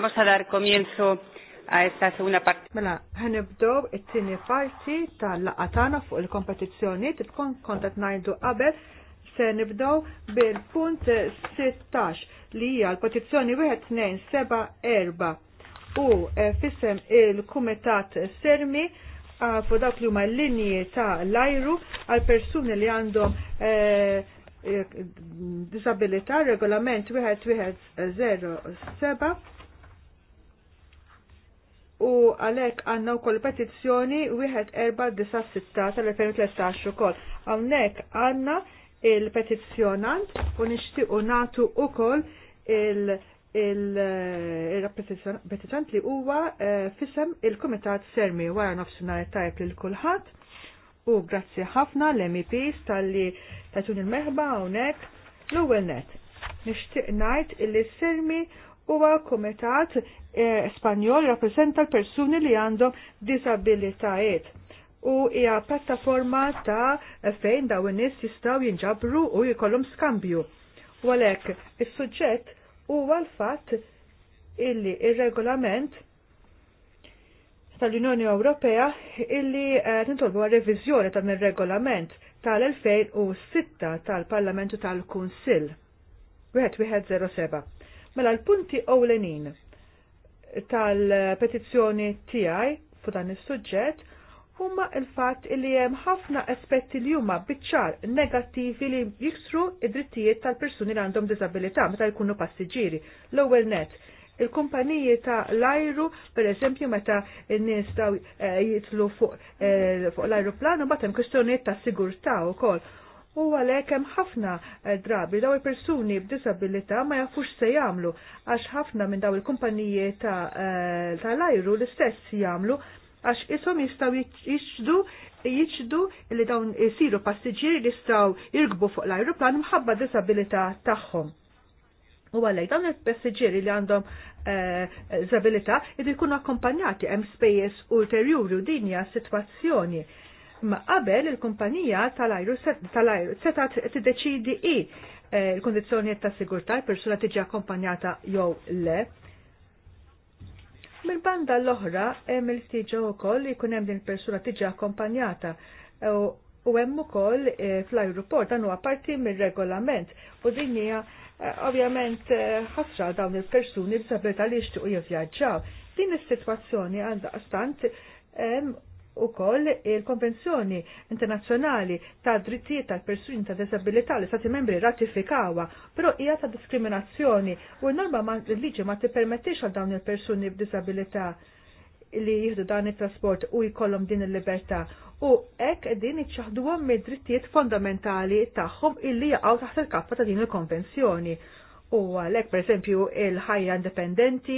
Vamos a dar comienzo a esta segunda parte. Mela, ħanibdow it-tieni parti tal-laqatana fuq il-kompetizzjoni tkun kontat ngħidu qabel se nibdo bil-punt 16 li hija l-petizzjoni 1274 u eh, fissem il-Kumitat Sermi eh, fu dak li huma l-linji ta' Lajru għal persuni li għandhom eh, disabilità regolament wieħed' u għalek għanna u koll petizzjoni 1496 tal-2013 u koll. Għawnek għanna il-petizzjonant u nishtiqu natu u koll il-petizzjonant li huwa eh, fisem il-Komitat Sermi wara nofsinhar tajb lil kulħadd u grazzi ħafna l-MEPs tal-li tatun il-merħba hawnhekk l-ewwel net. Nixtieq ngħid illi Sermi huwa kumitat Espanjol eh, Spanjol rappresenta l-persuni li għandhom disabilitajiet. U hija pjattaforma ta' fejn daw in-nies jistgħu jinġabru u jkollhom skambju. U is-suġġett huwa l-fatt illi ir-regolament tal-Unjoni Ewropea illi nintolbu eh, tintolbu għal reviżjoni ta' mir-regolament tal-2006 tal-Parlamentu tal-Kunsill. 1107 Mela l-punti ewlenin tal-petizzjoni tiegħi fu dan is-suġġett huma il-fatt li hemm ħafna aspetti li huma biċċar negattivi li jiksru id-drittijiet tal-persuni li għandhom diżabilità meta jkunu passiġġieri. L-ewwel net, il-kumpaniji ta' l-ajru, per eżempju, meta n-nies daw eh, jitlu fuq eh, l-ajruplanu, batem kwestjoniet ta' sigurtà u kol u għalhekk hemm ħafna eh, drabi daw il-persuni b'disabilità ma jafux se jagħmlu għax ħafna minn daw il-kumpaniji tal-ajru ta eh, l-istess jagħmlu għax isom jistgħu jiċdu jiċdu li dawn isiru passiġġieri li jistgħu jirkbu fuq l-ajruplan mħabba disabilità tagħhom. U għalhekk dawn il-passiġġieri li għandhom eh, disabilità id jkunu akkompanjati hemm spejjeż ulterjuri u dinja sitwazzjoni Ma qabel il-kumpanija tal-ajru seta tiddeċidi i eh, l-kondizzjonijiet ta' sigurtà persuna tiġi akkompanjata jew le. Mill-banda l-oħra hemm il ftiġa wkoll li jkun hemm din persuna tiġi akkompanjata u hemm ukoll eh, fl-ajruport dan huwa parti mir-regolament u din hija eh, ovvjament ħasra dawn il-persuni b'sabilità li jixtiequ jivvjaġġaw. Din is-sitwazzjoni għandha stant ukoll il-Konvenzjoni Internazzjonali ta' Drittijiet tal-Persuni ta' Disabilità li stati membri ratifikawa, però hija ta' diskriminazzjoni u norma ma' liġi ma' tippermettix għal dawn il-persuni b'disabilità li jihdu dan it-trasport u jkollhom din il-libertà u hekk din iċċaħduhom mid-drittijiet fondamentali tagħhom illi jaqgħu taħt il-kappa ta' din il-konvenzjoni. il konvenzjoni U għalek, per esempio, il-ħajja indipendenti,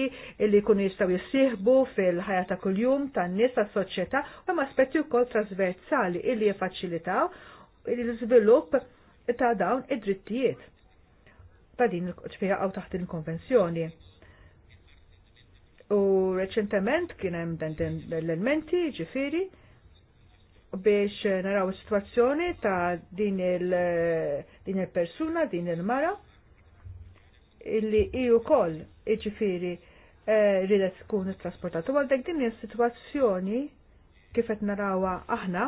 li kunu jistaw jissieħbu fil-ħajja ta' kuljum, tan nies tas soċjetà u hemm aspetti wkoll trasversali illi jifacilitaw il iżvilupp ta' dawn id-drittijiet. Ta' din ċfija għaw taħt il-konvenzjoni. U reċentement kien hemm l-elementi ġifiri biex naraw is-sitwazzjoni ta' din il-persuna, din il-mara. il persuna din il mara illi iju kol iġifiri eh, ridet tkun trasportatu għal dak din situazzjoni kifet narawa aħna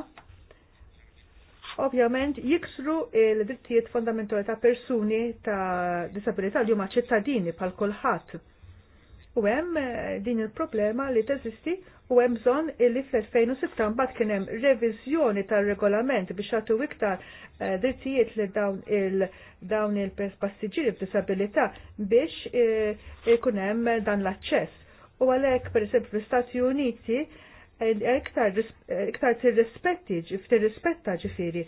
ovvjament jiksru il-drittijiet fondamentali ta' persuni ta' disabilità li huma ċittadini bħal kulħadd U hemm eh, din il-problema li teżisti u hemm bżonn illi fl-2006 mbagħad kien hemm reviżjoni tar-regolament biex jagħtu iktar eh, drittijiet li dawn il dawn il-passiġġieri b'disabilità biex eh, ikun hemm dan l-aċċess. U għalhekk pereżempju fl-Istati Uniti iktar tirrispetti tirrispetta ġifieri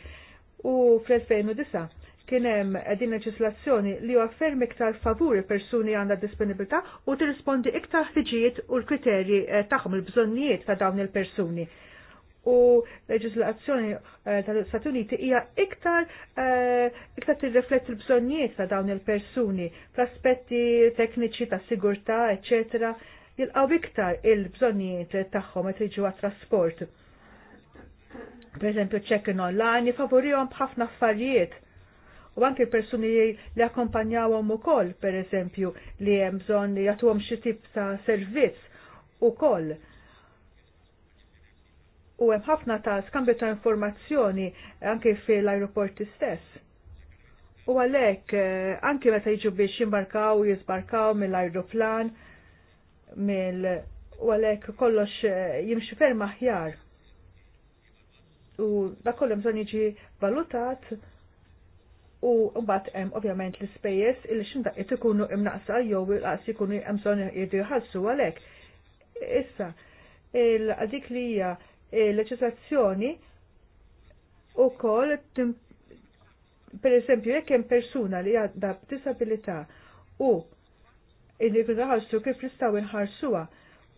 u fl-2009 kien hemm din leġislazzjoni li affermi iktar favuri persuni għandha disponibilità u tirrispondi iktar ħtiġijiet u l-kriterji eh, tagħhom il-bżonnijiet ta' dawn il-persuni. U leġislazzjoni eh, tal-Stati Uniti hija iktar eh, iktar tirrifletti l-bżonnijiet ta' dawn il-persuni fl-aspetti tekniċi ta' sigurtà, eċetera, jilqgħu iktar il-bżonnijiet tagħhom qed jiġu għat-trasport per eżempju ċekin online, jifavorihom b'ħafna affarijiet u anke persuni li akkompanjawhom ukoll pereżempju li hemm bżonn li jagħtuhom xi tip ta' servizz ukoll. U hemm ħafna ta' skambju ta' informazzjoni anke fil-ajruporti stess. U għalhekk eh, anke meta jiġu biex jimbarkaw jizbarkaw mill-ajruplan mill u għalhekk kollox eh, jimxi ferm aħjar u da kollu bżonn jiġi valutat u mbagħad hemm ovvjament l-ispejjeż li qed ikunu imnaqsa jew il-qas ikunu hemm bżonn jridu jħallsu għalhekk. Issa, dik li hija eh, leġislazzjoni ukoll per eżempju jekk hemm persuna li għadha b'disabilità u irridu naħarsu kif nistgħu nħarsuha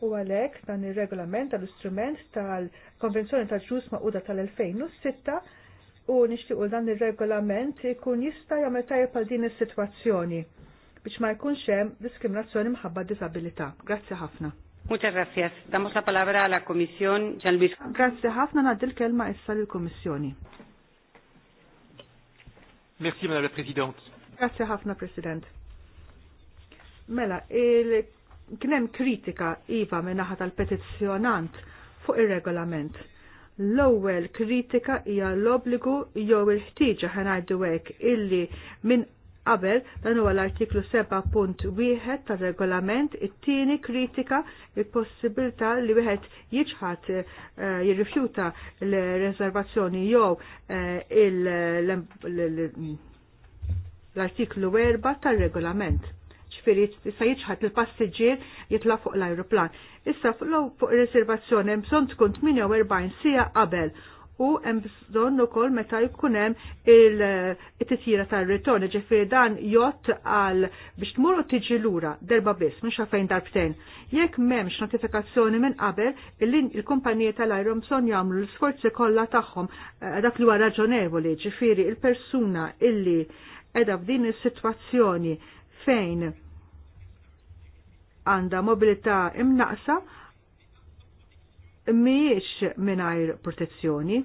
u għalhekk dan ir-regolament tal-istrument tal-Konvenzjoni tal-Ġus Maquda tal-2006 u nixtiequ dan ir-regolament ikun jista' jagħmel tajjeb għal din is-sitwazzjoni biex ma jkunx hemm diskriminazzjoni mħabba disabilità. Grazzi ħafna. Muchas gracias. Damos la palabra a la Comisión, Jean Luis. Grazie ħafna nadil kelma issa lill kummissjoni Merci, Madame la Presidente. Grazie ħafna, President. Mela, il kienem kritika iva minnaħa tal-petizzjonant fuq ir regolament L-ewwel kritika hija l-obbligu jew il-ħtieġa ħanajdu hekk illi minn qabel dan huwa l-artiklu 7.1 tar-regolament, it-tieni kritika il-possibilità li wieħed jiġħad jirrifjuta l-reservazzjoni jew l-artiklu 4 tar-regolament ġifiri sa jiġħat il-passiġġier jitla fuq l-ajruplan. Issa fuq il-reservazzjoni bżonn tkun 48 sija qabel u hemm bżonn ukoll meta jkun hemm it-titjira tar-ritorn, ġifieri dan jott għal biex tmur u tiġi lura derba biss minn xafejn darbtejn. Jekk m'hemmx notifikazzjoni minn qabel, il-kumpaniji tal-ajru bżonn jagħmlu l-sforzi kollha tagħhom eh, dak li huwa raġonevoli, ġifieri il-persuna illi qiegħda f'din is-sitwazzjoni fejn għandha mobilità imnaqsa mhijiex mingħajr protezzjoni.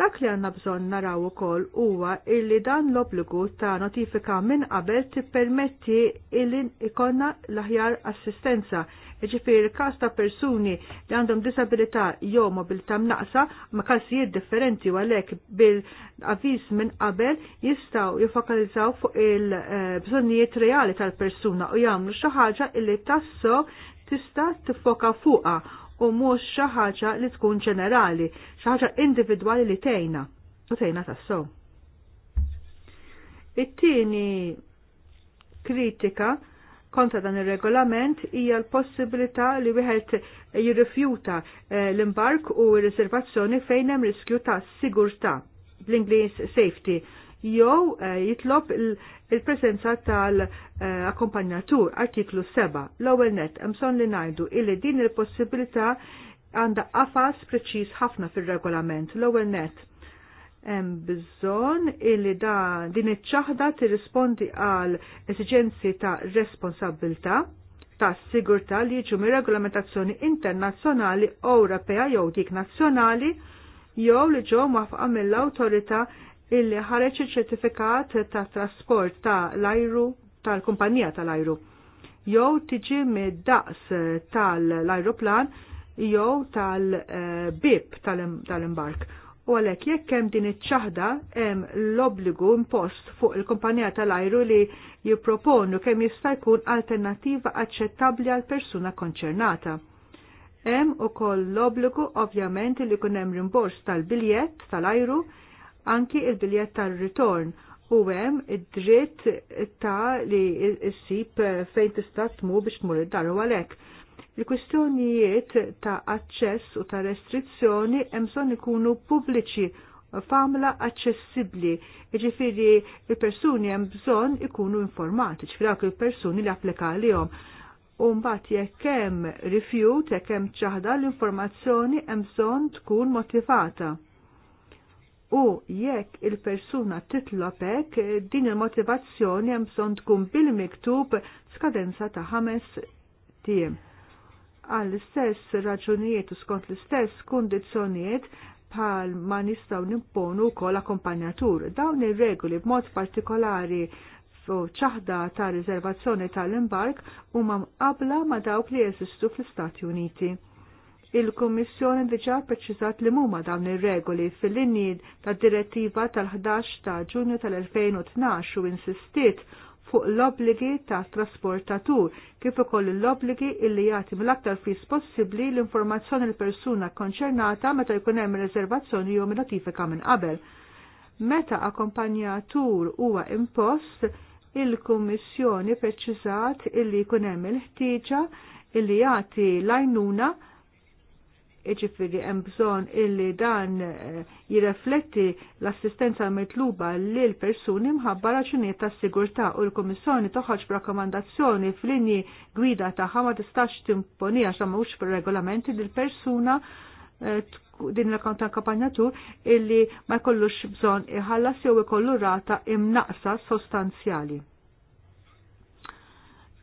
Dak li għanna bżon naraw ukoll huwa illi dan l-obbligu ta' notifika minn qabel tippermetti illi ikonna l-aħjar assistenza. Ġifir kas ta' persuni li għandhom disabilità jew mobilità mnaqsa ma' każijiet differenti u għalhekk bil-avviż minn qabel jistgħu jifokalizzaw fuq il-bżonnijiet reali tal-persuna u jagħmlu xi ħaġa illi tasso tista' tiffoka fuqha u mhux xi ħaġa li tkun ġenerali, xi ħaġa individwali li tejna u tejna tasso. It-tieni kritika kontra dan ir-regolament hija l-possibilità li wieħed jirrifjuta eh, l-imbark u r-riservazzjoni fejn hemm riskju ta' sigurtà bl-Ingliż safety jew eh, jitlob il-presenza tal-akkompanjatur eh, artiklu 7 l-ewwel net hemm li ngħidu illi din il-possibilità għandha qafas preċiż ħafna fir-regolament l-ewwel net hemm bżonn illi da din iċ-ċaħda tirrispondi għal esiġenzi ta' responsabilità ta' sigurtà li jiġu mir regolamentazzjoni internazzjonali Ewropea jew dik nazzjonali jew li ġew mafqa mill-awtorità illi ħareċ il ċertifikat ta' trasport ta' l-ajru tal-kumpanija tal-ajru. Jew tiġi mid-daqs tal-ajruplan jew tal-bib tal-imbark. U għalek jekk hemm din iċ-ċaħda hemm l-obbligu impost fuq il-kumpanija tal-ajru li jipproponu kemm jista' jkun alternattiva aċċettabbli għal persuna konċernata. Hemm ukoll l-obbligu ovvjament li jkun hemm rimbors tal-biljett tal-ajru tal tal biljett tal ajru anki il-biljett tal-ritorn u hemm id-dritt ta' li ssib fejn tista' tmu biex tmur id-dar u għalhekk. Il-kwistjonijiet ta' aċċess u ta' restrizzjoni hemm bżonn ikunu pubbliċi famla aċċessibbli, jiġifieri il-persuni hemm bżonn ikunu informati, ġifieri dawk il-persuni li applika għalihom. U mbagħad jekk hemm rifjut, jekk hemm ċaħda l-informazzjoni hemm bżonn tkun motivata U jekk il-persuna titlob hekk din il-motivazzjoni hemm bżonn tkun bil-miktub skadenza ta' ħames tiem. Għall-istess raġunijiet u skont l-istess kundizzjonijiet bħal ma nistgħu nimponu wkoll akkompanjatur. Dawn ir-regoli b'mod partikolari fu ċaħda ta' riservazzjoni tal-imbark huma mqabla ma dawk li jeżistu fl-Istati Uniti Il-Kummissjoni diġà preċizat li huma dawn ir-regoli fil-linji tad direttiva tal-11 ta' Ġunju tal-2012 u insistiet fuq l-obligi ta' trasportatur kif ukoll l-obligi illi jagħti mill-aktar fis possibbli l-informazzjoni l-persuna konċernata meta jkun hemm riservazzjoni jew notifika minn qabel. Meta akkompanjatur huwa impost, il-Kummissjoni preċiżat illi jkun hemm il-ħtieġa illi jagħti lajnuna iġifiri hemm bżonn illi dan eh, jirrefletti l-assistenza mitluba lil persuni mħabba raġunijiet ta' sigurtà u l-Kummissjoni toħroġ b'rakkomandazzjoni f'linji gwida tagħha ma tistax timponi għax mhux fir-regolamenti lil persuna eh, din l-akkonta kampanjatur illi ma jkollux bżonn iħallas jew ikollu rata imnaqsa sostanzjali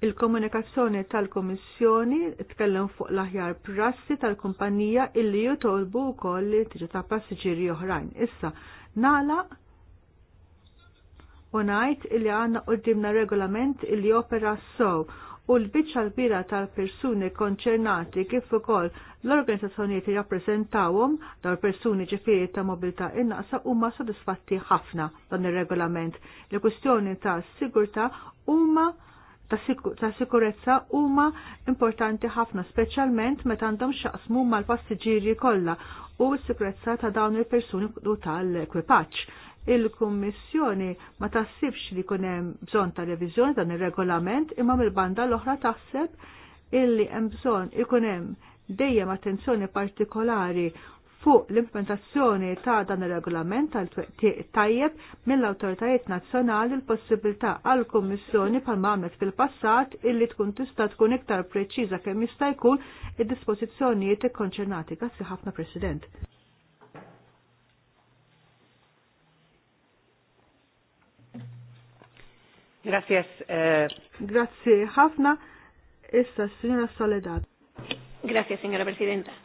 Il-komunikazzjoni tal-Komissjoni tkellem fuq l-aħjar prassi tal-kumpanija illi jitolbu wkoll li tiġi ta' passiġġieri oħrajn. Issa nala u ngħid illi għandna qudiemna regolament illi opera sew u l-biċċa l-bira tal-persuni konċernati kif ukoll l-organizzazzjonijiet jirrappreżentawhom dawn persuni ġifieri ta' mobilità innaqsa huma sodisfatti ħafna dan ir-regolament. Il-kwistjoni ta' sigurtà huma ta' sikurezza huma importanti ħafna, speċjalment meta għandhom xaqsmu mal-passiġġieri kollha u s-sikurezza ta' dawn il-persuni u tal-ekwipaġġ. Il-Kummissjoni ma tassibx li kun hemm bżonn ta' reviżjoni dan ir-regolament imma mill-banda l-oħra taħseb illi hemm bżonn ikun hemm dejjem attenzjoni partikolari fuq l-implementazzjoni ta' dan ir-regolament tal-twettiq tajjeb mill-awtoritajiet nazzjonali l-possibilità għal kummissjoni pal għamlet fil-passat illi tkun tista' tkun iktar preċiża kemm jista' jkun id-dispożizzjonijiet ikkonċernati. Grazzi ħafna President. Grazie. Eh... Grazie ħafna. Issa, signora Soledad. Grazie, signora Presidenta.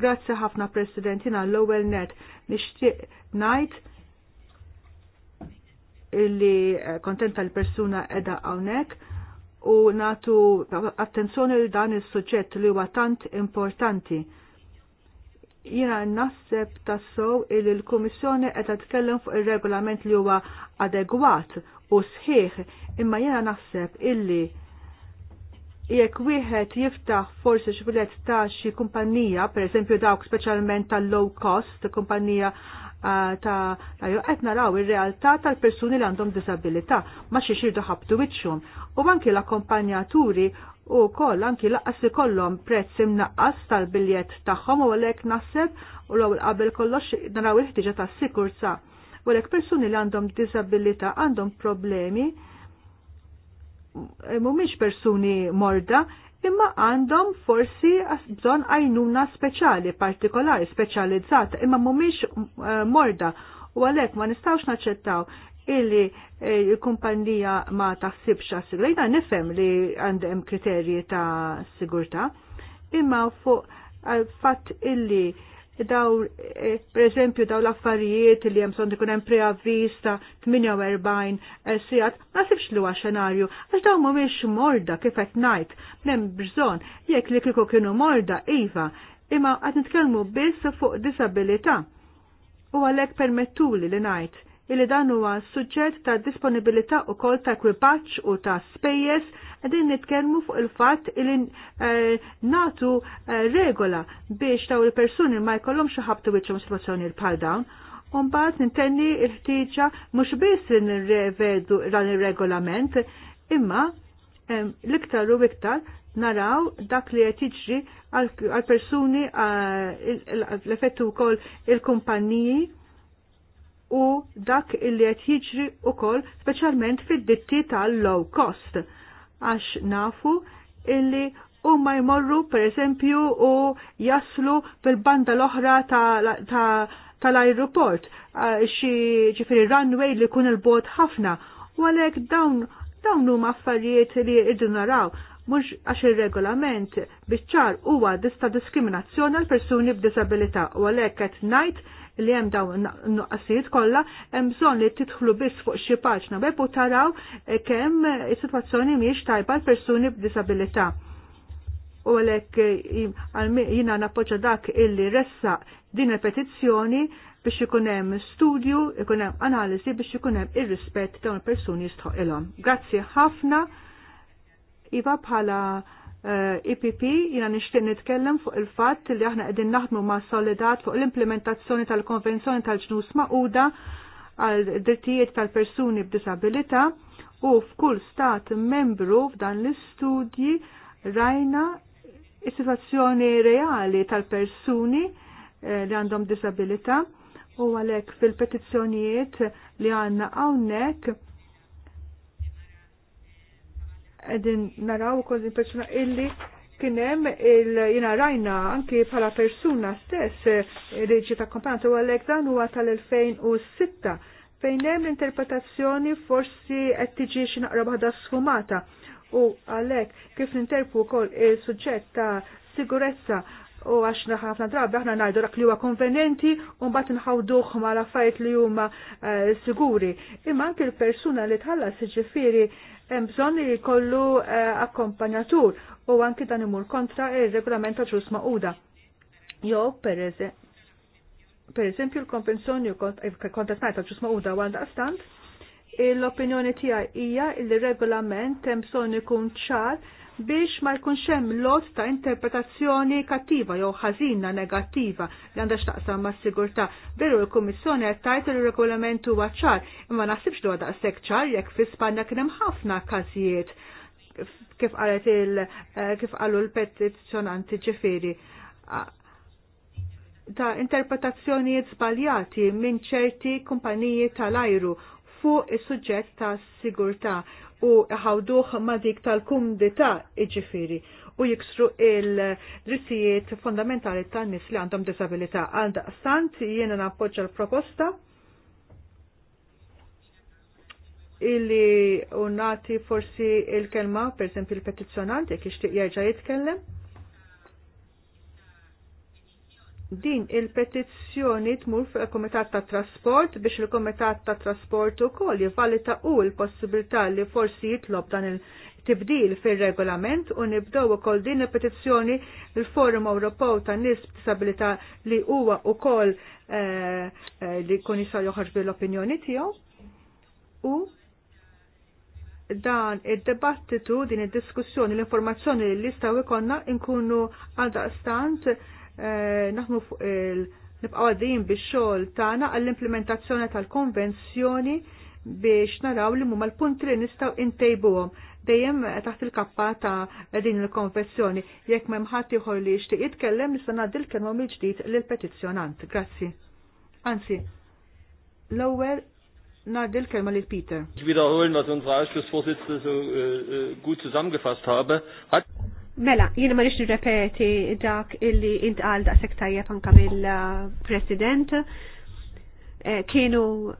Grazzi ħafna Presidentina l-ewwel net nixtieq ngħid illi eh, kontenta l-persuna edha hawnhekk u natu attenzjoni li dan is-suġġett li huwa tant importanti. Jiena naħseb tassow illi l-Kummissjoni qed tkellem fuq ir-regolament li huwa adegwat u sħiħ, imma jiena naħseb illi jekk wieħed jiftaħ forsi xbilet ta' xi kumpanija, pereżempju dawk speċjalment tal-low cost, kumpanija ah, ta' jew qed naraw ir-realtà tal-persuni li għandhom disabilità ma xi xirdu ħabtu wiċċhom. U anki l-akkompanjaturi u koll anki laqas li kollhom prezz imnaqqas tal-biljett tagħhom u għalhekk naħseb u l-ewwel qabel kollox naraw il-ħtiġa tas-sikurza. U għalhekk persuni li għandhom disabilità għandhom problemi mumiex persuni morda, imma għandhom forsi bżon għajnuna speċali, partikolari, speċjalizzata, imma mumiex eh, morda. U għalek ma nistawx naċċettaw illi eh, l kumpanija ma taħsibx għas-sigurta, nifem li għandhem kriterji ta' sigurta, imma fuq eh, fatt illi daw, eh, per eżempju, daw l-affarijiet li jemson dikun hemm preavviz ta' 48 eh, sijat, ma sibx li huwa xenarju, għax daw mhumiex morda kif qed ngħid, m'hemm bżonn jekk li kieku kienu morda iva, imma qed nitkellmu biss fuq disabilità. U għalhekk permettuli li ngħid illi dan huwa suġġett ta' disponibilità kol ta' ekwipaġġ u ta' spejjeż għedin nitkermu fuq il-fat il eh, natu eh, regola biex taw il-persuni ma jkollhom xi ħabtu wiċċhom situazzjoni bħal dawn. bat nintenni l-ħtieġa mhux biss nirrevedu dan ir-regolament, imma l-iktar u iktar naraw dak li qed jiġri għal persuni eh, l-effettu wkoll il-kumpanniji u dak li qed jiġri wkoll speċjalment fid-ditti tal-low cost għax nafu illi u ma jmorru per eżempju u jaslu bil-banda l-oħra tal-aeroport. Ta, ta, eh, ġifiri runway li kun il-bot ħafna. U għalek dawn dawn huma affarijiet li irdu naraw mhux għax ir-regolament biċ-ċar huwa dista diskriminazzjoni għal persuni b'disabilità u għalhekk qed ngħid li hemm dawn nuqqasijiet kollha, hemm bżonn li tidħlu biss fuq xi paġna web u taraw kemm is-sitwazzjoni mhijiex tajba l-persuni b'diżabilità. U għalhekk jiena nappoġġa dak illi ressa din il-petizzjoni biex ikun hemm studju, ikun hemm analiżi biex ikun hemm ir-rispett dawn il-persuni jistħoqilhom. Grazzi ħafna. Iva bħala IPP eh, e jina nishtiq nitkellem fuq il-fatt li aħna qegħdin naħdmu ma' Solidat fuq l-implementazzjoni tal-Konvenzjoni tal-Ġnus Maquda għal drittijiet tal-persuni b'disabilità u f'kull stat membru f'dan l-istudji rajna is-sitwazzjoni reali tal-persuni eh, li għandhom disabilità u għalhekk fil-petizzjonijiet li għandna hawnhekk Għedin naraw kol persuna illi kienem il-jina rajna anki bħala persuna stess eh, riġi ta' kompanat u għalek dan huwa tal-2006 fejnem l-interpretazzjoni forsi qed tiġi xi naqra sfumata u għalhekk kif ninterpu wkoll il suġġett ta' sigurezza u għax ħafna drabi aħna najdu dak li huwa konvenenti u mbagħad nħawduħ ma' fajt li huma eh, siguri. Imma anke l-persuna li tħallas jiġifieri hemm bżonn li jkollu eh, akkompanjatur u anki dan imur kontra ir-regolament ta' ġus maquda. Jo, per eżempju, l-konvenzjoni eh, ta' ġus maquda u għandha stand, l-opinjoni tiegħi hija li regolament hemm bżonn ikun ċar biex ma jkunx hemm lot ta' interpretazzjoni kattiva jew ħażina negattiva li għandha x'taqsam mas-sigurtà. Veru l-Kummissjoni qed tajt il-regolament huwa ċar, imma naħsibx li daqshekk ċar jekk fi Spanja kien hemm ħafna każijiet kif qalet il eh, kif qalu l-petizzjonanti ġifieri ta' interpretazzjonijiet żbaljati minn ċerti kumpaniji tal-ajru fuq is-suġġett ta' sigurtà u ħawduħ ma dik tal-kumdita iġifiri u jiksru il-drittijiet fondamentali tan-nies li għandhom disabilita. Għanda, sant jiena nappoġġa l-proposta illi unati forsi il-kelma, per esempio il petizjonanti kiex tiqja jarġa jitkellem. din il-petizzjoni tmur fuq il-Komitat ta' Trasport biex il-Komitat ta' Trasport ukoll jivalita u l-possibilità li forsi jitlob dan il-tibdil fil-regolament u nibdew ukoll din il-petizzjoni il-Forum Ewropew ta' Nies Disabilità li huwa ukoll eh, eh li kun jista' joħarġ bil-opinjoni tiegħu u dan id-debattitu din id-diskussjoni l-informazzjoni li jistgħu ikonna nkunu għal daqstant Eh, naħmu fuq il- nibqaw għaddejjin biex xogħol tagħna għall-implementazzjoni tal-konvenzjoni biex naraw li mumma l-punti li nistaw għom. dejjem taħt il-kappa ta' din il-konvenzjoni. Jekk memħati ħadd ieħor li jixtieq jitkellem nista' ngħaddi l-kelma mill-ġdid lill-petizzjonant. Grazzi. Anzi, l-ewwel ngħaddi l-kelma lil Peter. Ich wiederholen, was unsere Ausschussvorsitzende so äh, äh, gut zusammengefasst habe, hat Mela, jiena ma nix nirrepeti dak illi intqal daqshekk tajjeb anke mill-President. Eh, kienu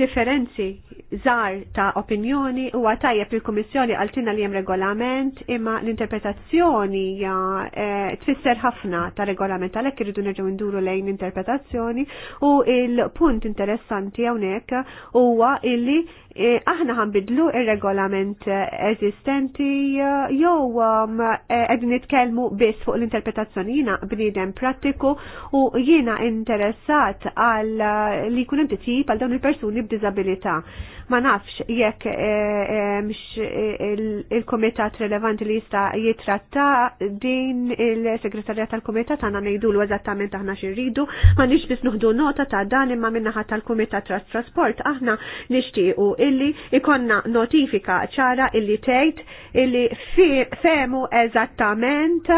differenzi żgħar ta' opinjoni huwa tajjeb il-Kummissjoni għaltina li hemm regolament imma l-interpretazzjoni ja eh, tfisser ħafna ta' regolament għalhekk irridu nerġgħu nduru lejn interpretazzjoni u il-punt interessanti hawnhekk huwa illi Eh, aħna bidlu ir-regolament eżistenti eh, jew um, eh, qed nitkellmu biss fuq l-interpretazzjoni jina bniedem prattiku u jiena interessat għal li jkun hemm titjib għal dawn il-persuni b'diżabilità. Ma nafx jekk eh, eh, eh, il-komitat rilevanti li jista' jitratta din il-segretarja tal-komitat għandna ngħidulu eżattament aħna xirridu, ma nix biss nuħdu nota ta' dan imma min-naħa tal-komitat trasport aħna nixtiequ illi ikonna notifika ċara illi tgħid illi femu eżattament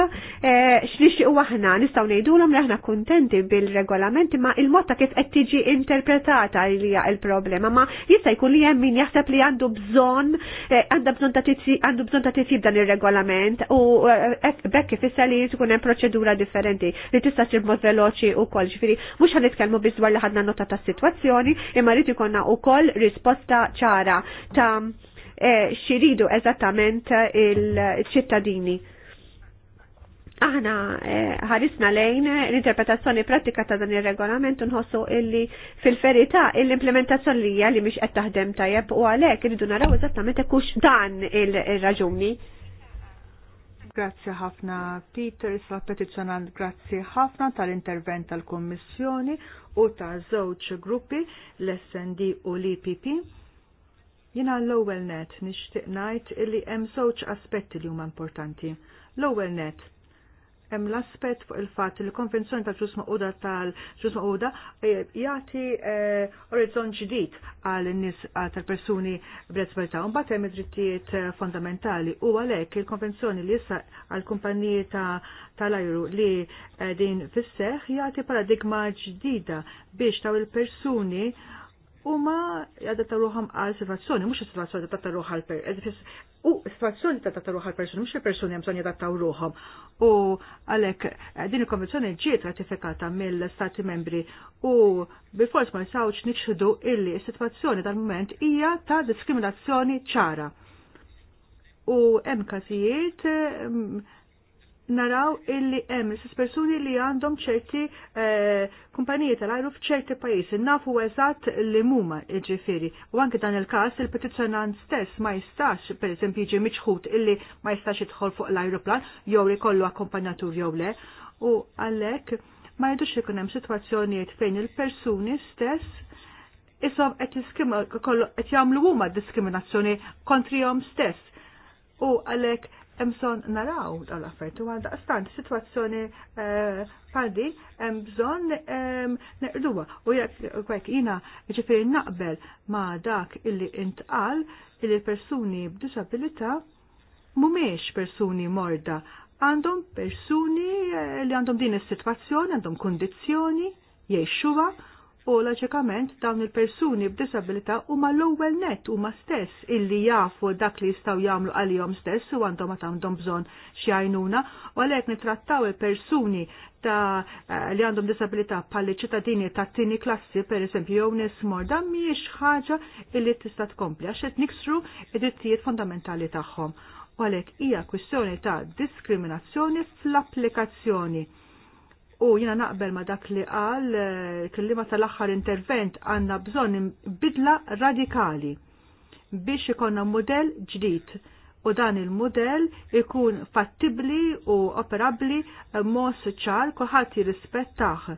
x'nixtiequ aħna nistgħu ngħidulhom li aħna kuntenti bil-regolamenti ma il-mod ta' kif qed tiġi interpretata li hija il-problema ma jista' jkun li hemm min jaħseb li għandu bżonn eh, għandu bżonn ta' għandu bżon ta' titjib dan ir-regolament u eh, eh, bekk ifisser li tkun hemm proċedura differenti li tista' sir mod veloċi wkoll. Ġifieri mhux ħan nitkellmu biss dwar li ħadna nota tas-sitwazzjoni, imma rid ikollna wkoll risposta ċara ta' xiridu eżattament il-ċittadini aħna eh, ħarisna lejn l-interpretazzjoni pratika ta' dan ir-regolament nħossu illi fil ferita l-implementazzjoni li hija li mhix qed taħdem tajjeb u għalhekk iridu naraw eżattament kux dan il-raġuni. Grazzi ħafna Peter, isla petizzjonant grazzi ħafna tal-intervent tal-Kommissjoni u ta' żewġ gruppi l-SND u l-IPP. E Jina l-ewwel net nixtieq ngħid illi hemm żewġ aspetti li huma importanti. L-ewwel net hemm l-aspett fuq il-fatt li l-Konvenzjoni tal ġusma uda tal eh, ġusma uda jagħti eh, orizzont ġdid għal nies tal-persuni b'disabilità. Mbagħad hemm id-drittijiet eh, fondamentali u għalhekk il-Konvenzjoni li issa għal kumpaniji tal-ajru li din fisseħ jagħti paradigma ġdida biex taw il-persuni huma jadatta ruħam għal situazzjoni, mhux situazzjoni ta' ruħ għal per. U situazzjoni ta' ta' ruħ għal persuni, mhux il-persuni hemm bżonn jadattaw ruħhom. U għalhekk eh, din il-konvenzjoni ġiet ratifikata mill-Stati membri u bil-fors ma jisawċ niċħdu illi s-sitwazzjoni tal-mument hija ta' diskriminazzjoni ċara. U hemm każijiet mm, naraw illi hemm persuni li għandhom ċerti eh, kumpaniji tal-ajru f'ċerti pajjiżi nafu eżatt li huma jiġifieri. U anke dan il-każ il-petizzjonant stess ma jistax pereżempju jiġi miċħud illi ma jistax jidħol fuq l-ajruplan jew ikollu akkompanjatur jew le. U għalhekk ma jidux ikun hemm sitwazzjonijiet fejn il-persuni stess isom qed qed jagħmlu huma diskriminazzjoni kontrihom stess. U għalhekk Emson naraw dal affertu eh, ehm, u għanda stant situazzjoni pardi emson neqduwa u jek kwek jina ġifiri naqbel ma dak illi intqal illi persuni b'disabilita mumiex persuni morda għandhom persuni eh, li għandhom din is-sitwazzjoni, għandhom kondizjoni jiexuwa, u loġikament dawn il-persuni b'disabilità huma l-ewwel net huma stess illi jafu dak li jistgħu jagħmlu għalihom stess u għandhom ma għandhom bżonn xi għajnuna u għalhekk nitrattaw il-persuni ta' eh, li għandhom disabilità bħalli ċittadini ta' tini klassi per eżempju jew nies dan mhijiex ħaġa illi tista' tkompli għax qed niksru id-drittijiet fundamentali tagħhom. U għalhekk hija kwistjoni ta' diskriminazzjoni fl-applikazzjoni U jina naqbel ma dak li qal eh, kellima tal-aħħar intervent għanna bżon bidla radikali biex ikonna model ġdid u dan il-model ikun fattibli u operabli eh, mos ċar kuħat jirrispettaħ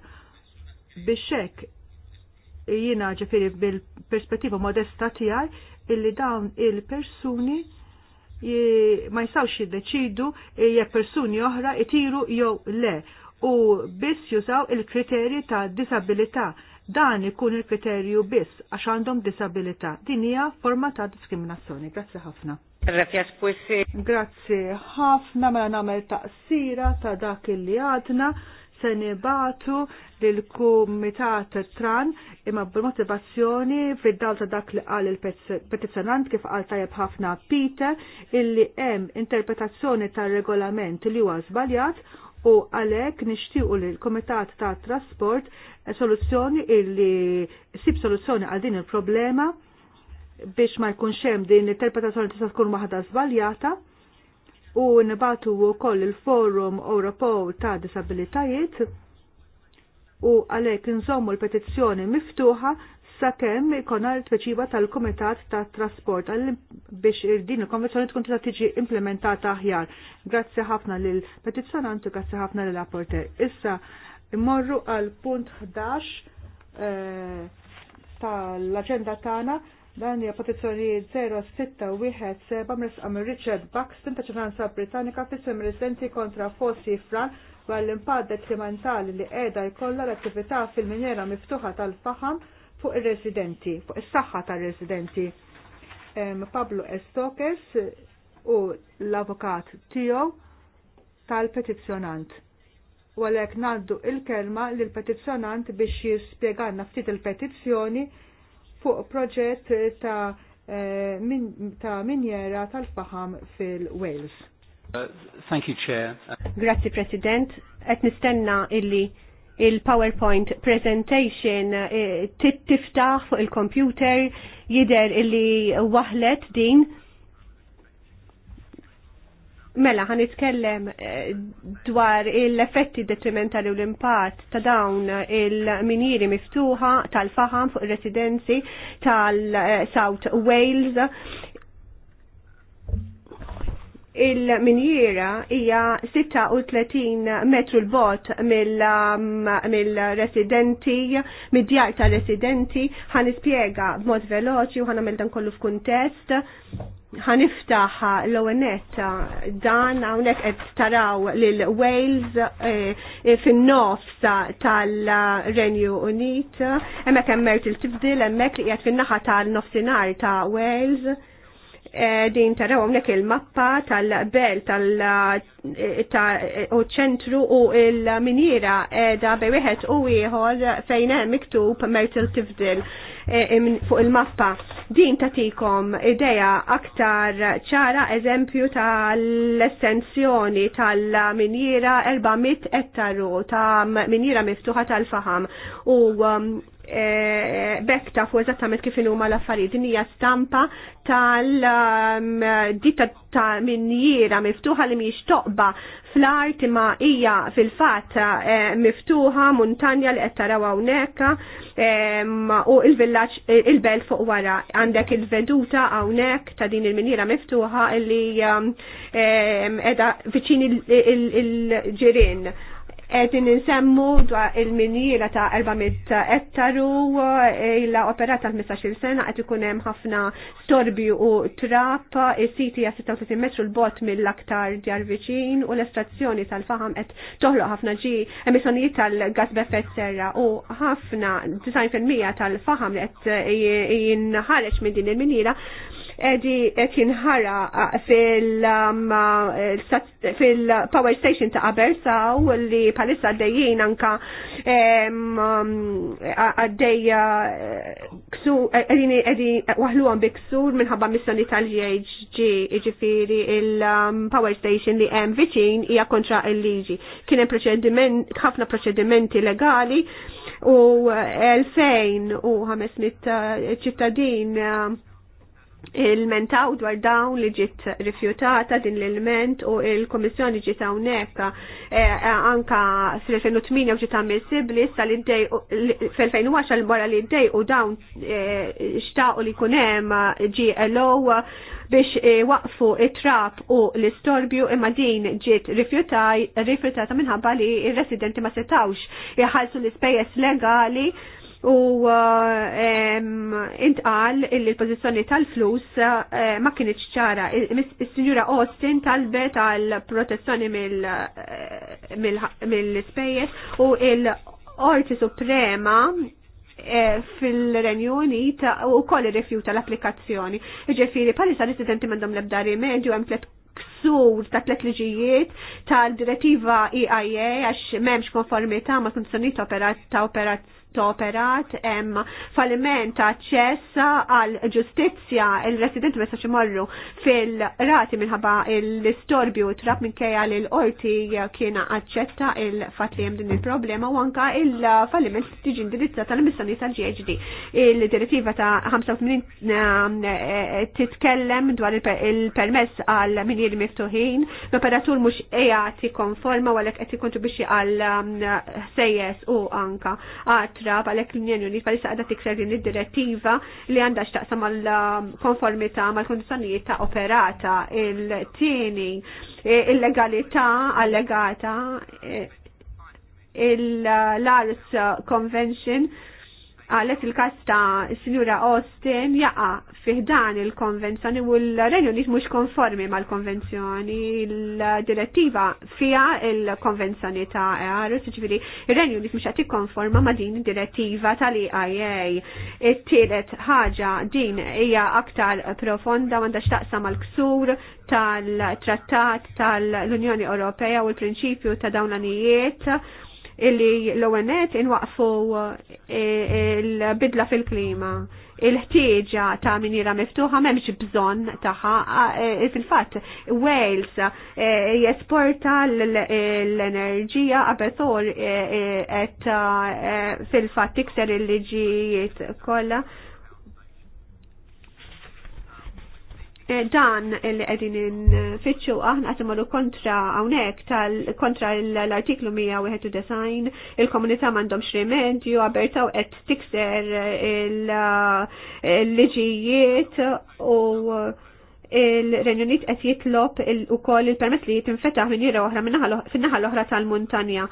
biex hekk jina ġifiri bil-perspettiva modesta tijaj illi dawn il-persuni ma jisawx jiddeċidu jek persuni oħra itiru jew le u biss jużaw il-kriterji ta' disabilità. Dan ikun il-kriterju biss għax għandhom disabilità. Din hija forma ta' diskriminazzjoni. Grazzi ħafna. Eh. Grazzi ħafna mela nagħmel taqsira ta' dak illi għadna se nibatu lill-Kumitat Tran imma b'motivazzjoni fid-dal ta' dak li qal il-petizzjonant kif qal tajjeb ħafna Peter illi hemm interpretazzjoni tar-regolament li huwa żbaljat u għalek nishtiqu li l-Komitat ta' Trasport soluzzjoni illi sib soluzzjoni għal din il-problema biex ma jkunx hemm din l-interpretazzjoni tista' tkun waħda żbaljata u nibatu wkoll il-Forum Ewropew ta' Disabilitajiet u għalek nżommu l-petizzjoni miftuħa sakemm ikona l-tweċiba tal-Kumitat ta' Trasport biex din il-konvenzjoni tkun tista' tiġi implementata aħjar. Grazzi ħafna lil petizzjonant u grazzi ħafna lil rapporter. Issa immorru għal punt 11 eh, tal-aġenda tagħna dan hija petizzjoni 0617 mresqa minn Richard Buxton ta' ċittadinanza Britannika fis residenti kontra fossi fran għall impatt detrimentali li qiegħda jkollha l-attività fil-minjera miftuħa tal-faħam fuq ir-residenti, fuq is-saħħa tar-residenti. Pablo Estokes u l-avokat tiegħu tal-petizzjonant. U għalhekk ngħaddu il-kelma lill petizzjonant biex jispjegalna ftit il-petizzjoni fuq proġett ta' eh, min, ta' minjera tal-faham fil-Wales. Uh, thank you, Chair. Grazie, President. Et nistenna illi il-PowerPoint presentation eh, tiftaħ fuq il-computer jider illi waħlet din. Mela, għan itkellem eh, dwar l-effetti detrimentali u l impat ta' dawn il minjiri miftuħa tal-faham fuq il-residenzi tal-South eh, Wales, il-minjera hija 36 metru l-bot um, mill-residenti, mid-djar ta' residenti, ħan ispiega b'mod veloċi u ħan għamil dan kollu f'kuntest. Ħan iftaħ l-ONET dan hawnhekk qed taraw lil Wales eh, fin-nofs tal-Renju Unit, hemmhekk hemmert il-tibdil hemmhekk li qiegħed fin-naħa tal-nofsinhar ta' Wales din taraw għamlek il-mappa tal-bel tal- u ċentru u il-minjera edha wieħed u ieħor fejn hemm miktub Mertil tifdil eh, fuq il-mappa. Din tatikom ideja aktar ċara eżempju tal-estensjoni tal miniera 400 ettaru ta' minjera miftuħa tal-faham u um, Eh, bekta tafu eżattament kif inhuma l-affarijiet. Din hija stampa tal-ditta um, ta' minniera miftuħa li mhijiex toqba fl-art imma hija fil-fatt eh, miftuħa muntanja li qed taraw hawnhekk eh, u l villaġġ il-belt fuq wara għandek il-veduta hawnhekk ta' din il minjera miftuħa li qiegħda um, viċin il-ġirien. Qed dwa il-minjira ta' 400 ettaru eh, illa operata tal 15 sena qed ikun hemm ħafna storbi u trap, is-siti hija 36 metru l-bot mill-aktar djar viċin u l-estrazzjoni tal faham qed toħlu ħafna ġi emissjoni tal gaz beffet serra u ħafna 90% tal faham li qed eh, jinħareġ minn din il-minjira edi qed jinħara fil-power um, uh, station ta' u li palissa għaddejjien anka um, għaddejja uh, ksur eh, edi waħluhom bi ksur minħabba missjoni tal-GHG iġifieri il-power um, station li hemm viċin hija kontra il-liġi. Kien hemm proċediment ħafna proċedimenti legali u uh, mit ċittadin il-mentaw dwar dawn li ġiet rifjutata din l-ilment u il-Komissjoni ġiet hawnhekk eh, anka fil-2008 ġiet ammissibbli sa l ddej fil-2010 mora li ddej u dawn eh, xtaqu li jkun hemm GLO biex eh, waqfu it-trap u l-istorbju imma din ġiet rifjutata minħabba li il residenti ma setawx jħallsu l-ispejjeż legali u uh, intqal illi l-pozizjoni tal-flus uh, ma kienieċ ċara. Is-Sinjura Austin talbet għal protezzjoni eh, mill-spejjeż u l-Orti Suprema eh, fil-Renju Unit u koll irrifjuta l-applikazzjoni. Ġifiri, palissa residenti istudenti mandom lebda rimedju għem tlet ksur ta' tlet liġijiet tal-direttiva EIA għax memx konformita ma' funzjoni ta' operazzjoni toperat em falliment ta' ċess għal ġustizzja il-resident ma jistax imorru fil-rati minħabba l-istorbju trab minkejja li l-qorti kiena aċċetta il-fatt li hemm din il-problema u anka il-falliment tiġi indirizza tal-missani tal ġieġdi Il-direttiva ta' 85 eh, titkellem dwar il-permess għal minjeri miftuħin, l-operatur mhux qiegħed konforma għalhekk qed jikkontribwixxi għal eh, sejjes u anka għad kontra għalhekk l-Unjoni Unit palissa qiegħda tikser din id-direttiva li għandha x'taqsam mal-konformità um, mal-kondizzjonijiet ta' operata il-tieni e, il-legalità allegata e, l lars Convention għalet il-kas ta' Sinjura Austin jaqa fiħdan il-konvenzjoni u l-Renjonit mux konformi mal-konvenzjoni il-direttiva fija il-konvenzjoni ta' EARS, ġviri il-Renjonit mux għati konforma ma' din direttiva tal-EIA. il tielet ħaġa din hija aktar profonda mandax taqsa mal-ksur tal-trattat tal-Unjoni Ewropea u l-prinċipju ta' dawnanijiet illi l-ONET inwaqfu eh, il-bidla fil-klima. Il-ħtieġa ta' minira miftuħa memx bżon taħħa eh, eh, fil-fat Wales jesporta l-enerġija għabethor et fil-fat tikser il-liġijiet kolla Eh, dan li qegħdin fitxu aħna qed kontra hawnhekk tal-kontra l-artiklu design il-komunità m'għandhomx rimedju abertaw qed tikser l liġijiet u il-Renjunit qed jitlob ukoll il-permess li jitinfetaħ minn jira oħra fin-naħa l-oħra tal-muntanja.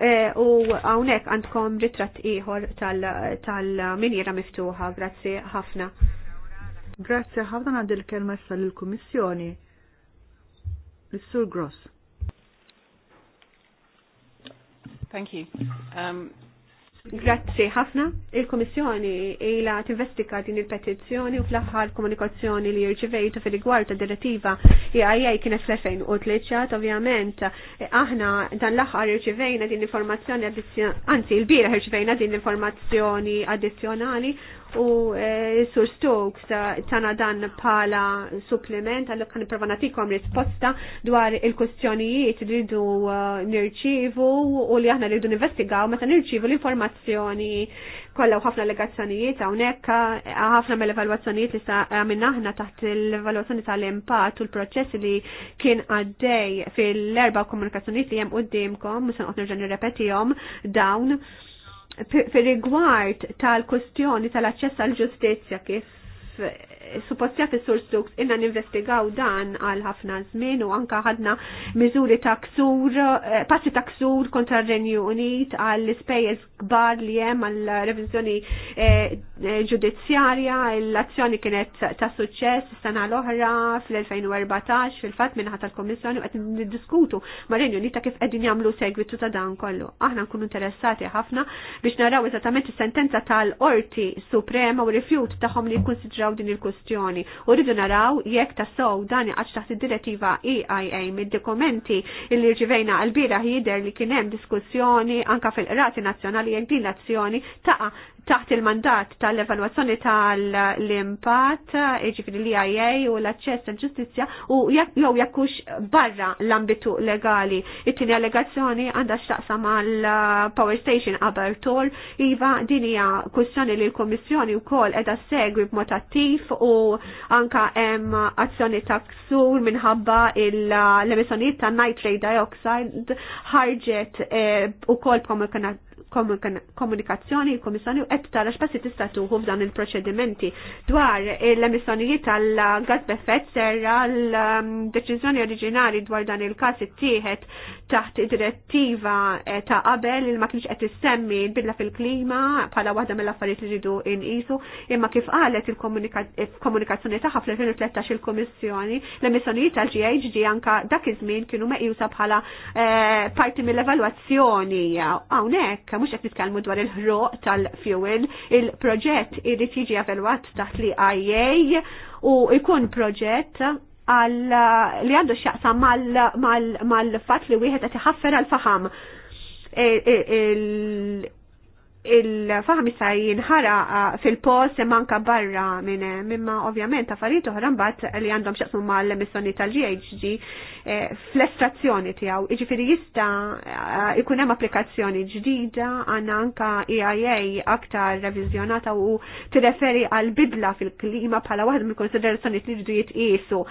Eh, u hawnhekk għandkom ritrat ieħor tal-minjera miftuħa, grazzi ħafna. Grazie ħafna għad il-kelma issa il kummissjoni Mr. Gross. Thank you. Um, Grazzi ħafna. Il-Komissjoni ila tinvestika din il-petizzjoni u fl-aħħar komunikazzjoni li jirġivejtu fil-rigward ta' direttiva e IAEA kienet fl 2013 ovvjament aħna dan l-aħħar jirġivejna din informazzjoni anzi il-bira jirġivejna din informazzjoni addizzjonali u eh, sur Stokes eh, tana dan pala supplement, għallu kan prova natikom risposta dwar il-kustjonijiet li rridu eh, nirċivu u li aħna rridu investigaw meta nirċivu l-informazzjoni kolla u ħafna legazzjonijiet hawnhekk ħafna mill-evalwazzjonijiet li sa minn aħna taħt l-evalwazzjoni tal impat u l-proċess li kien għaddej fil-erba' komunikazzjonijiet li hemm qudiemkom, se noqgħod nerġa' nirrepetihom dawn per rigward tal-kustjoni tal access għall ġustizja kif suppostjat is-sur Stux inna ninvestigaw dan għal ħafna żmien u anka ħadna miżuri ta' ksur, eh, passi ta' ksur kontra r-Renju Unit għal ispejjeż kbar li hemm għal reviżjoni eh, ġudizzjarja, l-azzjoni kienet ta' suċċess sena l-oħra fl-2014 fil-fatt minħa tal komissjoni u qed niddiskutu ma' Renju Unit ta' kif qegħdin jagħmlu segwitu ta' dan kollu. Aħna nkunu interessati ħafna biex naraw eżattament is-sentenza tal-Qorti Suprema u rifjut tagħhom li jikkunsidraw din il-kus kwestjoni. u rridu naraw jekk tassow dan għax taħt id-direttiva EIA mid-dokumenti li rġivejna għalbira jider li kien hemm diskussjoni anka fil-qrati nazzjonali jekk din l-azzjoni taqa' taħt il-mandat tal-evalwazzjoni tal impat ġifiri li IA u l-aċċess tal-ġustizja u jew jakkux barra l-ambitu legali. It-tieni allegazzjoni għandha x'taqsa mal-Power Station Abertor, iva din hija kwistjoni li l-Kummissjoni wkoll qiegħda segwi b'mod attiv u anka hemm azzjoni ta' ksur minħabba l emissjoni ta' nitrate dioxide ħarġet eh, ukoll komunikazzjoni il-Komissjoni u qed tara x'passi tista' tuħu f'dan il-proċedimenti dwar l-emissjonijiet tal-gas b'effett serra l-deċiżjoni oriġinali dwar dan il-każ ittieħed taħt id-direttiva eh, ta' qabel il ma kienx qed issemmi bidla fil-klima bħala waħda mill-affarijiet li rridu inqisu imma kif qalet il-komunikazzjoni tagħha fl-2013 il-Komissjoni l-emissjonijiet tal-GHG anka dak iż-żmien kienu meqjusa bħala eh, parti mill-evalwazzjoni hawnhekk mhux qed nitkellmu dwar il-ħroq tal-fuel, il-proġett irid jiġi evalwat taħt li IA u jkun proġett għal li għandu xaqsa mal-fatt li wieħed qed iħaffer għal-faħam e, e, il-fahm sa jinħara fil-post manka barra minn mimma ovvjament affarijiet oħra mbagħad li għandhom x'aqsmu l emissjoni tal-GHG eh, fl-estrazzjoni tiegħu. Iġifiri jista' eh, ikunem hemm applikazzjoni ġdida għandna anka EIA aktar revizjonata u tirreferi għal bidla fil-klima bħala waħda mill konsiderazzjoni li jridu jitqiesu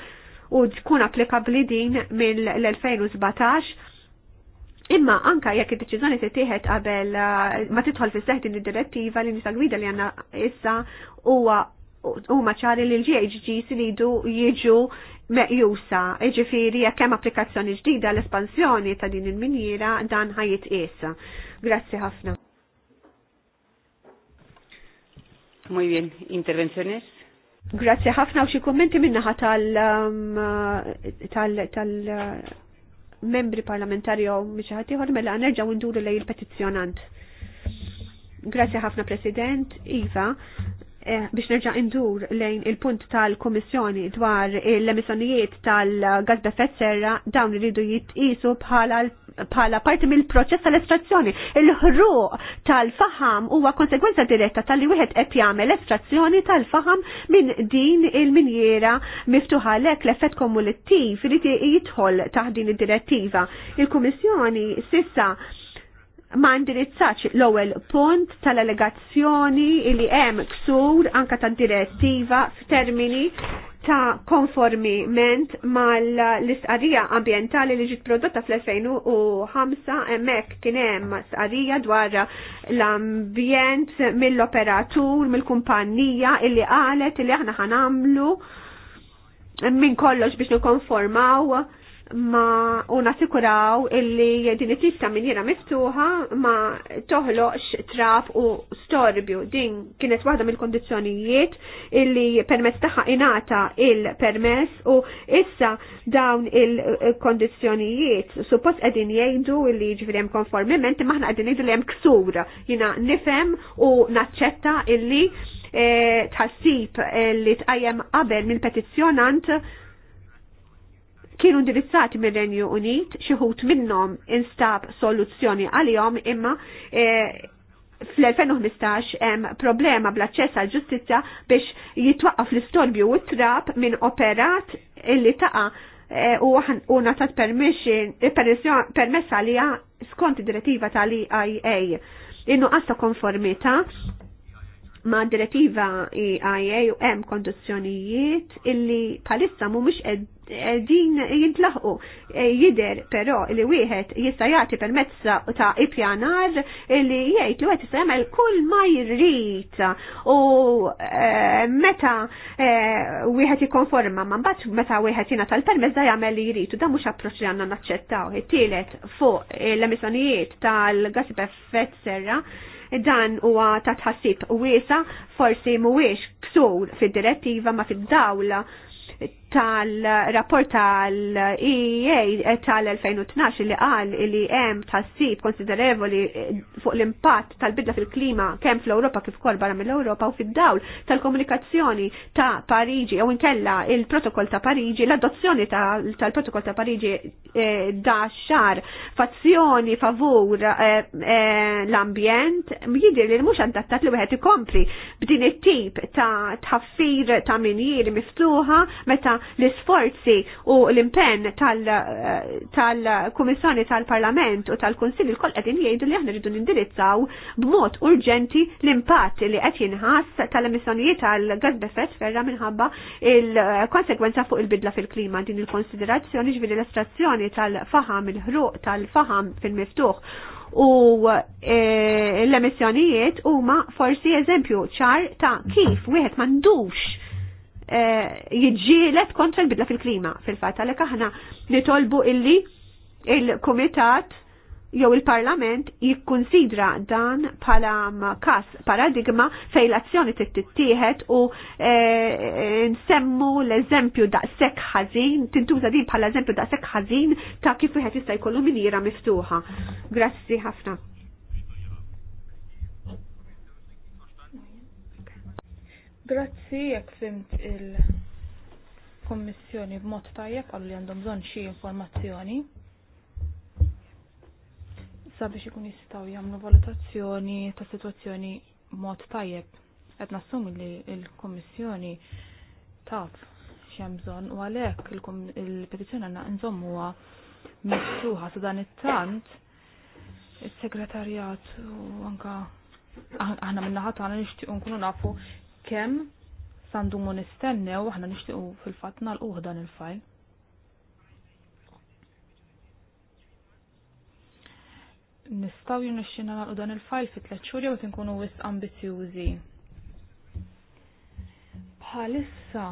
u tkun applikabli din mill-2017 Imma anka jekk id-deċiżjoni tittieħed qabel eh, ma tidħol fis seħħ din id-direttiva li nisa gwida li għandna issa huwa huma ċari li l ghg li jdu jiġu meqjusa, ġifiri jekk hemm applikazzjoni ġdida l-espansjoni ta' din il minjiera dan ħajjit qiesa. Grazzi ħafna. Muy bien, intervenciones? Grazie ħafna u xi kummenti minnaħa tal um, tal tal membri parlamentari jew ħadd ieħor mela nerġa' nduru lej il-petizzjonant. Grazie ħafna President, Iva, Eh, biex nerġa' indur lejn il-punt tal-Kummissjoni dwar l-emissjonijiet tal-gas b'effett serra dawn iridu jitqisu bħala bħala parti mill-proċess tal-estrazzjoni. Il-ħruq tal-faham huwa konsegwenza diretta tal-li wieħed qed jagħmel estrazzjoni tal-faham minn din il-minjera miftuħa lek l-effett kumulattiv li jidħol taħt din id-direttiva. Il-Kummissjoni sissa ma indirizzaċ l-ewwel punt tal-allegazzjoni li hemm ksur anka ta' direttiva f'termini ta' konformiment mal-istqarrija ambientali li ġiet prodotta fl-2005 hemmhekk kien hemm stqarrija dwar l-ambjent mill-operatur mill-kumpanija illi qalet illi aħna ħanamlu minn kollox biex nikkonformaw ma u sikuraw illi din it tista ta' minjera miftuħa ma toħloqx trap u storbju. Din kienet waħda mill-kondizzjonijiet illi permess taħħa inata il-permess u issa dawn il-kondizzjonijiet suppost qegħdin jgħidu illi ġifieri hemm konformiment imma aħna qegħdin jgħidu li hemm ksur. jina nifhem u naċċetta illi eh, tħassib li tqajjem qabel mill-petizzjonant kienu indirizzati minn Renju Unit, xieħut minnom instab soluzzjoni għalihom imma e, fl-2015 hemm problema bl-aċċess għal ġustizzja biex jitwaqqaf l-istorbju u trap minn operat illi taqa e, u natat permessa li skont direttiva tal iia innu għasta konformita ma' direttiva e IA u hemm kondizzjonijiet illi palissa mhumiex din jintlaħu. E, jider però li wieħed jista' jagħti permezz ta' ipjanar li jgħid li wieħed jista' jagħmel kull ma jrid u e, meta wieħed jikonforma ma mbagħad meta wieħed jina tal-permezz da jagħmel li jrid u dan mhux approċċ li għandna naċċettaw. It-tielet fuq l-emissjonijiet tal-gas b'effett serra Dan huwa ta' tħassib wiesa, forsi mhuwiex ksur fid-direttiva ma fid-dawla tal-rapport tal-EA eh, tal-2012 li qal li hemm tassib konsiderevoli eh, fuq l-impatt tal-bidla fil-klima kemm fl europa kif ukoll barra mill-Ewropa u fid-dawl tal-komunikazzjoni ta' Parigi u inkella il-protokoll ta' Pariġi, l-adozzjoni tal-protokoll ta' Pariġi eh, da xar fazzjoni favur l-ambjent jidir li mhux adattat li wieħed ikompri b'din it-tip ta' tħaffir ta' minjiri miftuħa meta l-isforzi u l-impenn tal-Kummissjoni tal-Parlament u tal konsilli l koll għedin jgħidu li aħna rridu nindirizzaw b'mod urġenti l-impatt li qed jinħass tal-emissjonijiet tal-gas ferra minħabba il-konsekwenza fuq il-bidla fil-klima din il-konsiderazzjoni ġviri l-estrazzjoni tal-faham il-ħruq tal-faham fil-miftuħ u e, l-emissjonijiet huma forsi eżempju ċar ta' kif wieħed m'għandux Eh, jidġielet kontra l-bidla fil-klima fil-fatt għalek aħna nitolbu illi il-Kumitat jew il-Parlament jikkunsidra dan bħala kas paradigma fejn l-azzjoni tittieħed u eh, nsemmu l-eżempju daqshekk ħażin, tintuża din bħala eżempju daqshekk ħażin ta' kif wieħed jista' jkollu miniera miftuħa. Grazzi ħafna. Grazzi jekk fimt il-Kommissjoni b'mod tajjeb għallu li għandhom bżonn xi informazzjoni sabiex ikun jistgħu jagħmlu valutazzjoni ta' sitwazzjoni b'mod tajjeb. Qed nassum li l-Kommissjoni taf x'hemm bżonn u għalhekk il-petizzjoni għandna nżommuha miftuħa sa dan it-tant is-segretarjat u anka aħna minna ħadd aħna nixtiequ nkunu nafu kemm sandumu nistennew aħna nixtiequ fil-fatt uħ dan il-fajl. Nistaw jinnexxina nagħlqu dan il-fajl fi tliet xhur jew nkunu wisq ambizjużi. Bħalissa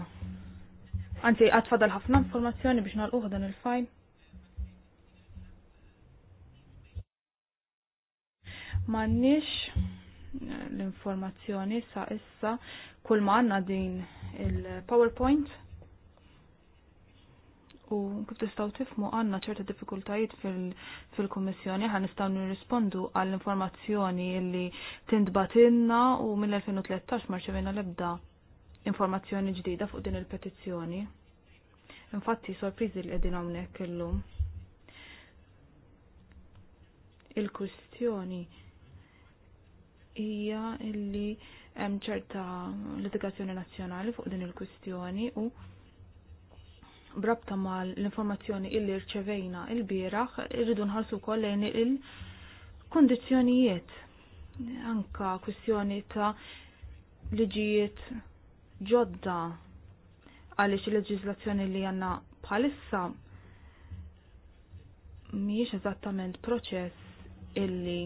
Anzi, għatfadal ħafna informazzjoni biex nal-uħ dan il-fajl. Mannix l-informazzjoni sa issa kull ma għanna din il-PowerPoint u kif tistaw tifmu għanna ċerta diffikultajiet fil-Kommissjoni ħan nistaw nirrispondu għall informazzjoni li tintbatinna u mill-2013 marċevina l-ebda informazzjoni ġdida fuq din il-petizzjoni. Infatti, sorpriżi li qegħdin hawnhekk illum. Il-kwistjoni il kustjoni il kwistjoni hija li hemm ċerta litigazzjoni nazzjonali fuq din il-kwistjoni u brabta ma l-informazzjoni illi rċevejna il-bieraħ irridu nħarsu wkoll lejn il-kondizzjonijiet anka kwistjoni ta' liġijiet ġodda għaliex il-leġiżlazzjoni li għandna bħalissa mhijiex eżattament proċess illi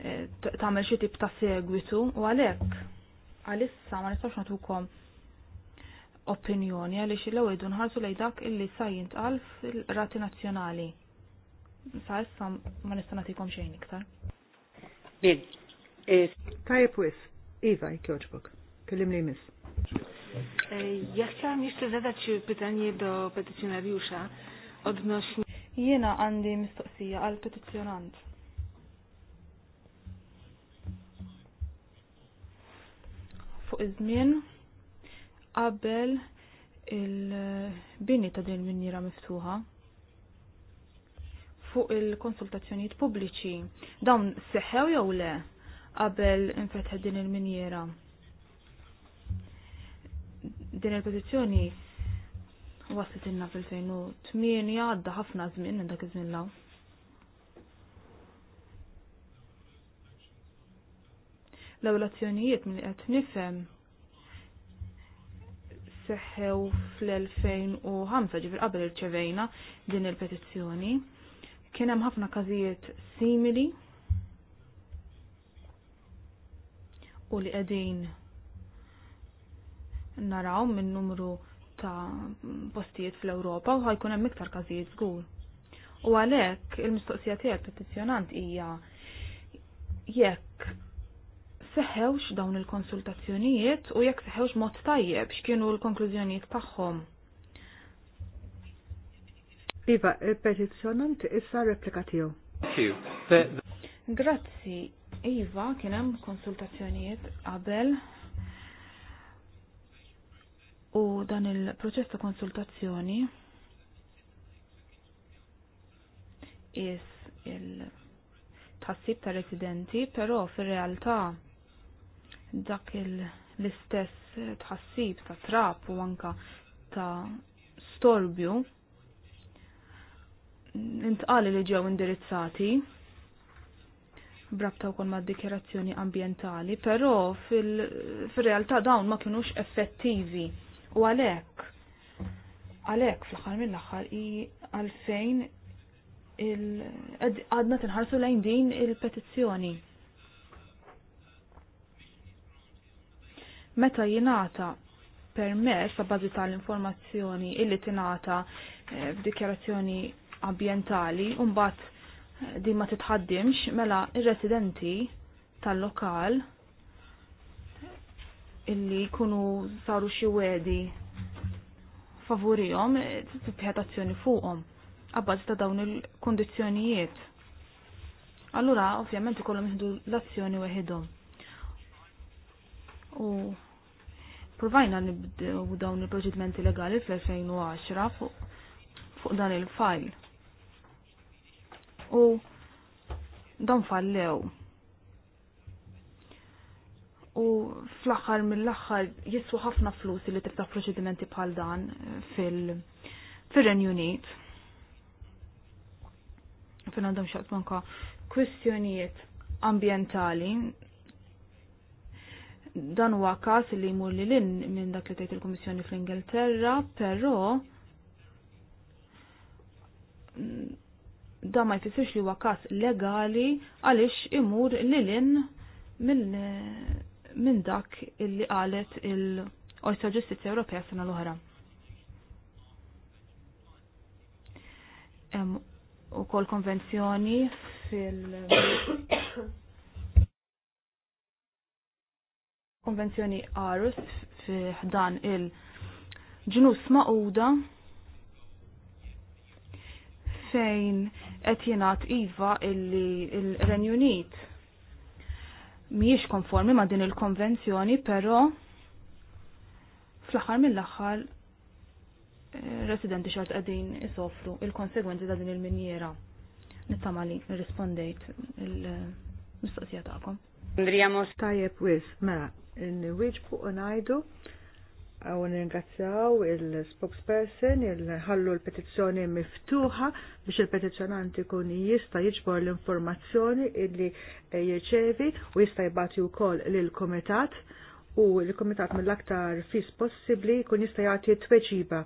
Eh, tagħmel xi tip ta' segwitu u għalhekk għalissa ma nistax nagħtukom opinjoni għaliex il-ewwel nħarsu lejn dak illi sa jintqal fil-rati nazzjonali. Sa issa ma nista' nagħtikom xejn iktar. Bien. Eh, Tajjeb wis, Iva, Kellim li miss. Eh, ja chciałam jeszcze zadać pytanie do petycjonariusza odnośnie... Jena għandi mistoqsija għal petycjonant. iż-żmien qabel il-bini ta' din il-minjera miftuħa fuq il-konsultazzjonijiet pubbliċi dawn seħħew jew le qabel infetħet din il-minjera. Din il pożizzjoni waslet inna fil-2008 għadda ħafna żmien minn dak iż-żmien l-awlazzjonijiet minn qed nifhem seħħew fl-2005 ġifir qabel irċevejna din il-petizzjoni. Kien hemm ħafna każijiet simili u li qegħdin naraw minn numru ta' postijiet fl-Ewropa u ħajkun hemm iktar każijiet żgur. U għalhekk il-mistoqsija tiegħek petizzjonant hija jekk seħewx dawn il-konsultazzjonijiet u jekk seħewx mod tajjeb x'kienu l-konklużjonijiet tagħhom. Iva, il-petizzjonant issa replika tiegħu. Grazzi, Iva, kien hemm konsultazzjonijiet qabel u dan il-proċess ta' konsultazzjoni is il-tassib ta' residenti, però fir-realtà dak l-istess tħassib ta' trap u anka ta' storbju intqali li ġew indirizzati brabta wkoll ma' dikjerazzjoni ambientali, però fil-realtà dawn ma kinux effettivi u għalhekk għalhekk fl-aħħar mill-aħħar i għalfejn għadna tinħarsu lejn din il-petizzjoni. il petizzjoni Meta jingħata permess sa' bazi tal-informazzjoni illi tingħata eh, f'dikjarazzjoni ambjentali u mbagħad eh, din ma titħaddimx mela ir-residenti tal-lokal illi jkunu saru xi wedi favurihom eh, tittieħed azzjoni fuqhom għabbażi ta' dawn il kondizjonijiet Allura, ovvjament, ikollhom jieħdu l-azzjoni weħidhom. U provajna nibdew dawn il-proċedimenti legali fl-2010 fuq fuq dan il-fajl. U dan fallew. U fl-axar mill-axar jiswa ħafna flus li tiftaħ proċedimenti bħal dan fil fil-Renju Unit. Fin għandhom xaqt manka kwistjonijiet ambientali dan huwa każ li jmur li lin minn dak li tgħid il-Kummissjoni fl-Ingilterra, però da ma jfissirx li huwa każ legali għaliex imur li lin minn min dak illi qalet il-Qorta Ġustizzja Ewropea sena l-oħra. Hemm ukoll konvenzjoni fil konvenzjoni Arus fi dan il-ġnus ma'uda fejn qed jingħat iva illi il-Renju Unit mhijiex konformi ma' din il-konvenzjoni, però fl-aħħar mill-aħħar eh, residenti xart qegħdin isofru il-konsegwenzi ta' din il-minjera. Nittama li rispondejt il-mistoqsija tagħkom. Andrija Mos tajjeb wis, mela, n-wieġbu u najdu għaw nirringrazzjaw il-spokesperson il-ħallu l-petizzjoni miftuħa biex il-petizzjonanti kun jista jiġbor l-informazzjoni illi eh, jirċevi u jista jibati u kol l-komitat u l-komitat mill-aktar fis possibli kun jista jgħati tweġiba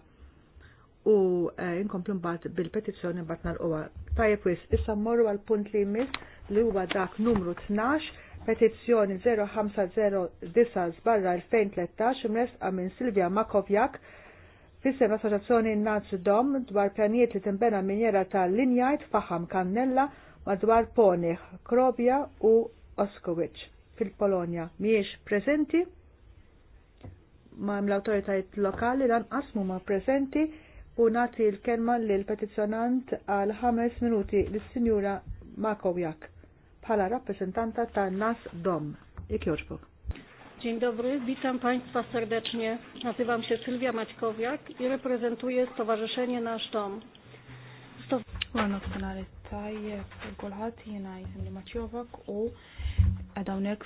u eh, inkomplu mbagħad bil-petizzjoni mbagħad nagħlqoha. Tajjeb wis, issa mmorru għal punt li jmiss li huwa dak numru 12 petizzjoni 050 barra 2013 imresqa minn Silvia Makovjak fissem assoċazzjoni Naz Dom dwar pjanijiet li timbena minjera ta' linjajt faħam kannella madwar Ponich, Krobja u Oskowicz fil-Polonja. Miex prezenti ma' l autoritajt lokali lanqas ma' prezenti u nati l-kelma l-petizzjonant għal ħames minuti l-Sinjura Makovjak bħala rappresentanta ta' Nas Dom. Jak joġbok? Dzień dobry, witam Państwa serdecznie. Nazywam się Sylwia Maćkowiak i reprezentuję Stowarzyszenie Nasz Dom. Għana f u għadawnek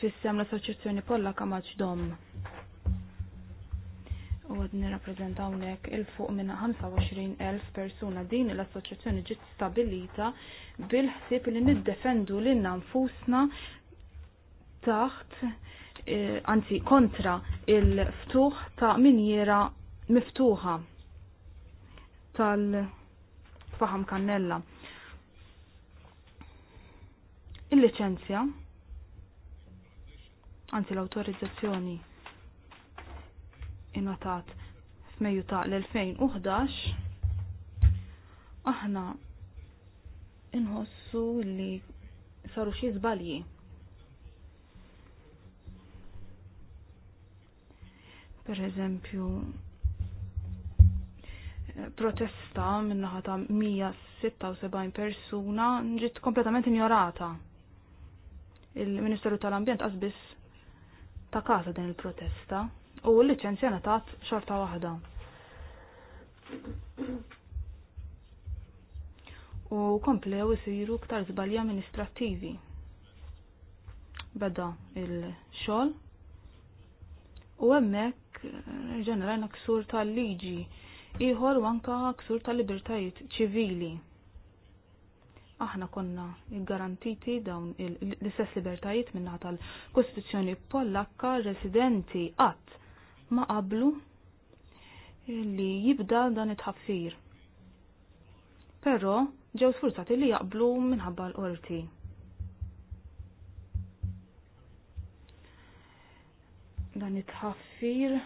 fissem l-Assoċjazzjoni Pollaka Maċdom. dom u għad nirrapprezentaw il-fuq minn 25.000 persuna din l-assoċjazzjoni ġiet stabilita bil-ħsieb li niddefendu lilna nfusna taħt eh, anzi kontra il-ftuħ ta' minjera miftuħa tal-faham kannella. Il-licenzja, anzi l-autorizzazzjoni inotat f'Mejju ta' l-2011 aħna inħossu li saru xi żbalji. Per eżempju, protesta minnaħa ta' 176 persuna ġiet kompletament ignorata. Il-Ministeru tal-Ambjent qasbis ta' kaza din il-protesta u l licenzjana ngħatat xorta waħda. U komplew isiru ktar żbalji amministrattivi. Beda il-xogħol u hemmhekk eh, ġenerajna ksur tal-liġi ieħor u anka ksur tal-libertajiet ċivili aħna konna garantiti dawn l-istess libertajiet minna tal-Kostituzzjoni Pollakka residenti għat ma qablu li jibda dan it-ħaffir. Però ġew sfurzati li jaqblu minħabba l-qorti. Dan it-ħaffir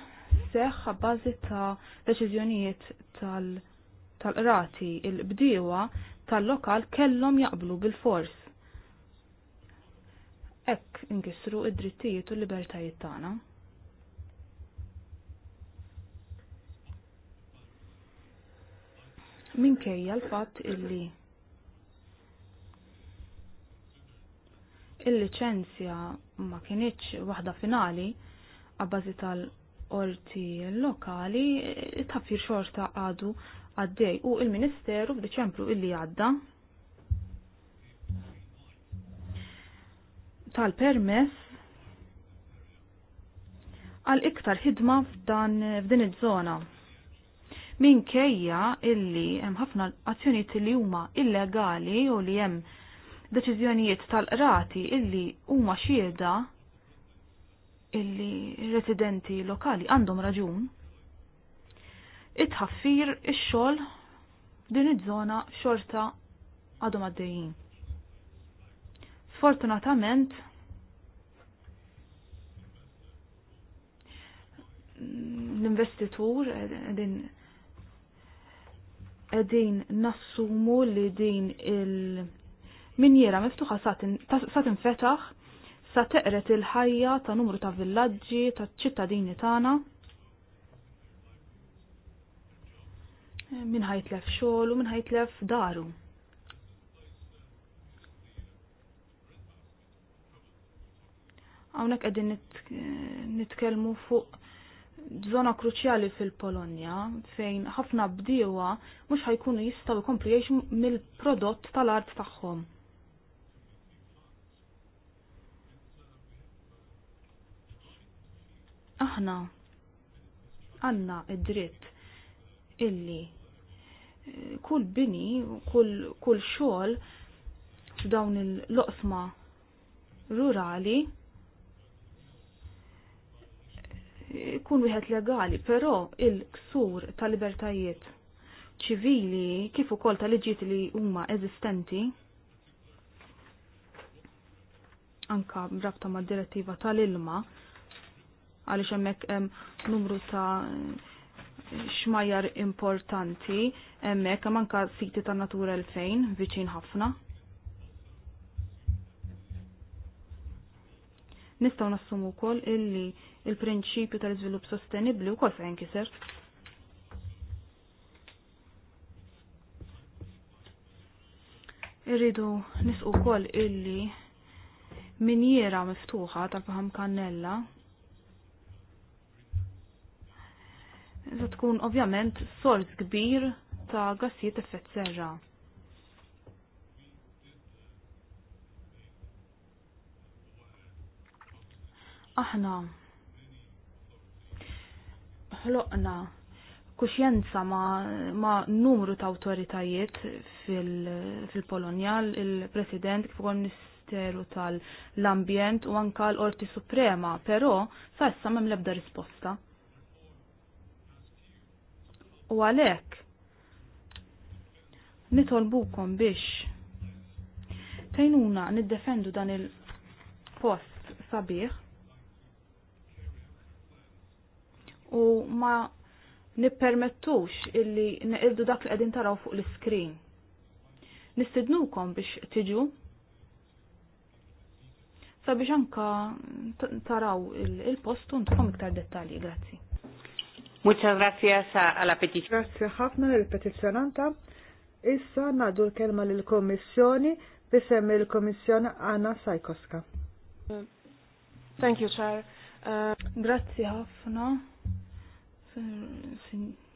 seħħ bażi ta' deċiżjonijiet tal-qrati tal il-bdiewa tal-lokal kellhom jaqblu bil-fors. Ek inkisru id-drittijiet u l-libertajiet tagħna. minkejja l-fatt illi il-licenzja ma kienieċ waħda finali għabbażi tal-orti lokali tafir xorta għadu għaddej u il-Ministeru f'Diċembru illi għadda tal-permess għal iktar ħidma f'dan f'din iż-żona minkejja illi hemm ħafna azzjonijiet li huma illegali u li hemm deċiżjonijiet tal-qrati illi huma xieda illi residenti lokali għandhom raġun. it ix-xogħol din iż-żona xorta għadhom għaddejjin. Sfortunatament l-investitur din edin nassumu li din il-minjera miftuħa sa tinfetaħ sa teqret il-ħajja ta' numru ta' villaġġi ta' ċittadini tagħna. Eh, min ħajtlef xogħol u min ħajtlef daru. Hawnhekk qegħdin eh, nitkellmu fuq zona kruċjali fil-Polonja fejn ħafna bdiewa mhux ħajkunu jistgħu jkomplu jgħixu mill-prodott tal-art tagħhom. Aħna għandna id-dritt illi eh, kull bini, kull, kull xogħol f'dawn il-loqsma rurali kun wieħed legali, però il-ksur tal libertajiet ċivili kif ukoll ta' liġijiet li huma eżistenti anka rabta ma' direttiva tal-ilma għaliex hemmhekk hemm numru ta' xmajjar importanti hemmhekk hemm anka siti tan-natura 2000 viċin ħafna Nistgħu nassumu wkoll illi il-prinċipju tal-iżvilupp sostenibbli wkoll fejn kiser. Irridu nisqu kol illi minjera miftuħa tal-paham kannella Iżda tkun ovvjament sors kbir ta' gassijiet effett serra. aħna ħloqna kuxjenza ma, ma numru ta' autoritajiet fil-Polonja, fil il-President kif ukoll Ministeru tal-Ambjent u anka l-Qorti Suprema, però sa issa m'hemm l-ebda risposta. U għalhekk nitolbukom biex tejnuna niddefendu dan il-post sabiħ u ma nippermettux illi neqildu dak li qegħdin taraw fuq l-iskrin. Nistidnukom biex tiġu sabiex anka taraw il-post u ntkom iktar dettalji, grazzi. Muchas gracias alla petizzjoni. Grazie ħafna l-petizzjonanta. Issa nadu l-kelma l-Komissjoni bisem il-Komissjoni Anna Sajkoska. Thank you, Chair. Uh, Grazzi ħafna.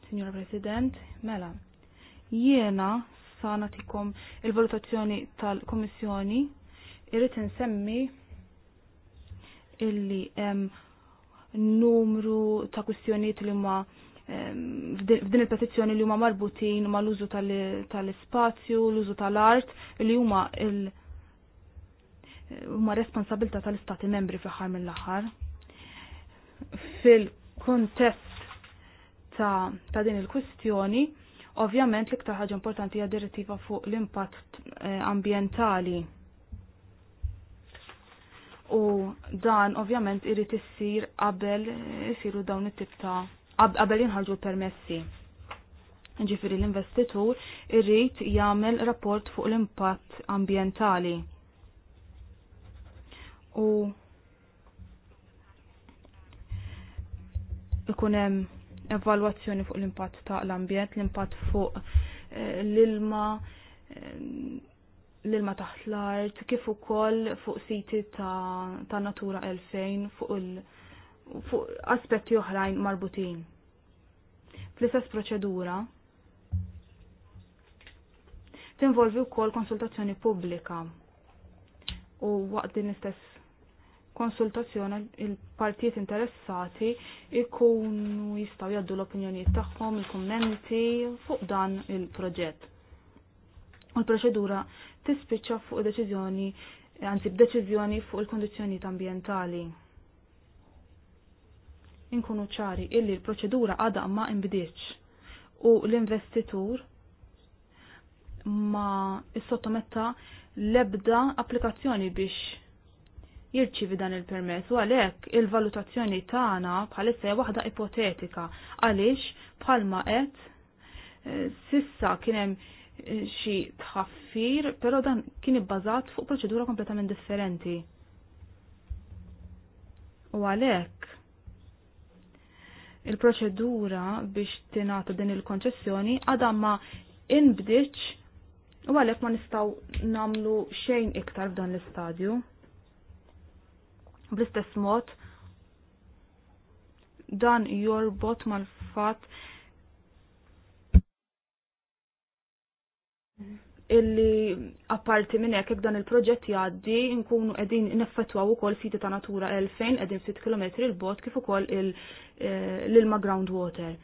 Signora President, mela, jiena sa natikom il-valutazzjoni tal-Komissjoni irrit insemmi illi hemm numru ta' kwistjonijiet li huma ehm, f'din il-petizzjoni li huma marbutin ma' l-użu tal-ispazju, l-użu tal-art li huma il huma responsabilità tal-istati membri fl ħar mill-aħħar. Fil-kontest ta', ta din il-kwistjoni, ovvjament l-iktar ħaġa importanti hija direttiva fuq l-impatt eh, ambjentali. U dan ovvjament irid issir qabel eh, isiru dawn it-tip ta' qabel jinħarġu permessi. Ġifieri l-investitur irrid jagħmel rapport fuq l-impatt ambjentali. U ikun hemm evalwazzjoni fuq l-impatt ta' l-ambjent, l-impatt fuq eh, l-ilma, eh, l-ilma taħt l-art, kif ukoll fuq siti ta', ta natura 2000 fuq, fuq aspetti oħrajn marbutin. Fl-istess proċedura tinvolvi wkoll konsultazzjoni pubblika u waqt din istess konsultazzjoni il-partijiet interessati ikunu jistaw jaddu l-opinjonijiet tagħhom, il-kummenti fuq dan il-proġett. U l-proċedura tispiċċa fuq deċiżjoni, anzi b'deċiżjoni fuq il-kondizzjonijiet ambjentali. Inkunu ċari illi l-proċedura għadha ma inbidiċ u l-investitur ma is-sottometta l-ebda applikazzjoni biex jirċivi dan il-permess u għalhekk il-valutazzjoni tagħna bħalissa hija waħda ipotetika għaliex bħalma qed eh, sissa kien hemm eh, xi tħaffir, però dan kien ibbażat fuq proċedura kompletament differenti. U għalhekk il-proċedura biex tingħata din il-konċessjoni għadha ma inbdiċ u għalhekk ma nistgħu nagħmlu xejn iktar f'dan l-istadju. Bl-istess mod, dan jorbot mal-fat illi apparti minn hekk dan il-proġett jgħaddi nkunu qegħdin neffettwaw ukoll siti ta' natura 2000 qegħdin ftit kilometri l bot kif ukoll eh, l-ilma groundwater.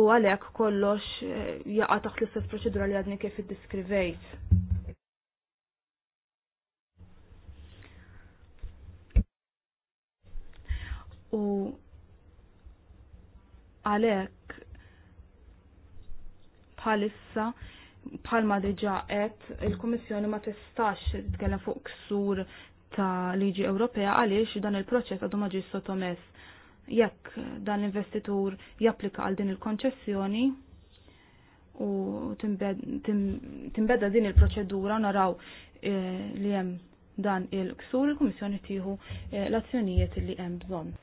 U għalhekk kollox eh, jaqa' taħt l-istess proċedura li għadni kif iddiskrivejt. u għalek bħalissa bħalma diġa qed il-Kummissjoni ma tistax tkellem fuq ksur ta' liġi Ewropea għaliex dan il-proċess għadu ma ġiex sottomess. Jekk dan l-investitur japplika għal din il-konċessjoni u timbeda din il-proċedura naraw eh, li hemm dan il-ksur il-Kummissjoni tieħu eh, l-azzjonijiet li hemm bżonn.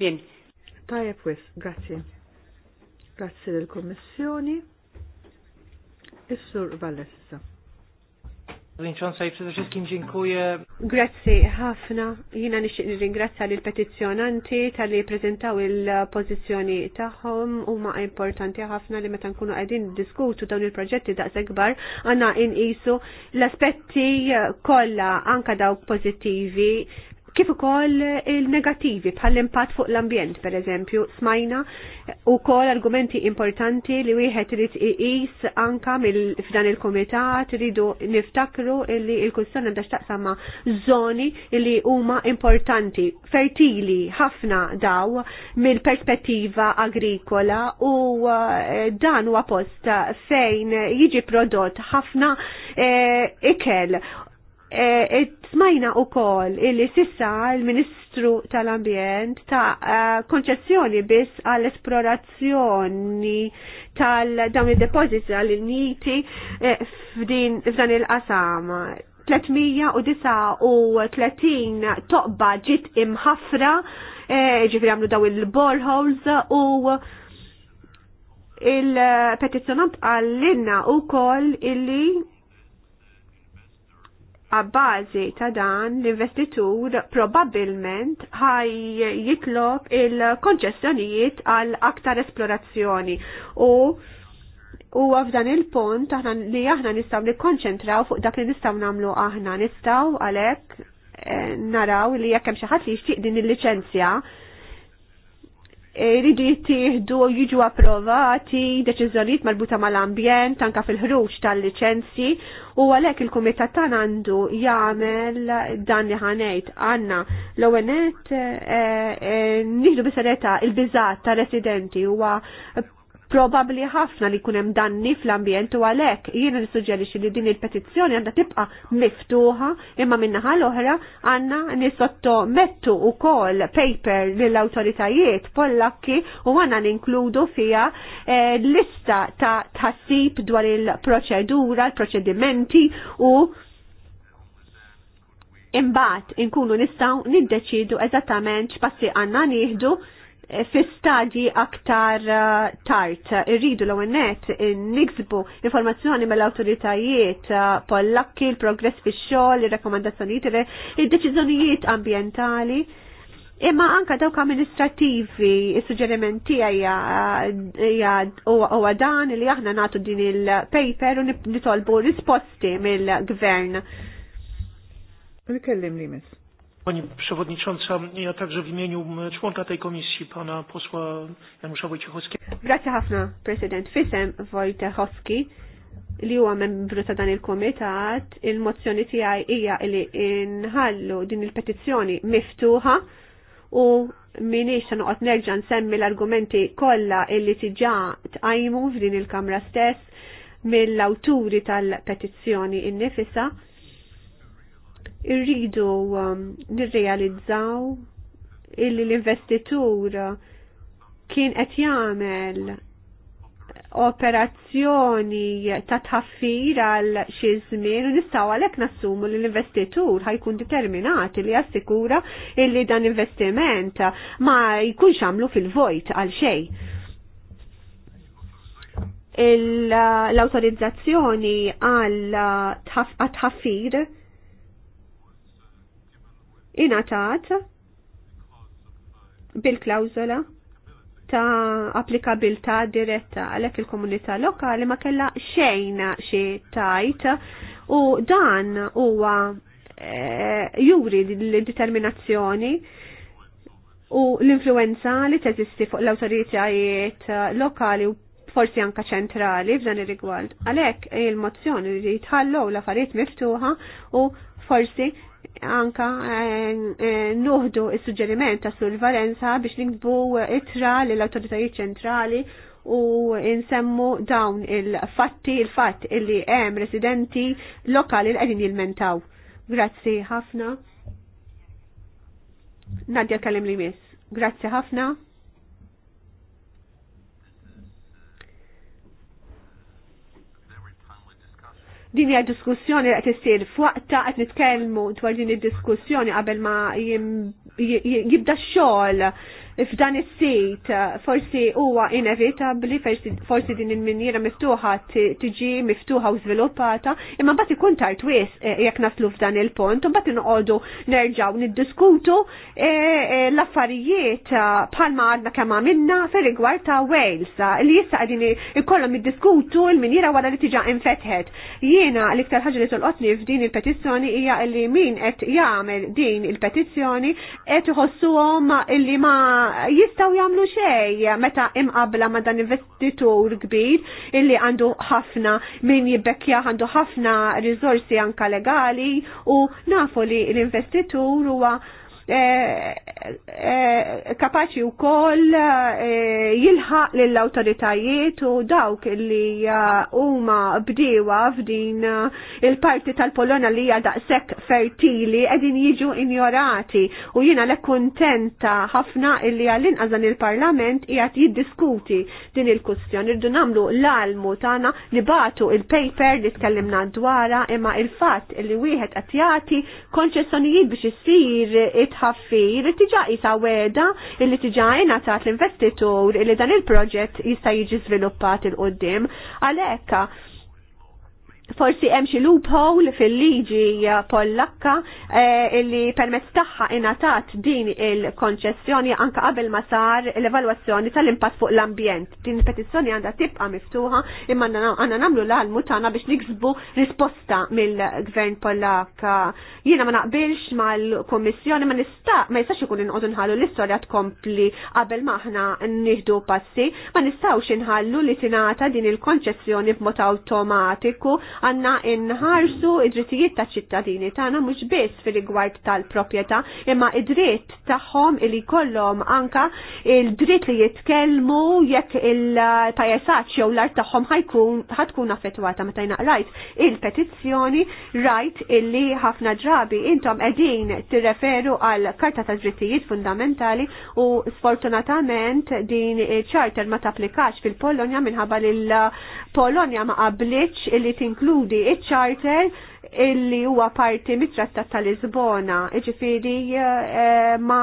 Bien. Tajab wis, grazie. Grazie l-Kommissjoni. Is-Sur Vallessa. Vinċonsa, przede wszystkim dziękuję. Grazzi ħafna. Jina nixtieq nirringrazzja l petizzjonanti tal-li prezentaw il-pożizzjoni tagħhom huma importanti ħafna li meta nkunu qegħdin diskutu dawn il-proġetti daqs ikbar għandna inqisu l-aspetti kollha anka dawk pożittivi kif ukoll il-negativi bħal impatt fuq l-ambjent pereżempju smajna ukoll argumenti importanti li wieħed irid iqis anka mill f'dan il-kumitat iridu niftakru li l-kustjoni għandha x'taqsam ma' żoni li huma importanti fertili ħafna daw mill-perspettiva agrikola u eh, dan huwa post fejn jiġi prodott ħafna eh, ikel Eh, smajna u kol illi sissa il-Ministru tal-Ambjent ta' eh, konċessjoni biss għall-esplorazzjoni tal-dawn il-deposits għal niti eh, f'dan il-qasam. 339 toqba ġit imħafra, ġifri għamlu daw il borholes u il-petizjonant għallinna u kol illi għabbażi ta' dan l-investitur probabilment ħaj jitlob il-konċessjonijiet għal aktar esplorazzjoni u u f'dan il-punt li aħna nistgħu nikkonċentraw fuq dak li nistgħu nagħmlu aħna nistgħu għalhekk eh, naraw li jekk hemm xi ħadd li jixtieq din il-liċenzja E, jridu jittieħdu u jiġu approvati deċiżjonijiet marbuta mal-ambjent anka fil-ħruġ tal-liċenzji u għalhekk il-kumitat tan għandu jagħmel dan li ħanejt għandna l-ewwel e, e, nieħdu bisereta il-biżat ta' residenti huwa probabli ħafna li kunem danni fl ambient u għalek. Jien nissuġġerixi li din il-petizzjoni għandha tibqa miftuħa imma minnaħa l-oħra għandna u kol paper lill-awtoritajiet pollakki u għanna ninkludu fija eh, lista ta' tħassib dwar il-proċedura, il-proċedimenti u Imbagħad inkunu nistgħu niddeċidu eżattament x'passi għandna nieħdu fi stadji aktar eh, tard. Irridu l net niksbu informazzjoni mill awtoritajiet eh, pollakki, il-progress fi xogħol, ir rekomandazzjoniet id-deċiżjonijiet ambjentali. Imma anka dawk amministrativi, il-suġġerimenti huwa dan li aħna nagħtu din il-paper u nitolbu risposti mill-gvern. Nikellim li mis. Pani Przewodnicząca, ja także w imieniu członka tej komisji, pana posła Janusza Wojciechowskiego. Grazie ħafna, President. Fisem Wojciechowski li huwa membru ta' dan il-komitat, il-mozzjoni tiegħi hija li inħallu din il-petizzjoni miftuħa u minix ta' noqgħod nerġa' nsemmi l-argumenti kollha illi tiġà tqajmu f'din il-Kamra stess mill-awturi tal-petizzjoni innifisa. nifisa irridu um, nirrealizzaw illi l-investitur kien qed jagħmel operazzjoni ta' tħaffir għal xi żmien u nistgħu għalhekk nassumu li l-investitur ħajkun determinat li jassikura illi dan investiment ma jkunx għamlu fil-vojt għal xejn. L-autorizzazzjoni għal tħaffir inatat bil-klawzola ta' applikabilità diretta għalhekk il-komunità lokali ma kellha xejn xi tajt u dan huwa e, juri l-determinazzjoni u l-influenza li teżisti fuq l-awtoritajiet lokali u forsi anka ċentrali f'dan ir-rigward. Għalhekk il-mozzjoni li jitħallu l-affarijiet miftuħa u forsi anka eh, eh, nuħdu il-suġġeriment ta' Sul Valenza biex ninkbu itra l-autoritajiet ċentrali u insemmu dawn il-fatti, il-fatt illi hemm residenti lokali l-qegħdin jilmentaw. Grazzi ħafna. Nadja kellim li mis. Grazzi ħafna. din hija diskussjoni qed issir f'waqta qed nitkellmu dwar din id-diskussjoni qabel ma jibda x-xogħol f'dan is-sit eh, forsi huwa inevitabbli forsi din il-minjera miftuħa tiġi miftuħa u żviluppata, imma mbagħad ikun tard wies eh, jekk naslu f'dan il-pont, u mbagħad inqogħdu nerġgħu niddiskutu eh, l-affarijiet bħalma għadna kemm għamilna fir-rigward ta' Wales li issa qegħdin ikollhom iddiskutu l-minjera wara li tiġa infetħet. Jiena l-iktar ħaġa li tolqotni f'din il-petizzjoni hija li min qed jagħmel din il-petizzjoni qed iħossuhom illi ma' jistaw jamlu xej meta imqabla ma dan investitur kbir illi għandu ħafna min jibbekkja għandu ħafna rizorsi anka legali u nafu li l-investitur huwa Eh, eh, kapaċi wkoll eh, jilħaq lill awtoritajiet u dawk li huma bdiewa f'din il-parti tal-Polonja li hija daqshekk fertili qegħdin jiġu injorati u jiena lek kuntenta ħafna illi għall-inqas dan il-Parlament qiegħed jiddiskuti din il-kustjoni. Irdu nagħmlu l-almu tagħna nibatu il-paper li tkellimna dwarha imma il-fatt li wieħed qed jagħti konċessjonijiet biex isir it tħaffir tiġa jisa weda illi tiġa ingħatat l-investitur li dan il-proġett jista' jiġi żviluppat il qoddim Għalhekk forsi hemm xi loophole fil-liġi Pollakka eh, illi li permezz tagħha ingħatat din il-konċessjoni anke qabel ma sar l-evalwazzjoni tal-impatt fuq l-ambjent. Din il-petizzjoni għandha tibqa' miftuħa imma għandna nagħmlu l-għalmu tagħna biex niksbu risposta mill-Gvern Pollakka. Jiena ma naqbilx mal-Kummissjoni ma nista' ma jistax ikun inqogħdu nħallu l-istorja tkompli qabel ma aħna nieħdu passi, ma nistgħux inħallu li tingħata din il-konċessjoni b'mod awtomatiku għanna inħarsu id-drittijiet ta' ċittadini tagħna mhux biss fil-rigward tal-proprjetà, imma id-dritt tagħhom li kollhom anka il-dritt li jitkellmu jekk il-tajesaċ jew l-art tagħhom ħajkun ħatkun affettwata meta jnaqrajt il-petizzjoni rajt illi ħafna drabi intom qegħdin tirreferu għal karta ta' drittijiet fundamentali u sfortunatament din charter ma tapplikax fil-Polonja minħabba lil Polonja ma qablitx illi tinkludi iċ-charter illi huwa parti mit-trattat tal-Lisbona, iġifiri eh, ma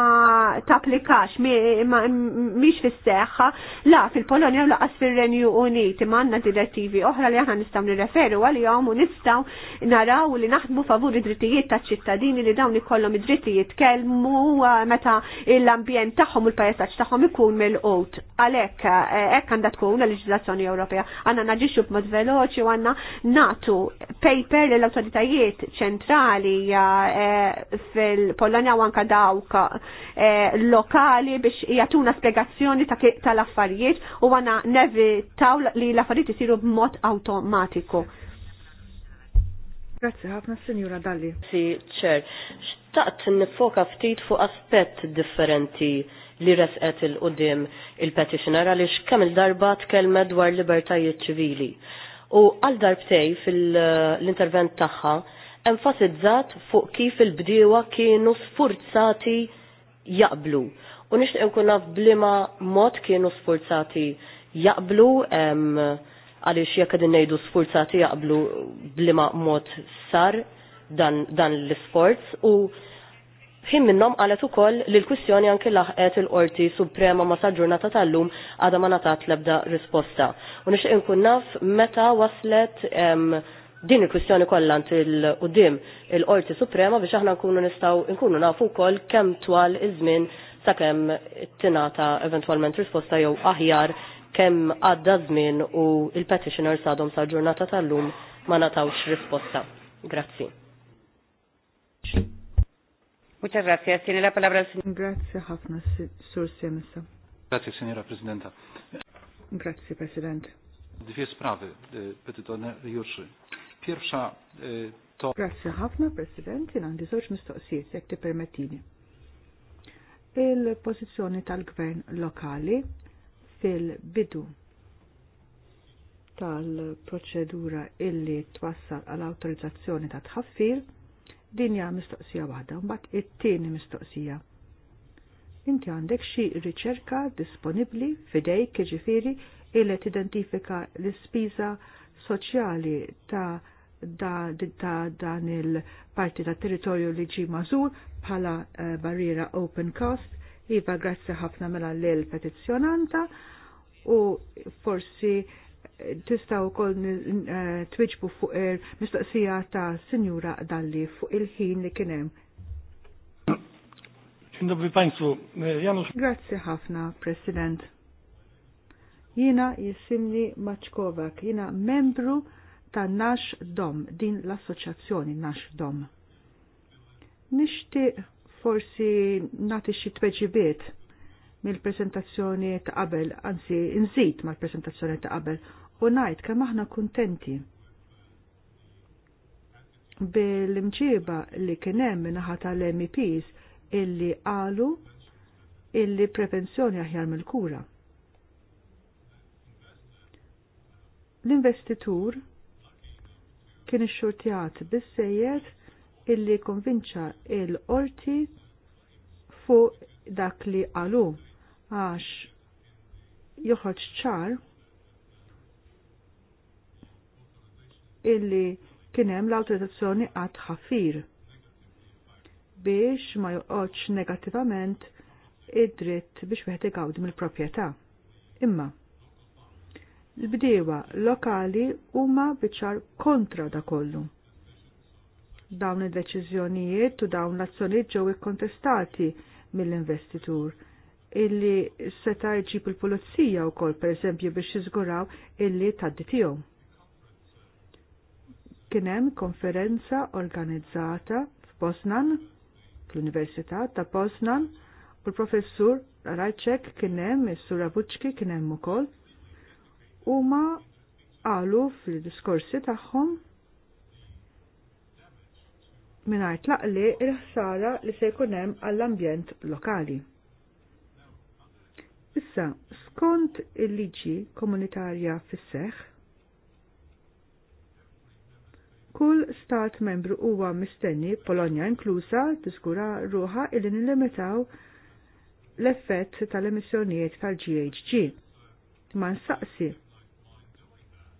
taplikax miex fis-seħħa, la fil-Polonja u laqas fil-Renju Uniti, ma direttivi oħra li aħna nistgħu nirreferu għalihom u nistgħu naraw li naħdmu favur id-drittijiet taċ-ċittadini li dawn ikollhom id-drittijiet kelmu eh, meta l-ambjent tagħhom u l-pajjeż tagħhom ikun mill-qut. Għalhekk eh, hekk għandha tkun l-leġiżlazzjoni Ewropea. Għandna naġixxu b'mod veloċi u għandna natu paper l awtorità l ċentrali eh, fil-Polonja u anka dawk eh, lokali biex jatuna spiegazzjoni tal-affarijiet u għana taw li l-affarijiet jisiru b'mod automatiku. Grazie ħafna Sinjura Dalli. Si, ċer, xtaqt nifoka ftit fuq aspett differenti li resqet il-qudim il-petitioner għaliex kemm il-darba tkellmet dwar libertajiet ċivili u għal darbtej fil-intervent tagħha enfasizzat fuq kif il-bdiewa kienu sfurzati jaqblu. U nixtieq nkun naf blima mod kienu sfurzati jaqblu għaliex jekk qegħdin ngħidu sfurzati jaqblu blima mod sar dan, dan l-isforz u Ħin minnhom qalet ukoll li l-kwistjoni anke laħqet il-Qorti Suprema ma sa ġurnata tal-lum għadha ma ngħatat l-ebda risposta. U nixtieq inkun naf meta waslet din il-kwistjoni kollha il-qudiem il-Qorti Suprema biex aħna nkunu nistgħu nkunu nafu wkoll kemm twal iż-żmien sakemm tingħata eventwalment risposta jew aħjar kemm għadda żmien u il-petitioners għadhom sa ġurnata tal-lum ma natawx risposta. Grazzi. Muchas gracias. Tiene la palabra el señor. Grazie ħafna, Sur Semessa. Grazie, signora Presidenta. Grazie, President. Dwie sprawy, e, petytonariuszy. Pierwsza e, to... Grazie ħafna, President, jina għandi misto, mistoqsijiet, jek ti permettini. Il-pozizjoni tal-gvern lokali fil-bidu tal-proċedura illi twassal għal autorizzazzjoni ta' tħaffir Din hija mistoqsija waħda, mbagħad it-tieni mistoqsija. Inti għandek xi riċerka disponibbli fidejk jiġifieri illi tidentifika l-ispiża soċjali ta' da, da, dan il-parti ta' territorju li ġi mażur bħala uh, barriera open cost. Iva, grazzi ħafna mela l-petizzjonanta u forsi tistaw kol eh, twiġbu fuq il-mistoqsija ta' Sinjura Dalli fuq il-ħin li kienem. E, Grazzi ħafna, President. Jina jisimni Maċkovak, jina membru ta' Nash Dom, din l-assoċjazzjoni Nash Dom. Nishti forsi nati xi tweġibiet mill-presentazzjoni ta' qabel, anzi nżid mal-presentazzjoni ta' qabel u najt kemm aħna kuntenti bil-imġiba li kien hemm naħa tal-MEPs illi għalu illi prevenzjoni aħjar mill-kura. L-investitur kien bis bissejjed illi konvinċa il-qorti fuq dak li għalu għax joħroġ ċar illi kienem l-autorizzazzjoni għad ħafir biex ma joqgħodx negattivament id-dritt biex wieħed igawdi mill-proprjetà. Imma l-bdiewa lokali huma biċar kontra da kollu. Dawn id-deċiżjonijiet u dawn l-azzjonijiet ġew ikkontestati mill-investitur illi seta' jġib il-pulizija wkoll pereżempju biex jiżguraw illi taddi tiegħu kienem konferenza organizzata f'Poznan, fl-Università ta' Poznan, u l-professur Rajċek kienem, il-sur Abuċki kienem ukoll, u ma għalu fil-diskorsi tagħhom minajt laqli il-ħsara li se jkunem għall-ambjent lokali. Issa, skont il-liġi komunitarja fis-seħħ, kull stat membru huwa mistenni, Polonja inklusa, tiskura ruħa illi nilimitaw l-effett tal-emissjonijiet tal-GHG. Ma nsaqsi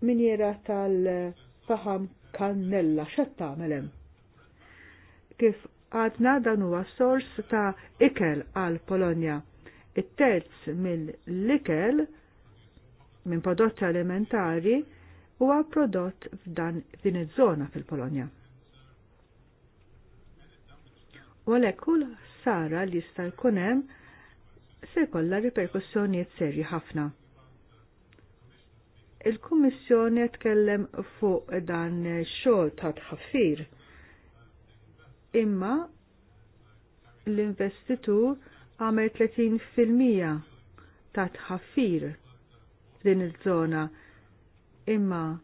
minjera tal-faham kannella xetta melem. Kif għadna dan huwa sors ta' ikel għal Polonja. It-terz mill-ikel minn prodotti alimentari huwa prodott f'dan din iż-żona fil-Polonja. U għalhekk kull sara li jista' jkun hemm se jkollha riperkussjonijiet serji ħafna. Il-Kummissjoni tkellem fuq dan xogħol ta' tħaffir imma l-investitur għamel 30% ta' tħaffir din il-żona imma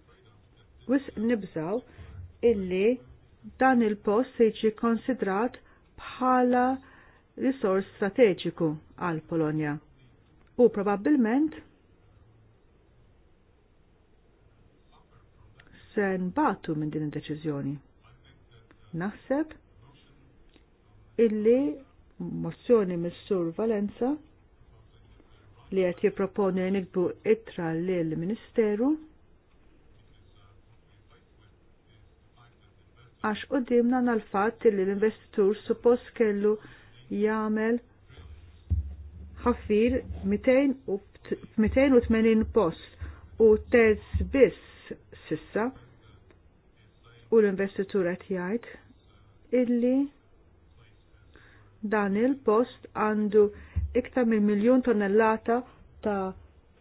wis nibżaw illi dan il-post se jiġi konsidrat bħala risors strateġiku għal Polonja. U probabbilment se nbatu minn din id-deċiżjoni. Naħseb illi mozzjoni mis-Sur Valenza li qed jipproponi nikbu ittra lill-Ministeru għax dimna nal-fatt li l-investitur suppost kellu jagħmel ħafir 280 post u terz biss sissa u l-investitur qed jgħid illi dan il-post għandu iktar minn miljon tonnellata ta'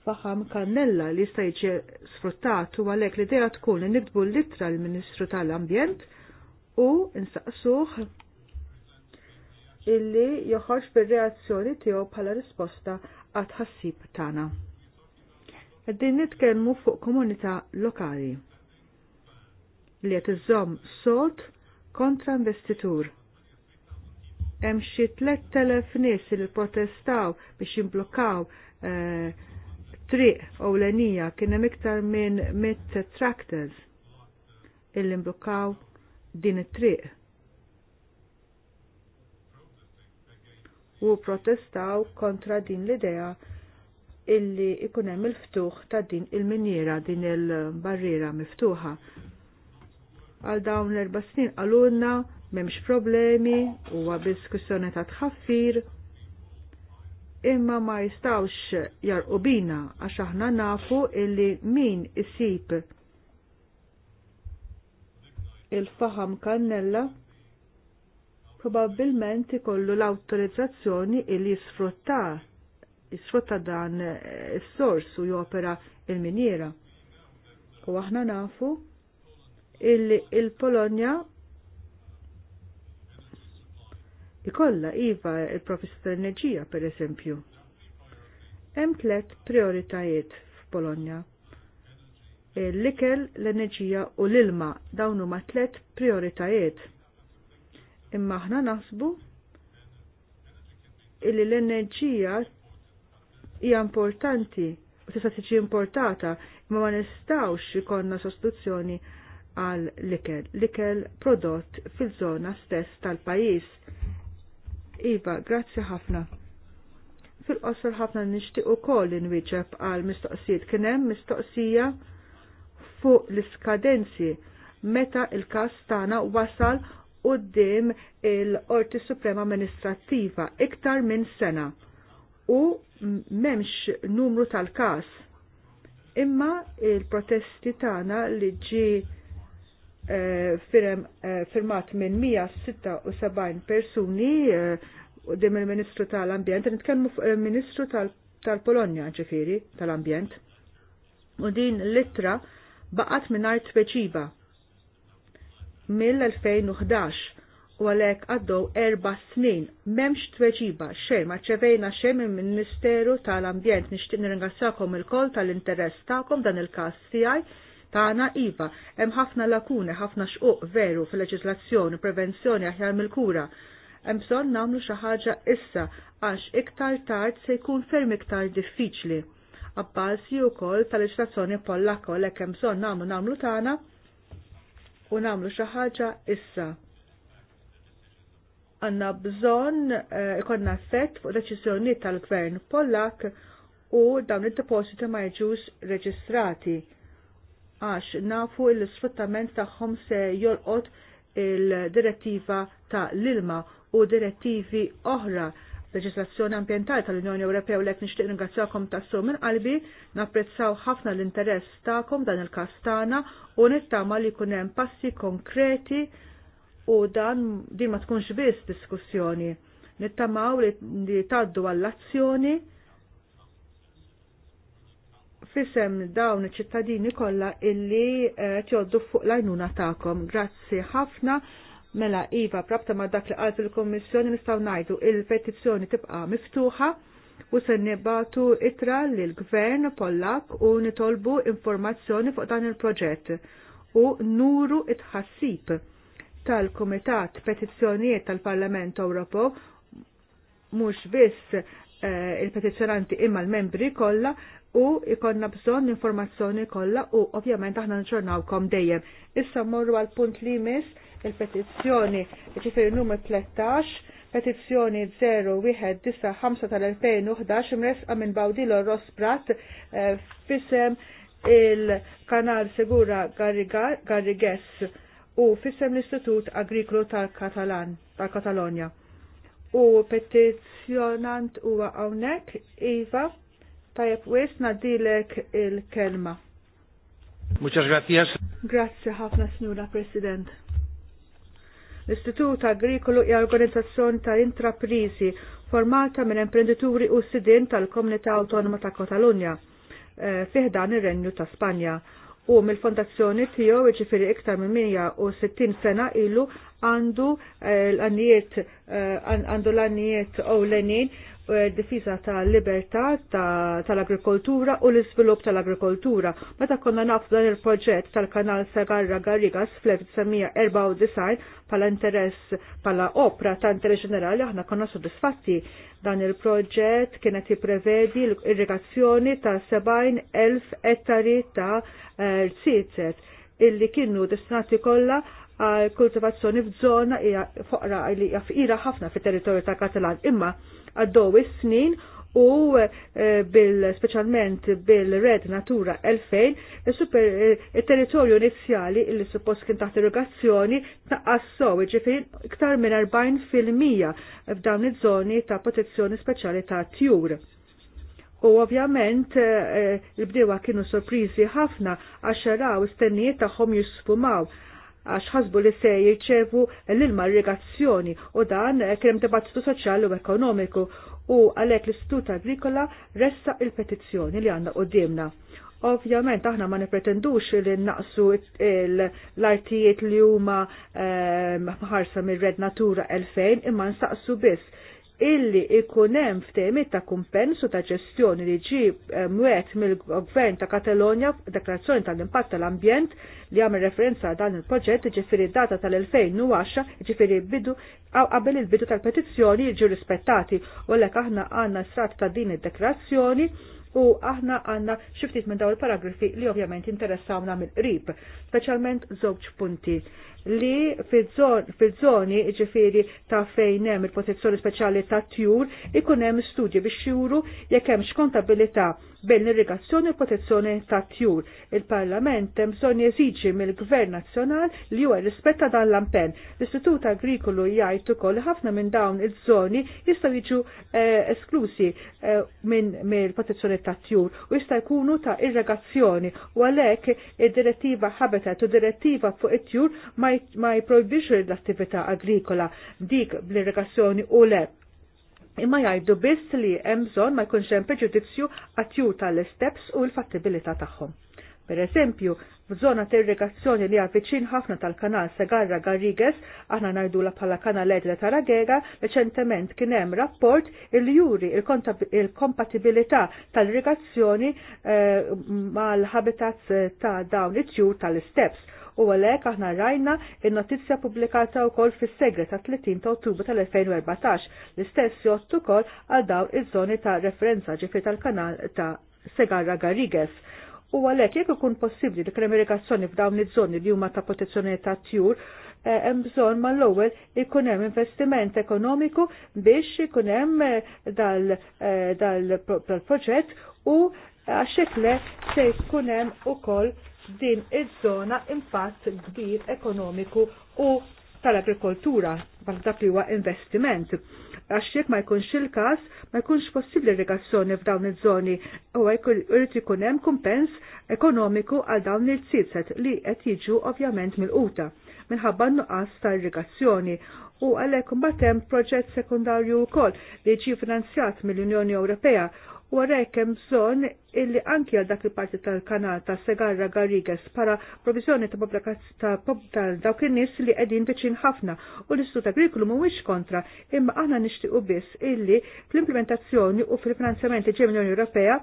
faħam kannella li jista' jiġi sfruttat u għalhekk l-idea tkun li nikdbu l-ittra l-Ministru tal-Ambjent u insaqsuħ illi joħorġ bir-reazzjoni tiegħu bħala risposta għad ħassib tagħna. Din nitkellmu fuq komunità lokali li qed iżomm sod kontra investitur. Hemm xi telef nies li protestaw biex jimblukkaw eh, triq ewlenija kien hemm iktar minn mit tractors illi mblukkaw din it-triq. U protestaw kontra din l-idea illi ikunem il-ftuħ ta' din il-miniera din il-barriera miftuħa. Għal dawn l-erba snin għalunna memx problemi u għabis kussjoni ta' tħaffir imma ma jistawx jarqobina bina għax aħna nafu illi min isib il-faham kannella probabbilment ikollu l-autorizzazzjoni il jisfrutta jisfrutta dan is-sors eh, u jopera il-miniera. U aħna nafu il polonia ikolla iva il-professor tal-enerġija per eżempju. Hemm tliet prioritajiet f'Polonja l-ikel, l-enerġija u l-ilma dawn huma tliet prioritajiet. Imma aħna naħsbu illi l-enerġija hija importanti u tista' tiġi importata imma ma nistgħux ikonna sostituzzjoni għal l-ikel, l-ikel prodott fil-żona stess tal-pajjiż. Iva, grazzi ħafna. Fil-qosor ħafna nixtieq ukoll inwieġeb għal mistoqsijiet kien hemm mistoqsija fuq l-iskadenzi meta il-kas tana wasal qoddim il-Qorti Suprema Amministrattiva iktar minn sena u memx numru tal-kas. Imma il-protesti tana li ġi eh, firm, eh, firmat minn 176 persuni u eh, qoddim il-Ministru tal-Ambjent, nitkellmu fuq il-Ministru tal-Polonja ġifiri tal-Ambjent. U din l-ittra baqat minar tweċiba mill-2011 u għalek għaddew erba snin memx tweċiba xejn ma ċevejna xejn minn Ministeru tal-Ambjent nixtieq nirringrazzakom il-kol tal-interess tagħkom dan il-każ tiegħi tagħna iva hemm ħafna lakune, ħafna xquq veru fil-leġislazzjoni, prevenzjoni aħjar mill-kura. Hemm bżonn nagħmlu xi ħaġa issa għax iktar tard se jkun ferm iktar diffiċli u wkoll tal-leġislazzjoni polla kol e hekk hemm bżonn nagħmlu nagħmlu tagħna u nagħmlu xi ħaġa issa. Għanna bżonn eh, ikonna set fuq deċiżjonijiet tal-Gvern Pollak u dawn id-depositi ma jiġux reġistrati għax nafu l-sfruttament tagħhom se jolqot il-direttiva ta' l-ilma u direttivi oħra leġislazzjoni ambientali tal-Unjoni Ewropea u lek nixtieq ringrazzjakom tas-sum minn qalbi napprezzaw ħafna l-interess tagħkom dan il-kastana u nittama li jkun hemm passi konkreti u dan din ma tkunx biss diskussjoni. Nittamaw li taddu għall-azzjoni fisem dawn iċ-ċittadini kollha illi ċoddu eh, fuq l-għajnuna tagħkom. Grazzi ħafna. Mela Iva, prabta ma dak li għalt il-Kommissjoni nistgħu ngħidu il-petizzjoni tibqa' miftuħa u se nibatu itra l gvern Pollak u nitolbu informazzjoni fuq dan il-proġett u nuru it-ħassib tal-Kumitat Petizzjonijiet tal-Parlament Ewropew mhux biss eh, il-petizzjonanti imma l-membri kollha u ikonna bżonn informazzjoni kollha u ovvjament aħna nġornawkom dejjem. Issa morru għal punt li mis il-petizzjoni ġifieri numru 13, petizzjoni 0195 tal-2011 imresqa minn Bawdilo Pratt eh, fisem il-kanal Segura Garrigues u fissem l-Istitut Agriklu tal-Katalan, tal-Katalonja. U petizzjonant huwa hawnhekk Iva Tajab, wis nadilek il-kelma. Muchas gracias. Grazie ħafna, Signora President. L-Istitut Agrikolu hija organizzazzjoni ta' intraprizi formata minn imprenditori u sidin tal-Komunità Autonoma ta' Katalunja eh, fiħdan ir-Renju ta' Spanja u mill-fondazzjoni tiegħu jiġifieri iktar minn 160 sena ilu għandu eh, l-għannijiet eh, għandu l-għannijiet ewlenin eh, difiża ta' libertà tal-agrikoltura u l-iżvilupp tal-agrikoltura. Meta konna nafu dan il-proġett tal-kanal Sagarra Garrigas fl-1994 pala interess pala opra ta' interess ġenerali aħna konna soddisfatti dan il-proġett kienet jipprevedi l-irrigazzjoni ta' 70.000 ettari ta' rsitzet illi kienu destinati kollha għal kultivazzjoni f'żona hija foqra li hija fqira ħafna fit-territorju ta' Katalan imma għaddew is-snin u eh, bil speċjalment bil-Red Natura 2000 super eh, territorju inizjali li suppost kien taħt irrigazzjoni taqqassow ġifieri iktar minn 40 fil-mija f'dawn iż-żoni ta' protezzjoni speċjali ta' tjur. U ovvjament eh, l-bdewa kienu sorpriżi ħafna għax raw istennijiet tagħhom jisfumaw għax ħasbu li se jirċevu l-ilma irrigazzjoni u dan krem dibattitu soċjali u ekonomiku u għalhekk l-Istitut Agrikola ressa il-petizzjoni li għandna dimna. Ovvjament aħna ma nipretendux li naqsu l-artijiet li huma eh, ħarsa mir-Red Natura 2000 imma nsaqsu biss illi ikunem f'temiet ta' kumpensu ta' ġestjoni li ġi eh, mwet mill-gvern ta' Katalonja f'deklarazzjoni tal-impatt tal-ambjent li għamil referenza dan il-proġett ġifiri data tal-2010 ġifiri bidu qabel il-bidu tal-petizzjoni ġi rispettati u l aħna għanna strat ta' din id-deklarazzjoni u aħna għanna xiftit minn daw il-paragrafi li ovvjament interessawna mill-qrib, specialment żewġ punti li fil-żoni ġifiri ta' fejn hemm il-protezzjoni speċjali ta' tjur ikun hemm studji biex juru jekk hemmx kontabilità bejn l-irrigazzjoni u protezzjoni ta' tjur. Il-Parlament hemm bżonn jeżiġi mill-Gvern Nazzjonal li huwa rispetta dan l-ampen. L-Istitut Agrikolu jgħid ukoll ħafna minn dawn iż-żoni jistgħu jiġu eh, esklusi eh, minn mill-protezzjoni tat tjur u jista' jkunu ta' irregazzjoni u għalhekk id-direttiva Habitat u direttiva fuq it-tjur ma jprojbix l-attività agrikola dik bl-irregazzjoni u le. Imma jgħidu biss li hemm bżonn ma jkunx hemm preġudizzju għat-tjur tal-isteps u l-fattibilità tagħhom. Per eżempju, f'żona terrikazzjoni li għafiċin ħafna tal-kanal Segarra Garrigues, aħna la bħala kanal Edre Taragega, reċentement kien hemm rapport il juri il-kompatibilità tal-irrigazzjoni ma' eh, mal-habitats eh, ta' dawn it-tjur tal-steps u għalek aħna rajna il-notizja publikata u kol fis segre ta' 30 ta' ottubru tal-2014 l-istess jottu kol għal dawn iż-żoni ta' referenza ġifri tal-kanal ta' Segarra Garrigues U għalhekk jekk ikun possibbli li kemm irrigazzjoni f'dawn iż-żoni li huma ta' protezzjoni ta' tjur, eh, hemm bżonn mal-ewwel ikun hemm investiment ekonomiku biex ikun hemm eh, dal-proġett eh, u għaxekle se jkun hemm ukoll din iż-żona impatt kbir ekonomiku u tal-agrikoltura bħal dak li huwa investiment. Għax jekk ma jkunx il-każ, ma jkunx possibbli irrigazzjoni f'dawn iż-żoni u jrid ikun hemm kumpens ekonomiku għal dawn il-tsitset li qed jiġu ovvjament mill-quta minħabba nuqqas ta' irrigazzjoni u għalhekk imbagħad hemm proġett sekundarju wkoll li jiġi finanzjat mill-Unjoni Ewropea u għarek hemm bżonn illi anki għal dak il-parti tal-kanal ta' Segarra Garrigues para provizjoni ta' ta' dawk in-nies li qegħdin viċin ħafna u l-Istut Agrikolu mhuwiex kontra imma aħna nixtiequ biss illi fl-implementazzjoni u fil-finanzjamenti ġej mill-Unjoni Ewropea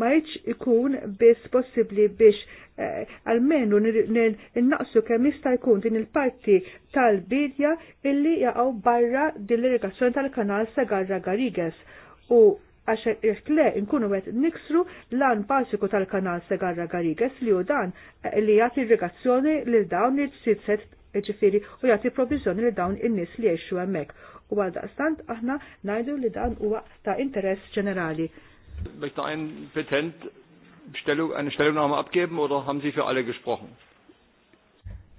ma jitx ikun biss possibli biex eh, almenu n-naqsu kemm jista' jkun din il-parti tal-bidja illi jaqgħu barra din l-irrigazzjoni tal-kanal Segarra Garrigues u għax jekk le nkunu qed niksru lan basiku tal-kanal Segarra Gariges li hu dan eh, li jagħti irrigazzjoni lil dawn li ġsid ġifiri u jagħti provviżjoni li dawn in-nies li jgħixu hemmhekk. U għaldaqstant aħna ngħidu li dan huwa ta' interess ġenerali. Möchte ein Petent Stellung, eine Stellungnahme abgeben oder haben Sie für alle gesprochen?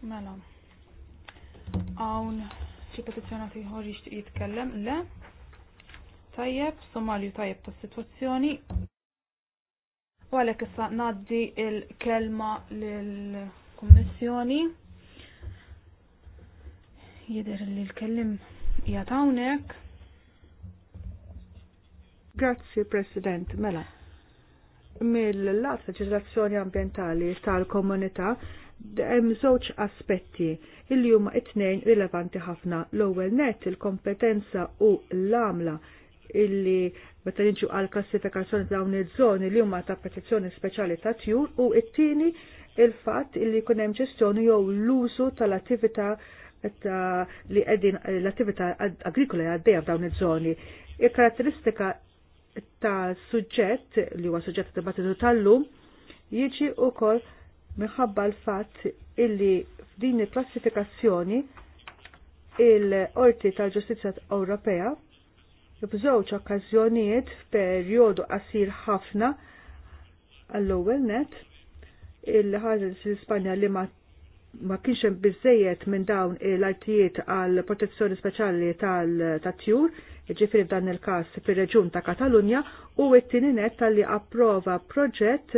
Mela. Hawn xi petizjonati ħorġi jitkellem? Le tajjeb, somalju tajjeb ta' situazzjoni. U għalek issa naddi il-kelma l-Kommissjoni. Jider li l-kellim jatawnek. Grazzi, President. Mela, mill-lat leġislazzjoni ambientali tal-komunità hemm żewġ aspetti li huma it-tnejn rilevanti ħafna l-ewwel net il-kompetenza u l-għamla illi meta jinġu għal klassifikazzjoni dawn iż-żoni li huma ta' protezzjoni speċjali ta' tjur u t tieni il-fatt illi jkun hemm ġestjoni jew l-użu tal-attività li qegħdin l-attività agrikola għaddejja f'dawn iż-żoni. Il-karatteristika ta' suġġett li huwa suġġett dibattitu tal-lum jiġi wkoll minħabba l-fatt illi f'din il-klassifikazzjoni il-Qorti tal-Ġustizzja Ewropea f'żewġ okkażjonijiet f'perjodu qasir ħafna għall-ewwel net il-ħażet l-Ispanja li ma ma kienx hemm biżejjed minn dawn l-artijiet għal protezzjoni speċjali tal-tjur, ġifieri f'dan il-każ fir-reġjun ta' Katalunja, u t-tieni net tal-li approva proġett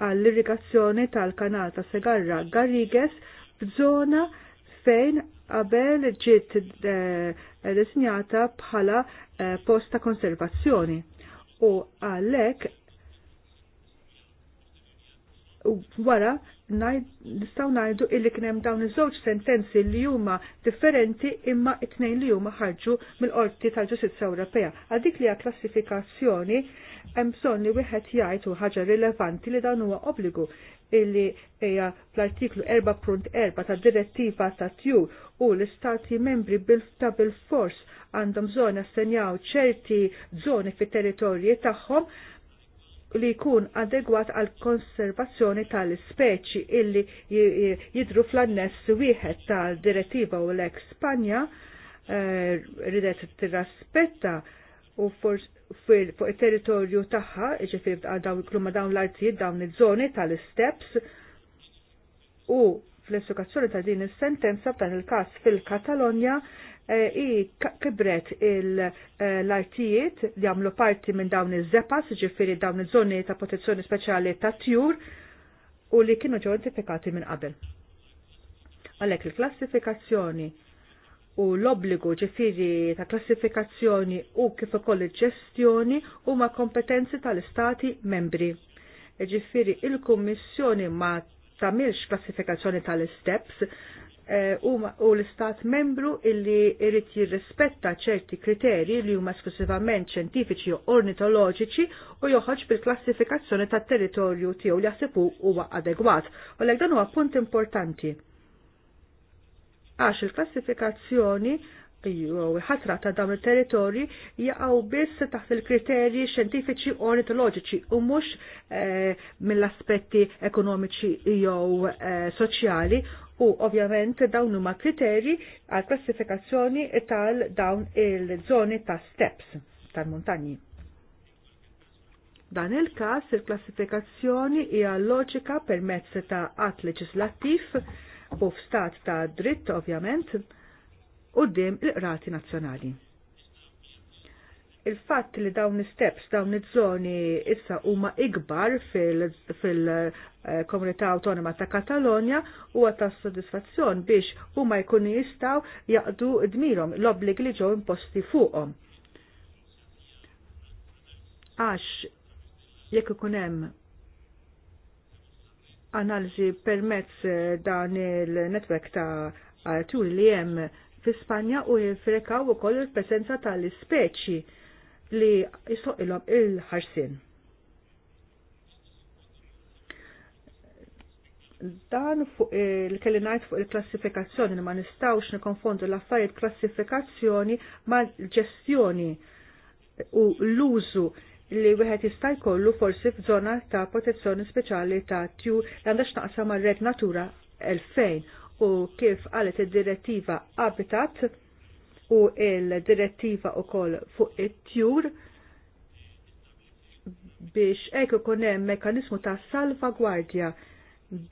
għall-irrigazzjoni tal-kanal ta' Segarra Garrigues f'żona fejn qabel ġiet eh, desinjata bħala eh, post ta' konservazzjoni. U għalhekk wara nistgħu ngħidu illi kien hemm dawn iż-żewġ sentenzi li huma differenti imma t tnejn li huma ħarġu mill-qorti tal-Ġustizzja Ewropea. Għadik li hija klassifikazzjoni hemm bżonn li wieħed jgħid u ħaġa rilevanti li dan huwa obbligu illi hija fl-artiklu 4.4 ta' direttiva ta' tju u l-istati membri bil-ta' bil-fors għandhom bżonn assenjaw ċerti żoni fit-territorji tagħhom li jkun adegwat għal konservazzjoni tal-speċi illi jidru fl-anness wieħed tal-direttiva u l-ek Spanja eh, ridet tirraspetta u forse fuq il-territorju tagħha, ġifir klumma dawn l-artijiet dawn il żoni tal-steps u fl-essukazzjoni ta' din is-sentenza f'dan il-każ fil-Katalonja e, i kibret e, l-artijiet li għamlu parti minn dawn iż zepas ġifiri dawn il żoni ta' protezzjoni speċjali ta' tjur u li kienu ġo identifikati minn qabel. Għalhekk il-klassifikazzjoni u l-obbligu ġifiri ta' klassifikazzjoni u kif ukoll il-ġestjoni huma kompetenzi tal-istati membri. Ġifiri il-Kummissjoni ma tamilx klassifikazzjoni tal-steps eh, u l-istat membru illi irrit jirrispetta ċerti kriteri li huma esklusivament ċentifiċi u ornitoloġiċi u joħroġ bil-klassifikazzjoni tat territorju tiegħu li jaħsibu huwa adegwat. U l dan huwa punt importanti għax il-klassifikazzjoni jew ħatra ta' dawn it-territorji jaqgħu biss taħt il-kriterji xjentifiċi ornitoloġiċi u mhux eh, mill-aspetti ekonomiċi jew eh, soċjali u ovvjament dawn huma kriterji għal klassifikazzjoni tal dawn il-żoni ta' steps tal-muntanji. Dan il-każ il-klassifikazzjoni hija loġika permezz ta' att leġislattiv u f'stat ta' dritt ovvjament u d il-qrati nazzjonali. Il-fatt li dawn steps dawn iż-żoni issa huma ikbar fil-Komunità fil eh, Autonoma ta' Katalonja huwa ta' sodisfazzjon biex huma jkunu jistgħu jaqdu dmirhom l-obbligi li ġew imposti fuqhom. Għax jekk ikun hemm analizi permezz eh, dan il-netwerk ta' tur li hemm fi Spanja u u ukoll il-presenza tal-ispeċi li jisoqilhom il-ħarsin. Dan fuq il kellinajt ngħid fuq il-klassifikazzjoni li ma nistgħux nikonfondu l-affarijiet klassifikazzjoni mal-ġestjoni u l-użu li wieħed jista' jkollu forsi f'żona ta' protezzjoni speċjali ta' tju li għandha x'taqsam mar-red Natura 2000 u kif qalet id-direttiva Habitat u il-direttiva ukoll fuq it-tjur biex hekk ikun hemm mekkaniżmu ta' salvagwardja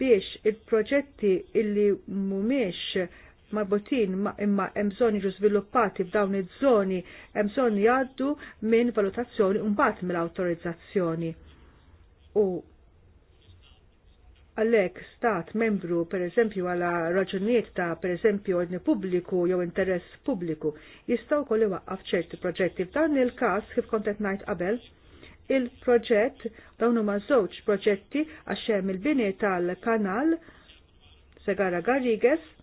biex il-proġetti illi mhumiex marbutin imma hemm bżonn jiġu żviluppati f'dawn iż-żoni hemm bżonn jgħaddu minn valutazzjoni mbagħad mill-awtorizzazzjoni. U għalek stat membru per eżempju għala raġunijiet ta' per eżempju ordni pubbliku jew interess pubbliku jistaw kolli waqqaf ċerti proġetti. F'dan il-każ kif kontet ngħid qabel, il-proġett dawn huma żewġ proġetti għax hemm il-bini tal-kanal Segara Garrigues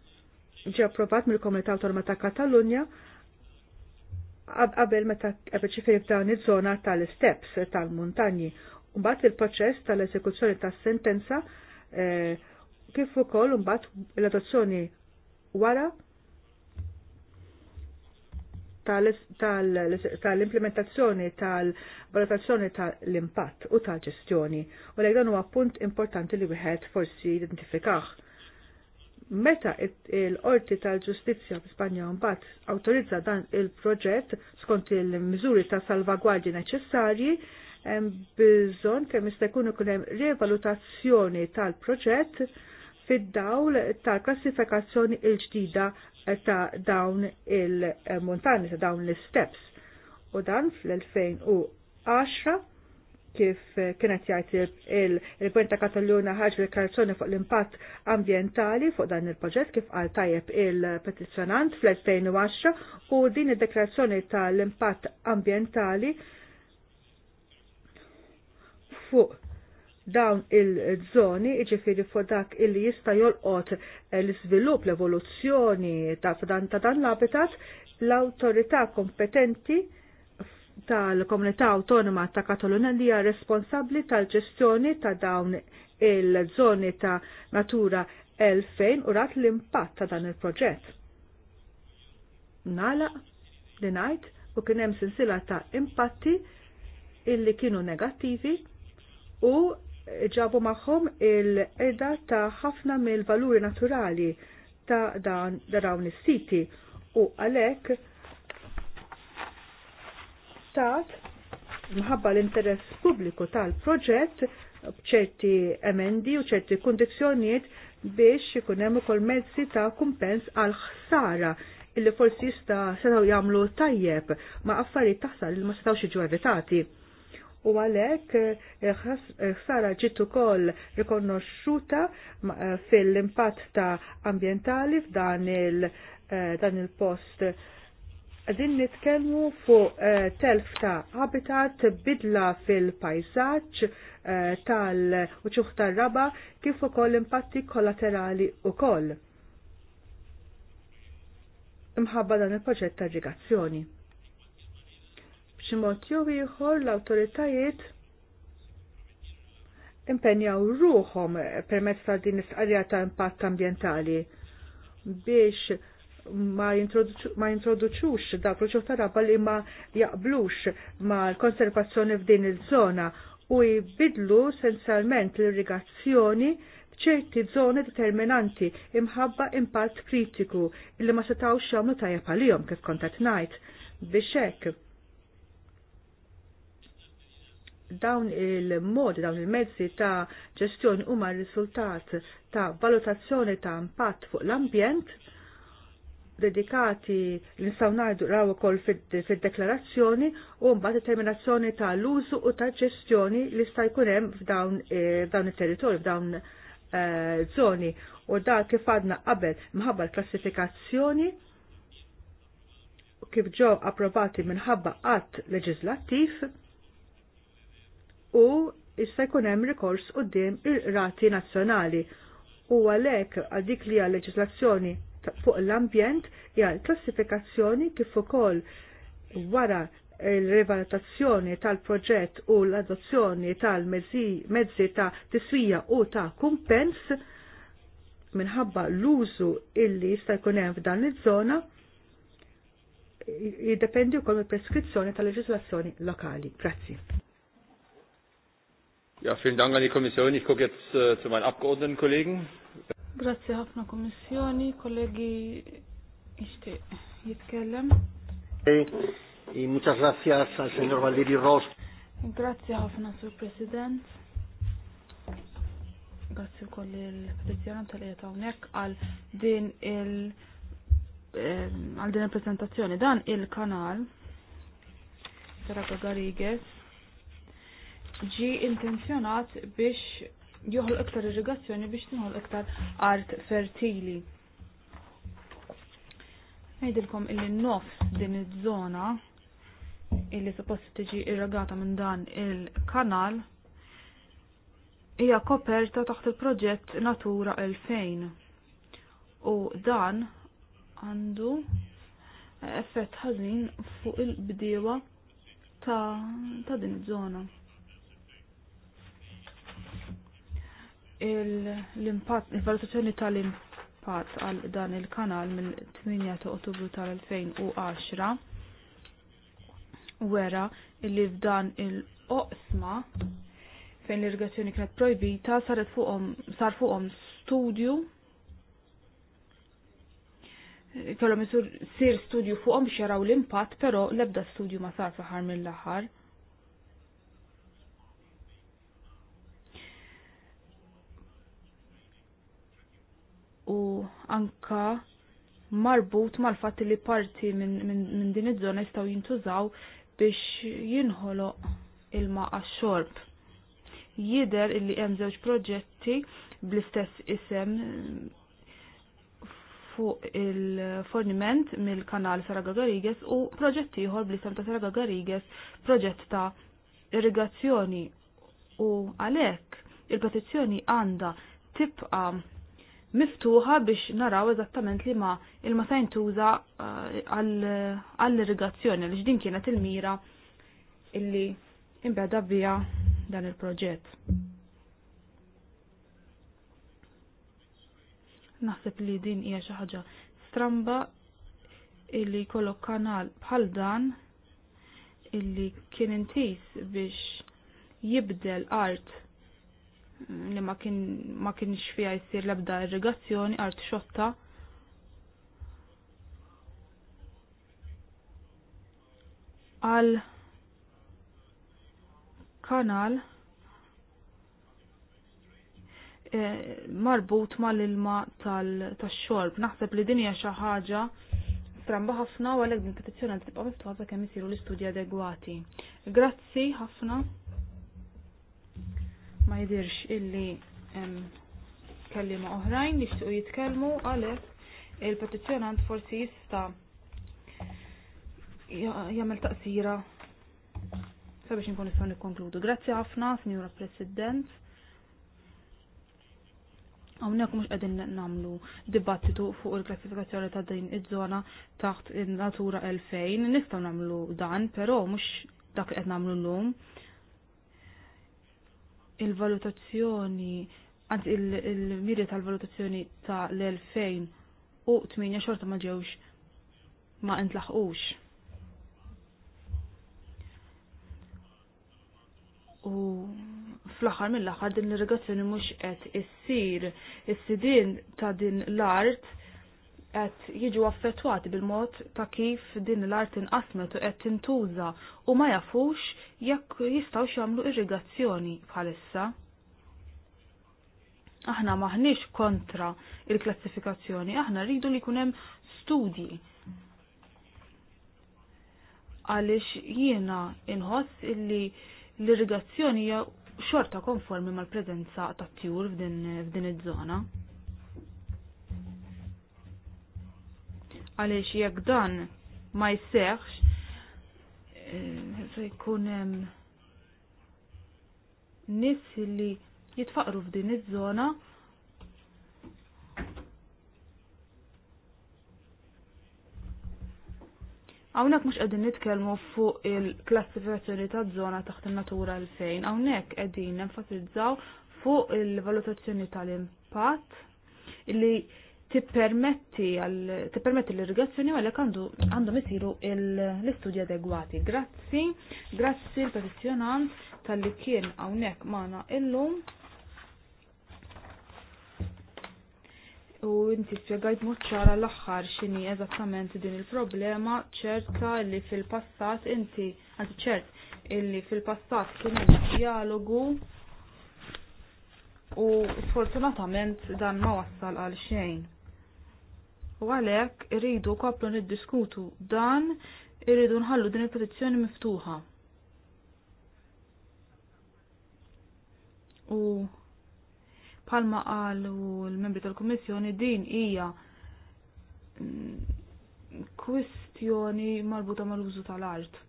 ġi approvat mill-Komunità Autonoma ta' Katalunja qabel meta qabel ċifiri dawn iż-żona tal-steps tal-muntanji. Mbagħad il-proċess tal-eżekuzzjoni tas-sentenza eh, kif ukoll mbagħad l-adozzjoni wara tal-implementazzjoni tal-valutazzjoni tal-impatt u tal-ġestjoni. U lejk dan huwa punt importanti li wieħed forsi identifikah Meta l-Qorti tal-Ġustizzja f'Spanja mbagħad awtorizza dan il-proġett skont il-miżuri ta' salvagwardji neċessarji, hemm bżonn kemm jista' jkun ikun hemm rivalutazzjoni tal-proġett fid-dawl tal-klassifikazzjoni il-ġdida ta' dawn il-montani, ta' dawn l-steps. U dan fl-2010 kif kienet jgħid il-Gvern Kataluna ħarġ deklarazzjoni fuq l-impatt ambjentali fuq dan il-proġett kif qal tajjeb il-petizzjonant fl-2010 u din id-deklarazzjoni tal-impatt ambjentali fuq dawn il-żoni, iġifiri fuq dak illi jista jolqot l-iżvilupp, l-evoluzzjoni ta' dan ta' dan l-habitat, l-autorità kompetenti tal-Komunità Autonoma ta' Katalunja li hija responsabbli tal-ġestjoni ta' dawn il-żoni ta' Natura 2000 u rat l-impatt ta' dan il-proġett. Nala li ngħid u kien hemm sinsila ta' impatti illi kienu negattivi u ġabu magħhom il-qeda ta' ħafna mill-valuri naturali ta' dan dawn is-siti u għalhekk trattat mħabba l-interess pubbliku tal-proġett bċerti emendi u ċerti kondizjoniet biex ikun hemm ukoll mezzi ta' kumpens għal ħsara illi forsi jista' setgħu jagħmlu tajjeb ma' affarijiet taħsar li ma setgħux jiġu evitati. U għalhekk eh, eh, ħsara ġiet ukoll rikonoxxuta eh, fil-impatt ta' ambjentali f'dan il-post il Din nitkellmu fuq eh, telf ta' habitat, bidla fil-pajzaġġ eh, tal-uċuħ tar-raba kif ukoll impatti kollaterali ukoll. Imħabba dan il-proġett ta' irrigazzjoni. B'xi mod jew ieħor l-awtoritajiet impenjaw ruħhom permezz ta' din is-qarja ta' impatt ambjentali biex ma jintroduċux da proċu taraba li ma jaqblux ma l-konservazzjoni f'din il-zona u jibidlu sensalment l-irrigazzjoni f'ċerti zone determinanti imħabba impatt kritiku illi ma setaw xamlu tajja palihom kif kontat najt biex hekk dawn il-modi, dawn il-mezzi ta' ġestjoni huma r-riżultat ta' valutazzjoni ta' impatt fuq l-ambjent dedikati li nistgħu ngħidu raw ukoll fid-deklarazzjoni u mbagħad determinazzjoni tal-użu u ta' ġestjoni li sta jkun hemm f'dawn eh, it-territorju f'dawn eh, zoni u da kif għadna qabel mħabba l-klassifikazzjoni kif ġew approvati minħabba qatt leġislattiv u issa jkun hemm rikors quddiem ir-rati nazzjonali u għalhekk għal dik li għal leġislazzjoni fuq l-ambjent ja l-klassifikazzjoni kif ukoll wara il revalutazzjoni tal-proġett u l-adozzjoni tal-mezzi ta' tiswija u ta' kumpens minħabba l-użu illi jista' jkun hemm f'dan iż-żona jiddependi wkoll mill-preskrizzjoni tal-leġislazzjoni lokali. Grazzi. Ja, vielen Dank an die Kommission. Ich gucke jetzt äh, zu meinen Abgeordnetenkollegen. Grazzi ħafna Kommissjoni, kollegi ixtieq jitkellem. Eh, e muchas gracias al señor Valdiri Ross. Grazzi ħafna Sur President. grazie wkoll il-petizjonant tal qiegħed hawnhekk għal din il- għal din il-prezentazzjoni dan il-kanal Taraka Gariges, ġi intenzjonat biex joħol iktar irrigazzjoni biex tinħol iktar art fertili. Ngħidilkom illi nofs din iż-żona illi suppost tiġi irragata minn dan il-kanal hija koperta taħt il-proġett Natura 2000 u dan għandu effett ħażin fuq il-bdiewa ta', ta din iż-żona. l-impatt, il-valutazzjoni tal-impatt għal dan il-kanal mill-8 ta' Ottubru tal-2010 wera illi f'dan il-oqsma fejn l-irrigazzjoni kienet projbita saret fuqhom sar fuqhom studju kellhom sir studju fuqhom biex jaraw l-impatt, però l-ebda studju ma sar fl-aħħar mill-aħħar. u anka marbut mal-fatt li parti minn din iż-żona jistgħu jintużaw biex jinħoloq ilma għax-xorb. Jider illi hemm żewġ proġetti bl-istess isem fuq il-forniment mill-kanal Saraga Gariges u proġetti ieħor bl-isem ta' Saraga Gariges proġett ta' irrigazzjoni u għalhekk il-petizzjoni għandha tibqa' miftuħa biex naraw eżattament li ma ilma se jintuża eh, għall-irrigazzjoni li din kienet il-mira illi imbeda bija dan il-proġett. Naħseb li din hija xi ħaġa stramba illi kollok kanal bħal dan illi kien intis biex jibdel art li ma kien ma kienx fiha jsir l-ebda irrigazzjoni art xotta. Għal kanal eh, marbut mal-ilma tal-xorb. Naħseb li dinja xi ħaġa stramba ħafna u għalhekk din petizzjoni tibqa' miftuħa kemm isiru l-istudji adegwati. Grazzi ħafna ma jidirx illi kellima oħrajn li xtuq jitkellmu għalhekk il-petizzjonant forsi jista' jagħmel taqsira sabiex nkun nistgħu nikkonkludu. Grazzi ħafna, Sinjura President. Hawnhekk mhux qegħdin nagħmlu dibattitu fuq il-klassifikazzjoni ta' din iż-żona taħt in-Natura 2000. Nistgħu nagħmlu dan, però mhux dak qed nagħmlu llum. lum il-valutazzjoni għant il mirja tal-valutazzjoni ta' l-2000 u 8 xorta ma ġewx ma intlaħqux. U fl-axar mill-axar din l-irrigazzjoni mhux qed issir. Is-sidin ta' din l-art qed jiġu affettwati bil-mod ta' kif din l-art inqasmet u qed tintuża u ma jafux jekk jistgħu jagħmlu irrigazzjoni bħalissa. Aħna maħniex kontra il-klassifikazzjoni, aħna rridu li jkun hemm studji. Għaliex jiena inħoss illi l-irrigazzjoni hija xorta konformi mal-preżenza tat-tjur f'din iż-żona. għaliex jekk dan ma jseħħx eh, se jkun hemm li jitfaqru f'din iż-żona Hawnhekk mhux qegħdin nitkellmu fuq il-klassifikazzjoni ta' żona taħt il natura għalfejn, hawnhekk qegħdin nenfasizzaw fuq il-valutazzjoni tal-impatt li tippermetti l-irrigazzjoni u għalek għandhom isiru l-istudji adegwati. Grazzi, grazzi l-petizjonant tal-li kien għawnek maħna illum. U inti spiegajt ċara l-axħar xini eżattament din il-problema ċerta li fil-passat inti, għanti ċert illi fil-passat kien dialogu u sfortunatament dan ma wassal għal xejn U għalhekk irridu koplu niddiskutu dan irridu nħallu din il-petizzjoni miftuħa. U palma qalu l-membri tal-Kummissjoni din hija mm, kwistjoni marbuta mal-użu tal-art.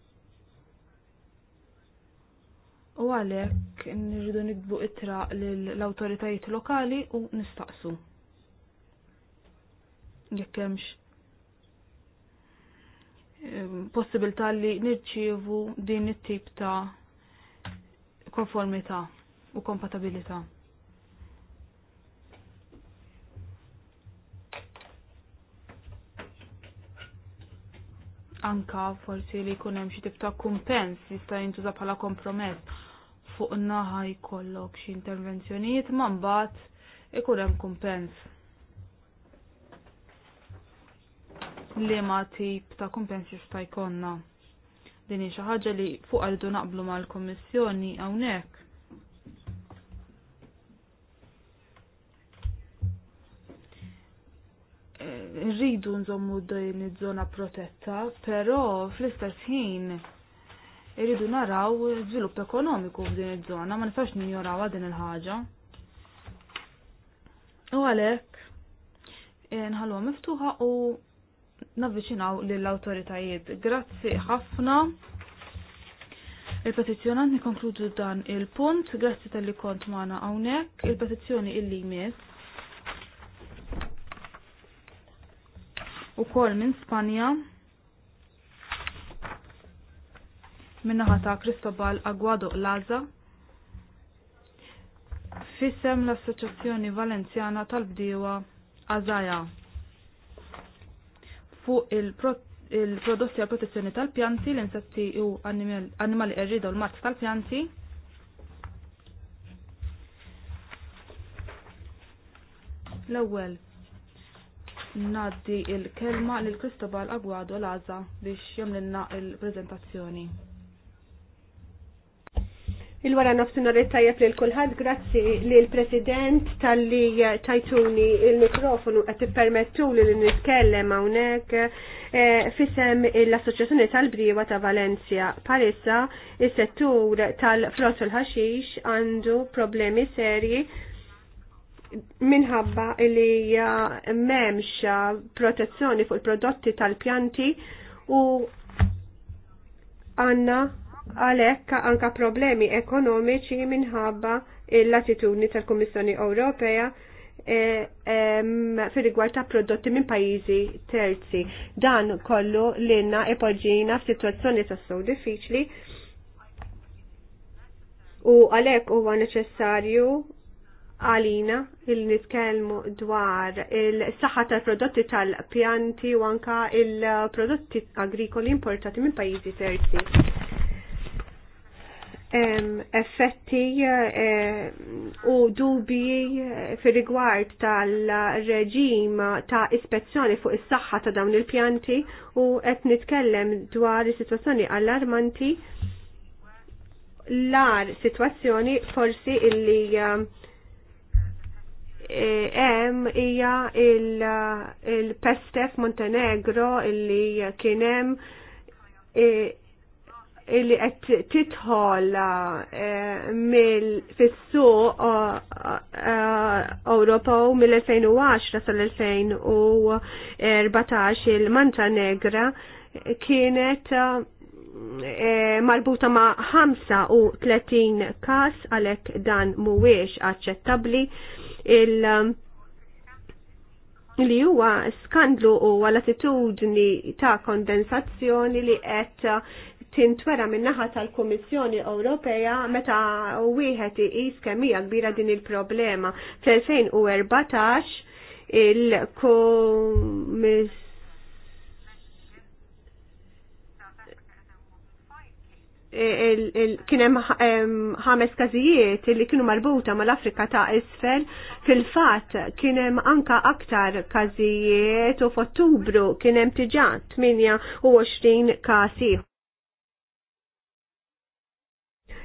U għalhekk nirridu nikbu itra l-awtoritajiet lokali u nistaqsu jekkemx hemmx possibilità li nirċievu din it-tip ta' konformità u kompatibilità. Anka forsi li jkun hemm xi tip ta' kumpens jista' jintuża bħala kompromess fuq naħa jkollok xi intervenzjonijiet ma mbagħad ikun hemm kumpens. li ma tip ta' kompensi xta' jkonna. Din xi ħaġa li fuq għaldu naqblu mal-Kommissjoni hawnhekk. Eh, rridu nżommu din iż-żona protetta, però fl-istess ħin irridu naraw żvilupp ekonomiku f'din iż-żona, ma nistax ninjoraw din il-ħaġa. U għalhekk eh, nħallu miftuħa u navviċinaw lill-autoritajiet. Grazzi ħafna. Il-petizjonant nikonkludu dan il-punt, grazzi tal-li kont maħna għawnek, il-petizjoni illi jmiss. U kol minn Spanja, Minna ħata Cristobal Aguado Laza, fissem l-Assoċjazzjoni Valenziana tal bdiwa Azaja fuq il-prodotti għal protezzjoni tal-pjanti, l-insetti u animali errida u l-mart tal-pjanti. L-ewwel naddi il-kelma lil kristobal Agwado Laza biex jomlinna il-preżentazzjoni. Il-wara nofsinhar tajjeb lil kulħadd, grazzi lil President tal-li tajtuni il-mikrofonu qed tippermettu li nitkellem hawnhekk eh, fisem l-Assoċjazzjoni tal-Briewa ta' Valencia. Parissa, is-settur tal-frott il l-ħaxix għandu problemi serji minħabba li eh, memx protezzjoni fuq il-prodotti tal-pjanti u għanna għalhekk anka problemi ekonomiċi minħabba l-attitudni tal-Kummissjoni Ewropea e, fil rigward ta' prodotti minn pajjiżi terzi. Dan kollu l-inna ipoġġina f'sitwazzjoni ta' sew diffiċli u għalhekk huwa neċessarju għalina il nitkellmu dwar il-saħħa tal-prodotti tal-pjanti u anka il-prodotti agrikoli importati minn pajjiżi terzi effetti eh, u dubji eh, fir rigward tal-reġim ta' ispezzjoni fuq is-saħħa ta' dawn il-pjanti u qed nitkellem dwar is-sitwazzjoni allarmanti l-ar sitwazzjoni forsi illi hemm eh, hija il-pestef Montenegro illi kien hemm illi qed titħol eh, mill fis-suq Ewropew mill-2010 sal-2014 il-Manta Negra kienet eh, marbuta ma' 35 kas għalhekk dan mhuwiex aċċettabbli il li huwa skandlu u għal attitudni ta' kondensazzjoni li qed tintwera min-naħa tal-Kummissjoni Ewropea meta wieħed iqis kemm hija kbira din il-problema. Fl-2014 il Kien kienem ħames kazijiet li kienu marbuta mal-Afrika ta' isfel, fil-fat kienem anka aktar kazijiet u f'Ottubru kienem tiġa 28 kasi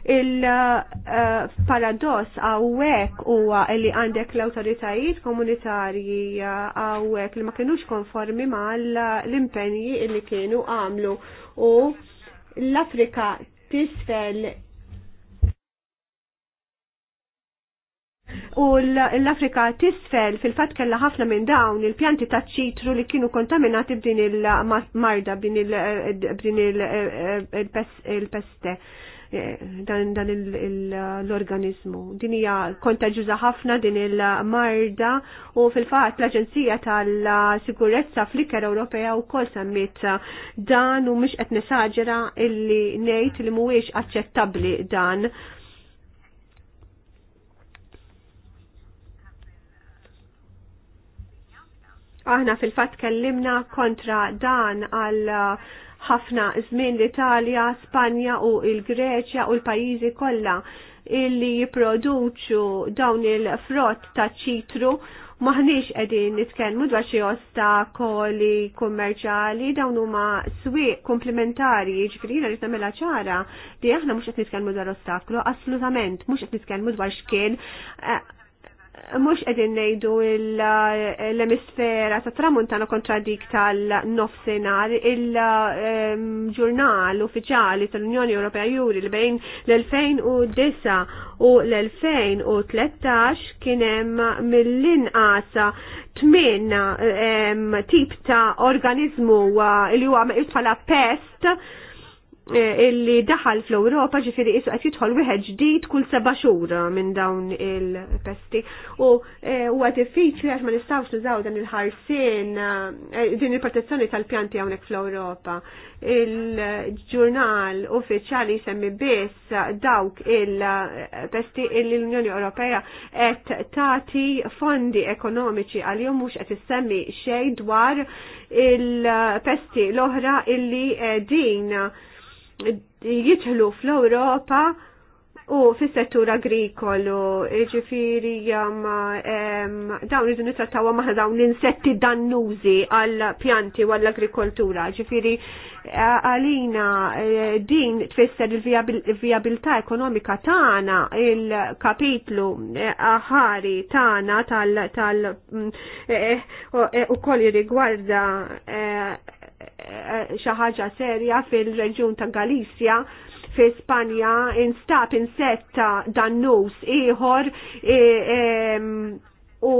il-paradoss għawek u li għandek l-autoritajiet komunitarji eh, għawek li ma kienux konformi ma l-impenji li kienu għamlu u l-Afrika tisfel U l-Afrika tisfel fil-fat kella ħafna minn dawn il-pjanti ta' ċitru li kienu kontaminati b'din il-marda, b'din eh, eh, il-peste dan, dan l-organizmu. Din hija kontaġuża ħafna din il-marda u fil-fatt l-Aġenzija tal-Sigurezza fl-Iker Ewropea wkoll semmit dan u mhux qed nisaġera illi ngħid li mhuwiex aċċettabbli dan. Aħna fil-fatt kellimna kontra dan għal uh, ħafna żmien l-Italja, Spanja u il-Greċja u l-pajjiżi kollha illi jipproduċu dawn il-frott ta' ċitru maħniex qegħdin nitkellmu dwar xi ostakoli kummerċjali dawn huma swieq komplementari, jiġifieri jiena rid nagħmilha ċara li aħna mhux qed nitkellmu dwar ostaklu, assolutament mhux qed nitkellmu dwar xkien mux edin nejdu l-emisfera ta' tramuntana kontra dik tal-nofsenar il-ġurnal uffiċjali tal-Unjoni Ewropea juri li bejn l-2009 u l-2013 kienem mill-inqas tmin tip ta' organizmu eh, li huwa bħala pest Eh, illi daħal fl-Europa ġifiri isu għat jitħol wieħed ġdid kull seba' xhur minn dawn il-pesti. U eh, huwa diffiċli għax ma nistgħux nużaw dan il-ħarsien eh, din il-protezzjoni tal-pjanti hawnhekk fl-Ewropa. Il-ġurnal uffiċjali semmi biss dawk il-pesti illi l-Unjoni Ewropea qed tagħti fondi ekonomiċi għalihom mhux qed issemmi xejn dwar il-pesti l-oħra illi din jitħlu fl-Europa u fis-settur agrikolu, ġifiri jam dawn idu nitrattaw maħna dawn l-insetti dannużi għal pjanti u għall agrikoltura ġifiri għalina e, din tfisser il il-vijabilità ekonomika tagħna il-kapitlu e, aħari tagħna tal- mm, e, ukoll riguarda xaħġa ħaġa serja fil-reġjun ta' Galizja fi Spanja instab insetta dannus ieħor e, e, u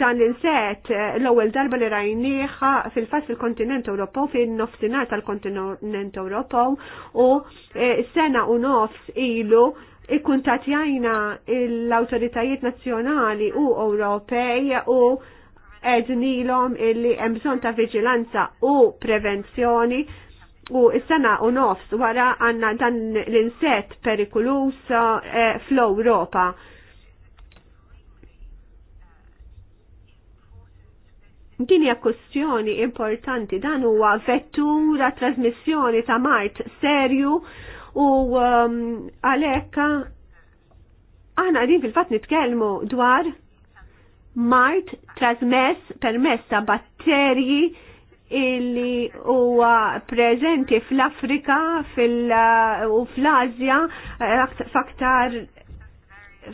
dan l-inset e, l-ewwel darba li rajnieħa fil-fat fil-kontinent Ewropew fin-nofsinhar tal-kontinent Ewropew u sena u nofs ilu ikkuntatjajna l awtoritajiet nazzjonali u Ewropej u ednilom illi emson ta' vigilanza u prevenzjoni u s-sena u nofs wara għanna dan l-inset perikulus eh, fl-Europa. Din hija kwestjoni importanti dan huwa vettura trasmissjoni ta' mart serju u um, għalhekk um, aħna din fil-fatt nitkellmu dwar mart trasmess permess ta' batterji illi huwa prezenti fl-Afrika u fl-Azja eh, faktar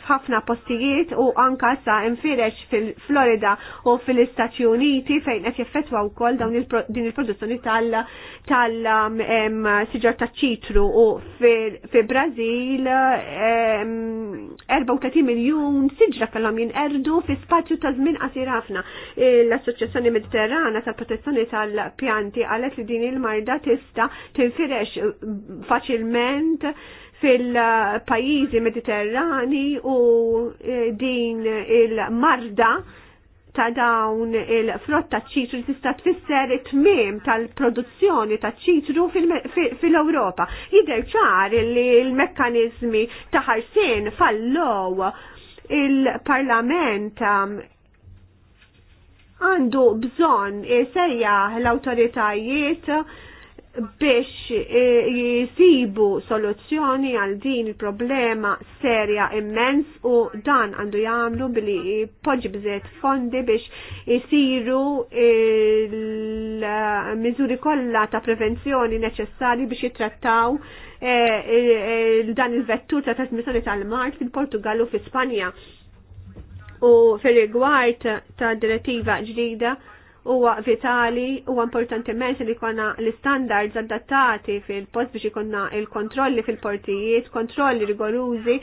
f'ħafna postijiet u anka sa infireċ fil-Florida u fil-Istati Uniti fejn qed jeffetwa wkoll dawn din il-produzzjoni tal um, siġar ta' ċitru u fil-Brażil 34 miljun siġra kellhom jinqerdu fi spazju ta' żmien qasir ħafna. L-Assoċjazzjoni Mediterrana tal-Protezzjoni tal-Pjanti qalet li din il-marda tista' tinfirex faċilment fil-pajizi mediterrani u eh, din il-marda ta' dawn il-frott ta' ċitru li tista' tfisser it-tmiem tal-produzzjoni ta' ċitru fil-Ewropa. Jidher ċar li l mekkanizmi ta' ħarsien fallow il-Parlament um, għandu bżonn eh, sejja l-awtoritajiet biex e, jisibu soluzzjoni għal din il-problema serja immens u dan għandu jagħmlu billi poġġi bżet fondi biex jisiru il-miżuri kollha ta' prevenzjoni neċessari biex jitrattaw e, e, dan il-vettur ta' trasmissjoni tal-mart fil-Portugal u fil-Spanja. U fil-rigward ta' direttiva ġdida huwa vitali, huwa importanti mens li konna l-standards adattati fil-post biex ikonna il-kontrolli fil-portijiet, kontrolli rigorużi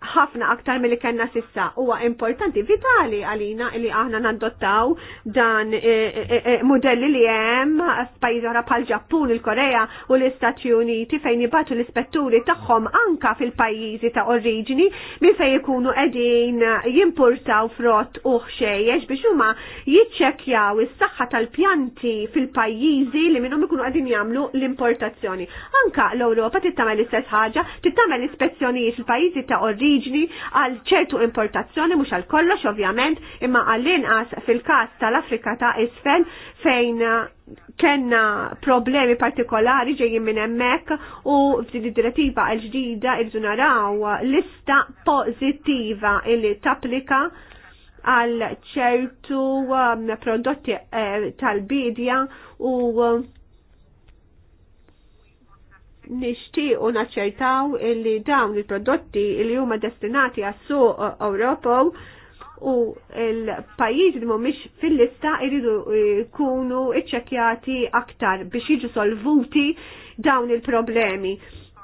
ħafna aktar mill-li kena sissa huwa importanti vitali għalina li aħna nadottaw dan e, e, e, modelli li hemm oħra pal ġappun il-Korea u l-Istati Uniti fejn jibatu l-ispetturi tagħhom anka fil-pajjiżi ta' oriġini minn fejn ikunu qegħdin jimpurtaw frott u xejjex biex huma jiċċekkjaw is-saħħa tal-pjanti fil-pajjiżi li minnhom ikunu qegħdin jagħmlu l-importazzjoni. Anka l-Ewropa tittamel l-istess ħaġa, tittamel ispezzjonijiet fil-pajjiżi ta' oriġini indiġni għal ċertu importazzjoni, mux għal kollox ovvjament, imma għall-inqas fil-kas tal-Afrika ta' isfel fejn uh, kena problemi partikolari ġejjin minn hemmhekk u f'din id-direttiva l-ġdida irdu naraw lista pożittiva illi tapplika għal ċertu um, prodotti eh, tal-bidja u um, nixtiequ naċċertaw li dawn il-prodotti li huma destinati għas-suq Ewropew u l-pajjiżi li mhumiex fil-lista jridu jkunu iċċekkjati aktar biex jiġu solvuti dawn il-problemi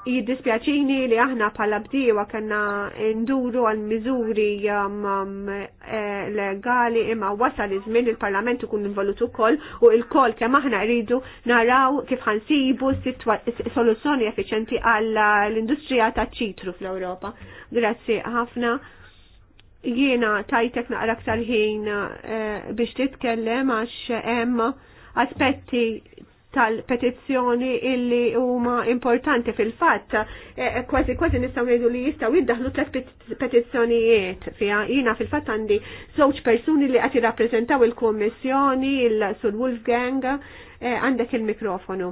jiddispjaċini li aħna pala bdiewa kanna nduru għal miżuri um, um, eh, legali imma wasal iż-żmien il-Parlament ikun involut ukoll u l-koll kemm aħna rridu naraw kif ħansibu soluzzjoni effiċenti għal l-industrija taċ-ċitru fl-Ewropa. Grazzi ħafna. Jiena tajtek naqra aktar ħin eh, biex titkellem għax hemm aspetti tal-petizzjoni illi huma importanti fil-fatt e, e, kważi kważi nistgħu ngħidu li jistgħu jiddaħlu tliet petizzjonijiet fiha jiena fil-fatt għandi żewġ persuni li qed jirrappreżentaw il-kummissjoni il-Sur Wolfgang e, għandek il-mikrofonu.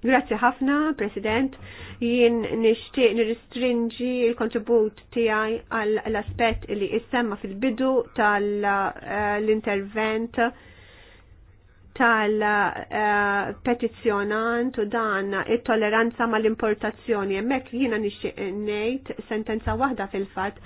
Grazzi ħafna, President. Jien nixtieq nirristringi il-kontribut tiegħi għall aspett li issemma fil-bidu tal-intervent eh, uh, tal-petizjonant u dan it-toleranza mal-importazzjoni. Hemmhekk jiena nixtieq ngħid sentenza waħda fil-fatt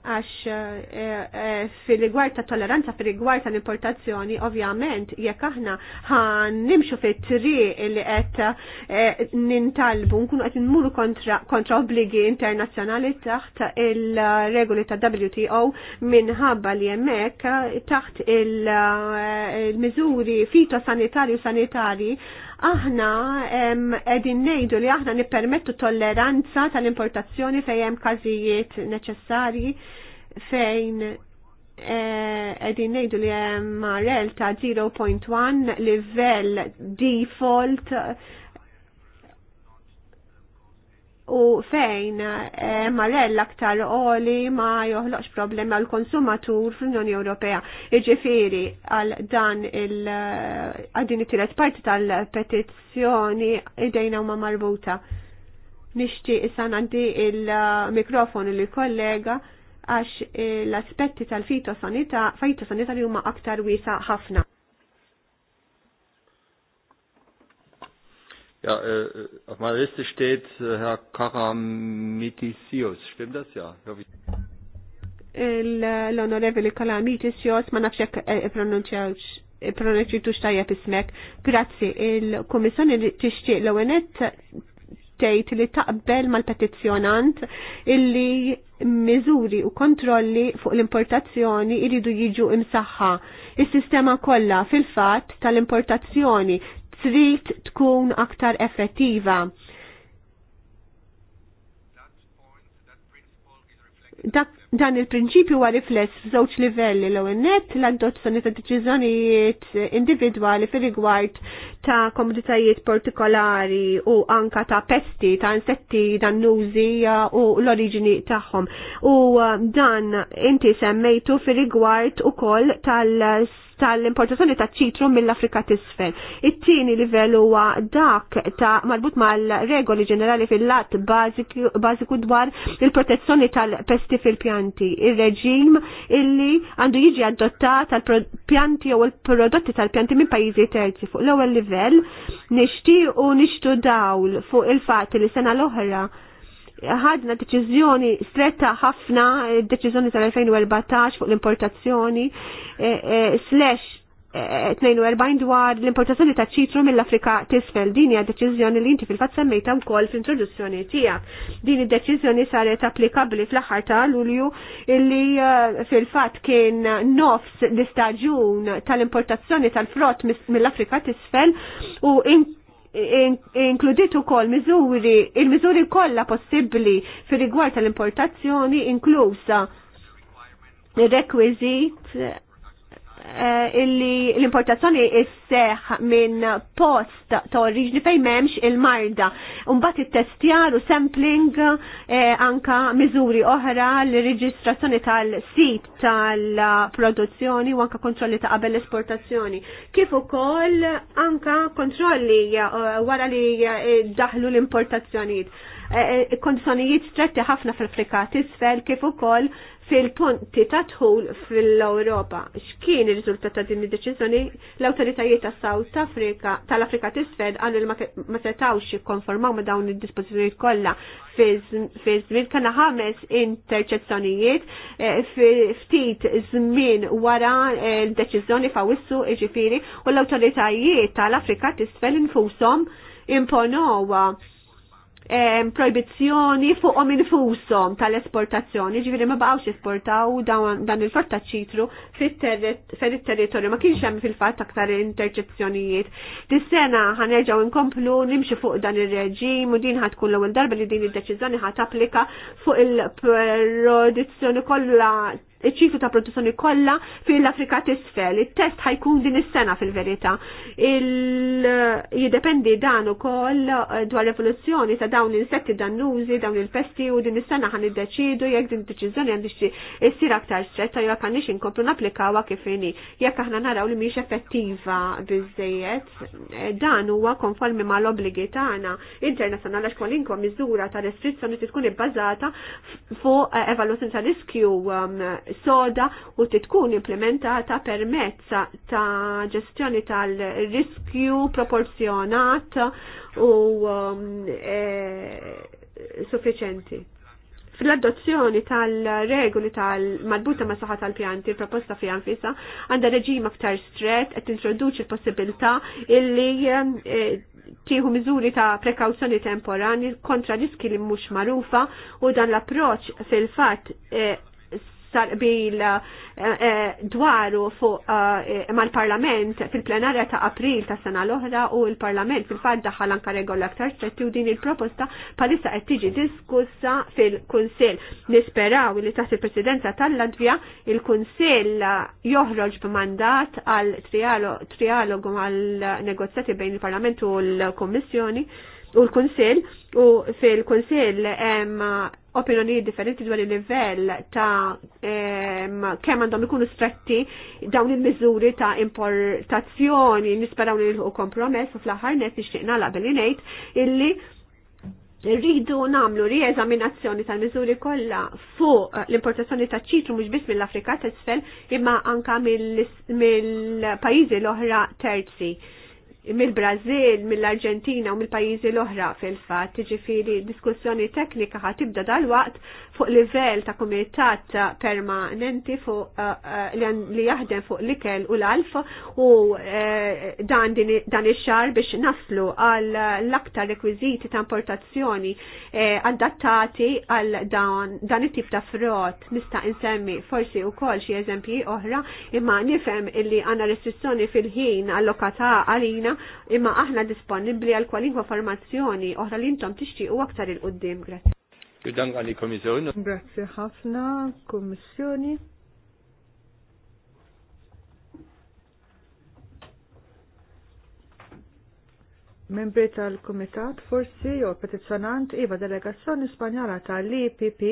għax eh, eh, fil-rigward ta' tolleranza, fil-rigward ta' importazzjoni, ovvjament, jekk aħna ħan nimxu fit-tri li qed eh, nintalbu, nkunu qed nmuru kontra, obligi obbligi internazzjonali taħt il-regoli ta' WTO minħabba li hemmhekk taħt il-miżuri fitosanitarju sanitari, sanitari Aħna qegħdin ngħidu li aħna nippermettu tolleranza tal-importazzjoni fejn hemm każijiet neċessarji fejn qegħdin eh, ngħidu li hemm marel ta' 0.1 livell default u fejn eh, marell aktar oli ma joħloqx problemi għal konsumatur fl-Unjoni Ewropea. Iġifiri għal dan il eh, għadini it-tielet parti tal-petizzjoni idejna huma marbuta. Nishti issa għandi il-mikrofonu li kollega għax l-aspetti tal-fitosanita fajtosanita li huma aktar wisa ħafna. Ja, äh, äh, auf meiner Liste steht äh, Herr Karamitisius. Stimmt das? Ja. L-onorevoli Karamitisius, ma äh, pronunċi äh, pronunċitu xtajja ismek. Grazzi, il-Komissjoni tixtieq l-ONET tgħid li taqbel mal-petizzjonant illi miżuri u kontrolli fuq l-importazzjoni iridu jiġu imsaħħa. Is-sistema kollha fil-fatt tal-importazzjoni trid tkun aktar effettiva. dan il-prinċipju huwa rifless f'żewġ livelli l net l-adozzjoni ta' deċiżjonijiet individwali fir-rigward ta' komunitajiet partikolari u anka ta' pesti, ta' insetti dannużi u l-oriġini tagħhom. U eh, dan inti semmejtu fir-rigward ukoll tal- tal-importazzjoni ta' ċitru mill-Afrika t-isfel. It-tieni livell huwa dak ta' marbut mal-regoli ġenerali fil-lat bażiku dwar il-protezzjoni tal-pesti fil-pjanti, ir-reġim illi għandu jiġi adottat tal-pjanti jew il-prodotti tal-pjanti minn pajjiżi terzi fuq l-ewwel livell nixtiequ nixtu dawl fuq il-fatt li sena l-oħra ħadna deċiżjoni stretta ħafna, deċiżjoni tal-2014 fuq l-importazzjoni, e, e, slash 42 e, dwar l-importazzjoni ta' ċitru mill-Afrika tisfel. Din hija deċiżjoni li inti fil-fatt semmejta wkoll fl-introduzzjoni tiegħek. Din id-deċiżjoni saret applikabbli fl-aħħar ta' Lulju illi fil-fatt kien nofs l-istaġun tal-importazzjoni tal-frott mill-Afrika tisfel u inkludit ukoll miżuri il-miżuri kollha possibbli fi rigward tal-importazzjoni inklusa il-requisit Eh, illi l-importazzjoni isseħ minn post ta' oriġni fej memx il-marda. Umbat it-testjar u sampling eh, anka miżuri oħra l-reġistrazzjoni tal-sit tal-produzzjoni u anka kontrolli ta' qabel l-esportazzjoni. Kif ukoll anka kontrolli eh, wara li daħlu l-importazzjonijiet Eh, eh, kondizjonijiet stretti ħafna fil-Afrika tisfel kif ukoll fil-ponti ta' tħul fil-Europa. X'kien ir-riżultat ta' din id-deċiżjoni? L-awtoritajiet ta' South Africa tal-Afrika t'isfel għandu li ma setawx jikkonformaw ma' dawn id-dispożizzjonijiet kollha fi żmien kellna ħames interċezzjonijiet eh, ftit żmien wara l-deċiżjoni fawissu iġifieri u l-awtoritajiet tal-Afrika t'isfel infushom imponowa proibizzjoni fuqhom infushom tal-esportazzjoni, ġifieri ma baqgħux esportaw dan il-frott ta' ċitru il territorju ma kienx hemm fil-fatt aktar interċezzjonijiet. Dis-sena ħanerġgħu nkomplu nimxu fuq dan ir-reġim u din ħadkun l-ewwel darba li din id-deċiżjoni ħad applika fuq il prodizzjoni kollha ċiklu ta' produzzjoni kollha fil-Afrika tisfel. Il-test ħajkun din is-sena fil-verità. Jidependi dan ukoll eh, dwar l-evoluzzjoni ta' dawn l-insetti dannużi, dawn il-pesti u din is-sena ħan iddeċidu jekk din id-deċiżjoni għandix issir aktar stretta jew għandix inkomplu napplikawha kif inhi. Jekk aħna naraw li mhix effettiva biżejjed, eh, dan huwa konformi mal-obligi tagħna internazzjonali għax kwalinkom miżura ta' restrizzjoni tkun ibbażata fuq eh, evaluazzjoni ta' riskju um, soda u titkun implementata permezz ta' ġestjoni tal-riskju proporzjonat u um, e, suffiċenti. Fl-adozzjoni tal-regoli tal marbuta ma' saħħa tal-pjanti, proposta fi anfisa, għanda reġim aktar stret, qed introduċi l-possibilta illi e, tieħu miżuri ta' prekawzjoni temporani kontra riski li mhux marufa u dan l-approċ fil-fatt e, sar bil eh, eh, dwaru fuq eh, mal-Parlament fil-plenarja ta' April ta' sena l-oħra u l-Parlament fil-fatt daħal anka regola aktar stretti u din il-proposta palissa qed tiġi diskussa fil-Kunsill. Nisperaw li taħt il-Presidenza tal latvija il-Kunsill joħroġ b'mandat għal trialogu għal negozjati bejn il-Parlament u l-Kommissjoni u l-Kunsill u fil-Kunsill hemm opinjonijiet differenti dwar il-livell ta' kemm għandhom ikunu stretti dawn il-miżuri ta' importazzjoni nisperaw li l-ħu kompromess u fl-aħħar net nixtieq nagħlaq billi ngħid illi rridu namlu rieżaminazzjoni tal-miżuri kollha fuq l-importazzjoni ta' ċitru mhux biss mill-Afrika t'isfel imma anka mill-pajjiżi l-oħra terzi mill-Brazil, mill-Arġentina u mill-pajjiżi l-oħra fil-fatt, ġifiri diskussjoni teknika ħatibda dal-waqt fuq livell ta' kumitat permanenti fuq eh, eh, li jaħdem fuq l-ikel u l-alf u eh, dan ix-xar biex naslu għal l-aktar rekwiziti ta' importazzjoni adattati għal dan it-tip ta' frot. nista' insemmi forsi wkoll xi eżempji oħra imma nifhem illi għandna restrizzjoni fil-ħin allokata għalina imma aħna disponibbli għal kwalinkwa formazzjoni oħra li intom tixtiequ aktar il qoddim Grazzi. Judank għalli komissjoni. Grazie ħafna, komissjoni. Membri tal-Komitat forsi jew petizzjonant iva delegazzjoni Spanjola tal-IPP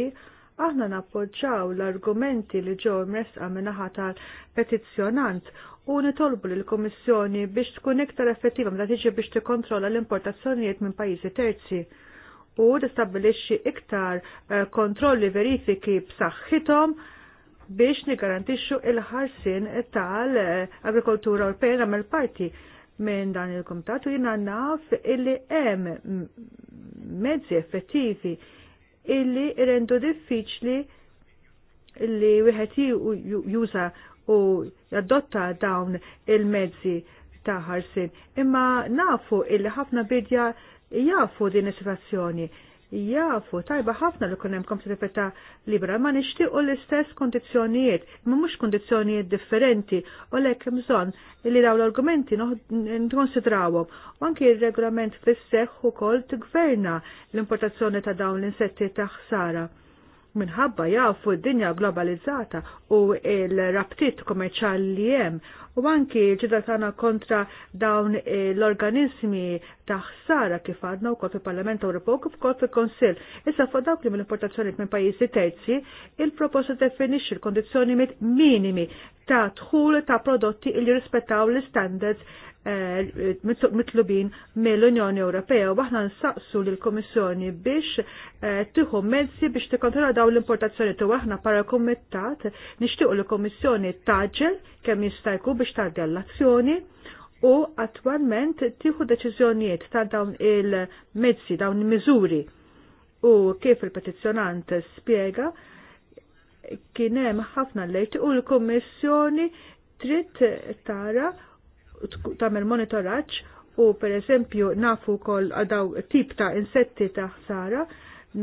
aħna nappoġġaw l-argumenti li ġew mresqa minnaħa tal-petizzjonant u nitolbu l komissjoni biex tkun iktar effettiva meta tiġi biex tikkontrolla l-importazzjonijiet minn pajjiżi terzi u tistabbilixxi iktar eh, kontrolli verifiki b'saħħithom biex nigarantixxu il-ħarsin tal-agrikoltura Ewropea nagħmel parti minn dan il-komitat u jiena naf illi hemm mezzi effettivi illi rendu diffiċli li wieħed juża u jadotta dawn il-mezzi ta' ħarsin. Imma nafu illi ħafna bidja jafu din is-situazzjoni, jafu tajba ħafna li kunem kompetitività libra ma nixtiequ l-istess kondizzjonijiet, ma mhux kondizjonijiet differenti, u lek bżonn li daw l-argumenti nkonsidrawhom. U anki r-regolament fis-seħħ ukoll tigverna l-importazzjoni ta' dawn l-insetti ta' ħsara minħabba jafu d-dinja globalizzata u il-rabtit komerċali jem u anki ġidra tana kontra dawn l-organizmi ta' ħsara kif għadna u kol fil-Parlament Ewropew u kol fil-Konsil. Issa fuq dawk li mill-importazzjoni minn pajjiżi terzi, il-proposta definixxi l-kondizzjoni minimi ta' dħul ta' prodotti li jirrispettaw l-standards Eh, mitlubin mill-Unjoni Ewropea u aħna nsaqsu l-Komissjoni biex eh, tiħu mezzi biex tikkontrolla dawn l-importazzjoni tu aħna para kumittat nixtiequ l kummissjoni taġel kemm jista' jkun biex tagħdel l-azzjoni u attwalment tieħu deċiżjonijiet ta' dawn il-mezzi, dawn il-miżuri u kif il-petizzjonant spiega kien hemm ħafna lejt u l-Kummissjoni trid tara tagħmel monitoraċ u pereżempju nafu wkoll għadaw tip ta' insetti ta' ħsara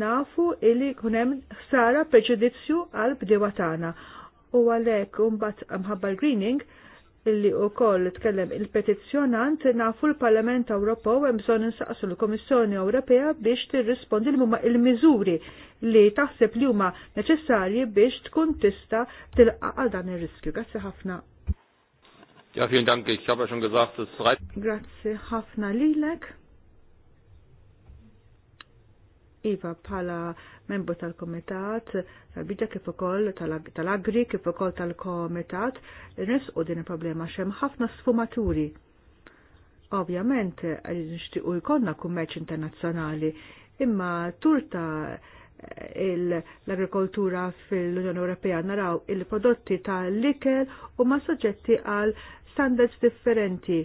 nafu illi kunem ħsara preġudizzju għal bdewa tagħna. U għalhekk umbat mħabba greening illi u koll tkellem il-petizzjonant nafu l-Parlament Ewropew hemm bżonn insaqsu l-Komissjoni Ewropea biex tirrispondi l il-miżuri li taħseb li huma neċessarji biex tkun tista' tilqa' dan ir-riskju. Grazzi ħafna Ja, vielen Dank. Ich habe ja schon gesagt, es reicht. Grazie ħafna lilek. Iva pala membru tal-komitat, tal-bidja kif ukoll tal-agri kif ukoll tal-komitat, nis u din il-problema xem ħafna sfumaturi. Ovvjament, nixtiequ jkollna kummerċ internazzjonali, imma turta l-agrikoltura fil-Unjoni Ewropea naraw il-prodotti tal-likel u ma soġġetti għal standards differenti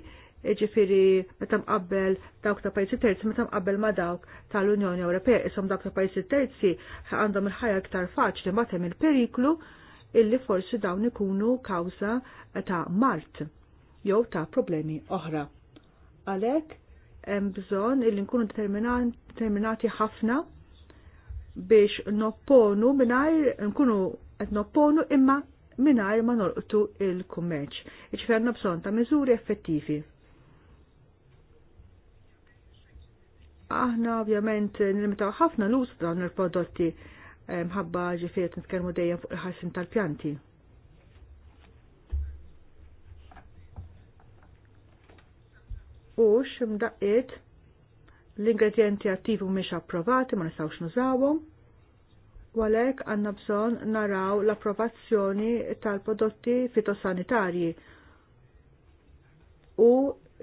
ġifiri meta mqabbel dawk ta' pajjiżi terzi meta mqabbel ma' dawk tal-Unjoni Ewropea isom dawk ta' pajjiżi terzi għandhom il-ħajja iktar faċli ma' temm il-periklu illi forsi dawn ikunu kawża ta' mart jew ta' problemi oħra. Għalhekk hemm bżonn illi nkunu determinati ħafna biex nopponu minnajr, nkunu qed nopponu imma minnajr ma norqtu il-kummerċ. Iċferna bżon ta' miżuri effettivi. Aħna ovvjament nilimitaw ħafna l-uż dawn il-prodotti eh, mħabba ġifiet nitkellmu dejjem fuq il-ħarsin tal-pjanti. Ux m'daqqiet: l-ingredienti attivi mhumiex approvati ma nistgħux nużawhom u għanna għandna bżonn naraw l-approvazzjoni tal-prodotti fitosanitarji u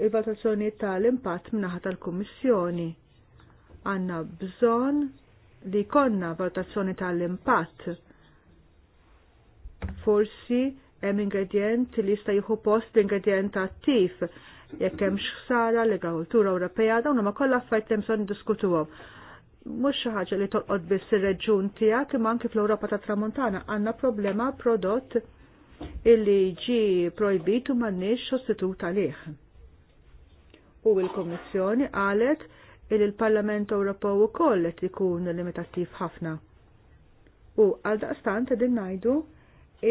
il-valutazzjoni tal-impatt minnaħat tal-Kummissjoni. Għanna bżonn li konna valutazzjoni tal-impatt. Forsi hemm ingredient li jista' jieħu post l-ingredient attiv jekk hemm xsara l-agrikoltura Ewropea dawn huma kollha affarijiet hemm bżonn diskutuhom mhux xi ħaġa li tolqod biss ir-reġjun tiegħek imma anke fl-Ewropa tat Tramuntana għandna problema prodott illi ġi projbit u m'għandniex sostitut għalih. U l kummissjoni qalet illi l-Parlament Ewropew ukoll qed ikun limitattiv ħafna. U għal daqstant qegħdin ngħidu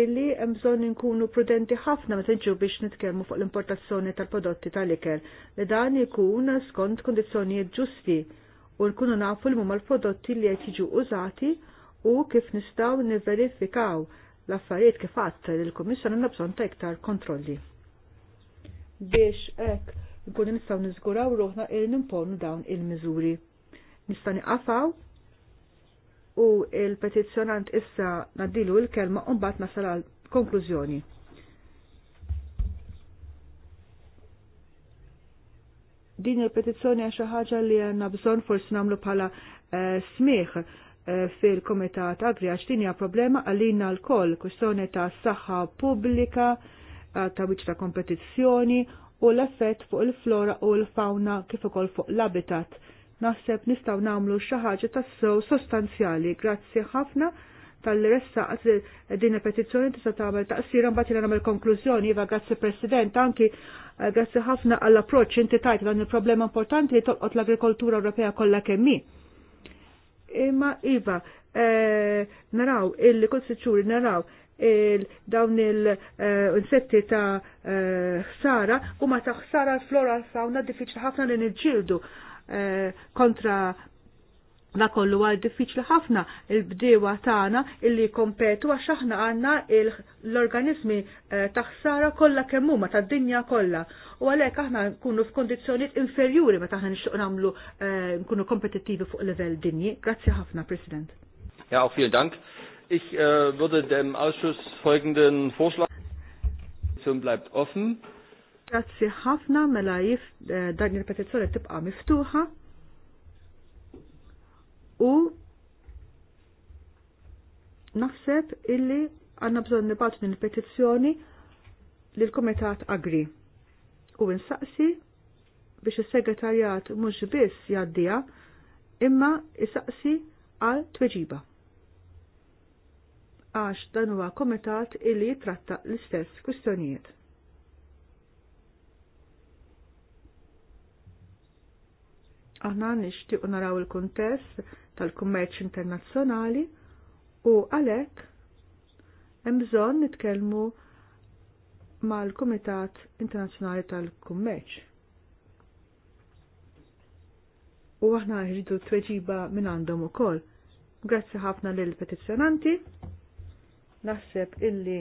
illi hemm bżonn inkunu prudenti ħafna meta nġu biex nitkellmu fuq l-importazzjoni tal-prodotti tal-ikel li dan ikun skont kondizzjonijiet ġusti u nkunu nafu l-mum l-prodotti li qed jiġu użati u kif nistgħu niverifikaw l-affarijiet kif għadt l kummissjoni għanna bżonn ta' iktar kontrolli. Biex hekk nkunu nistgħu nizguraw ruħna il nimponu dawn il-miżuri. Nista' niqafaw u il-petizzjonant issa naddilu l kelma u mbagħad nasal għal konklużjoni. din il-petizzjoni għaxa ħaġa li għanna bżon forsi namlu pala eh, smiħ eh, fil-komitat agri għax din problema għalina l-koll, kustjoni ta' saħħa publika, eh, ta' wiċ ta' kompetizzjoni u l-effett fuq il-flora u l-fauna kif ukoll fuq l-habitat. Naħseb nistaw namlu xi ħaġa tassew sostanzjali. Grazzi ħafna tal-ressa din il-petizzjoni tista' tagħmel taqsira mbagħad jagħmel nagħmel konklużjoni iva grazzi President anki Eh, grazzi ħafna għall-approċ inti tajt dan il-problema importanti li tolqot l-agrikoltura Ewropea kollha kemmi. Imma iva, eh, naraw il-kull siċuri naraw dawn il-insetti ta' eh, ħsara u ma ta' ħsara l-flora l-fauna diffiċli ħafna li nġildu kontra Na kollu għal diffiċli ħafna il-bdewa tagħna illi kompetu għax aħna għandna l-organizmi eh, taħsara kollha kemm huma tad-dinja kollha. U għalhekk aħna nkunu f'kondizzjonijiet inferjuri meta aħna nixtieq nagħmlu eh, nkunu kompetittivi fuq livell dinji. Grazzi ħafna, President. Ja, auch vielen Dank. Ich äh, würde dem Ausschuss folgenden Vorschlag bleibt offen. Grazzi ħafna mela jif eh, dan il-petizzjoni tibqa' miftuħa u naħseb illi għanna bżon nibatu din il-petizzjoni lill-Kumitat Agri u nsaqsi biex is-segretarjat mhux biss jaddija imma isaqsi għal tweġiba. Għax dan huwa komitat illi jitratta l-istess kwistjonijiet. Aħna nixtiequ naraw il-kuntest tal-kummerċ internazzjonali u għalhekk hemm bżonn nitkellmu mal-Kumitat Internazzjonali tal-Kummerċ. U aħna ħridu tweġiba minn għandhom ukoll. Grazzi ħafna lil petizzjonanti. Naħseb illi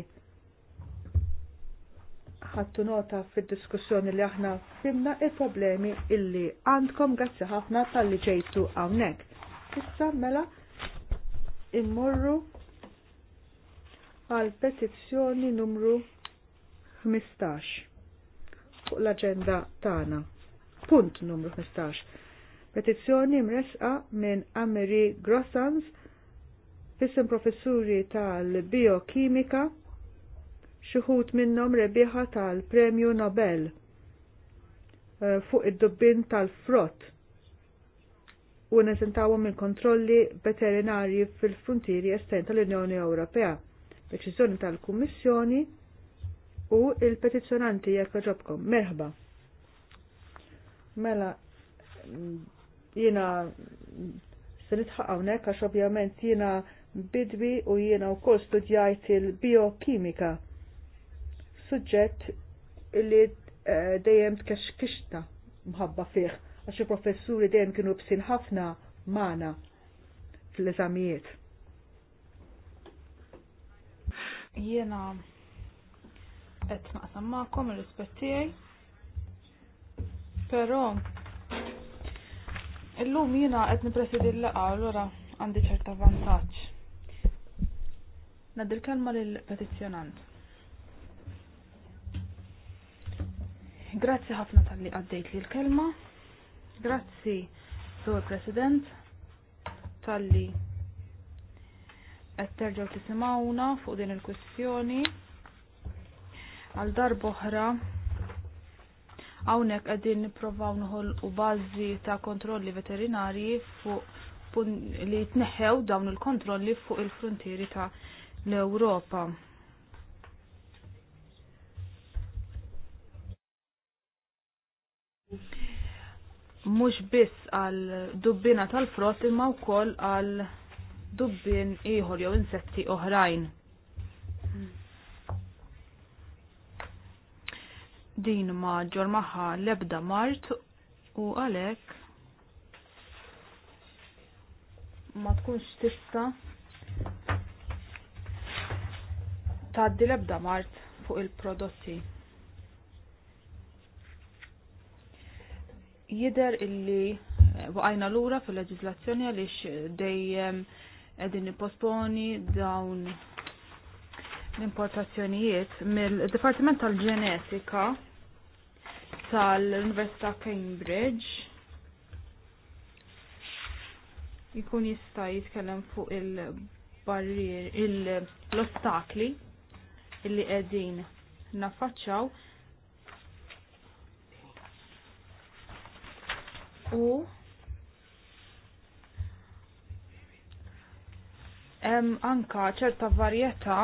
ħattu nota fid-diskussjoni li aħna fimna il-problemi illi għandkom grazzi ħafna tal-li ġejtu hawnhekk. Issa mela immorru għal petizzjoni numru 15 fuq l-agenda tagħna. Punt numru 15. Petizzjoni mresqa minn Amery Grossans fissim professuri tal-biokimika xuħut minnom rebiħa tal-premju Nobel eh, fuq id-dubbin tal-frott u nesentawom il-kontrolli veterinarji fil-frontieri estern tal-Unjoni Ewropea. deċizjoni tal-Kummissjoni u il-petizzjonanti jekk ġobkom. Merħba. Mela, jiena se nitħaq hawnhekk għax ovvjament jiena bidwi u jiena wkoll studjajt il-biokimika. Suġġett li eh, dejjem tkexkixta mħabba fih għax il-professuri dejjem kienu bsin ħafna mana fl-eżamijiet. Jena qed naqsam magħkom ir-rispett tiegħi. Però illum jiena qed nippresidi l-laqgħa allura għandi ċerta vantaġġ. Nadil kelma lill-petizzjonant. Grazzi ħafna tal-li għaddejt li l-kelma. Grazzi, Sur President, tal-li qed tisimawna fuq din il kwestjoni għal darb oħra hawnhekk qegħdin nħol noħolqu bażi ta' kontrolli veterinarji fuq li jitneħew dawn il-kontrolli fuq il-frontieri ta' l-Ewropa. mhux biss għal dubbina tal-frott imma wkoll għal dubbin ieħor jew insetti oħrajn. Din ma ġor l lebda mart u għalhekk ma tkunx tista tgħaddi l-ebda mart fuq il-prodotti. jider illi eh, waqajna lura fil-leġizlazzjoni għaliex dejjem qegħdin posponi dawn l-importazzjonijiet mill-Dipartiment tal-Ġenetika tal-Università Cambridge jkun jista' jitkellem fuq il-barrier il-ostakli illi qegħdin naffaċċaw u hemm anka ċerta varjetà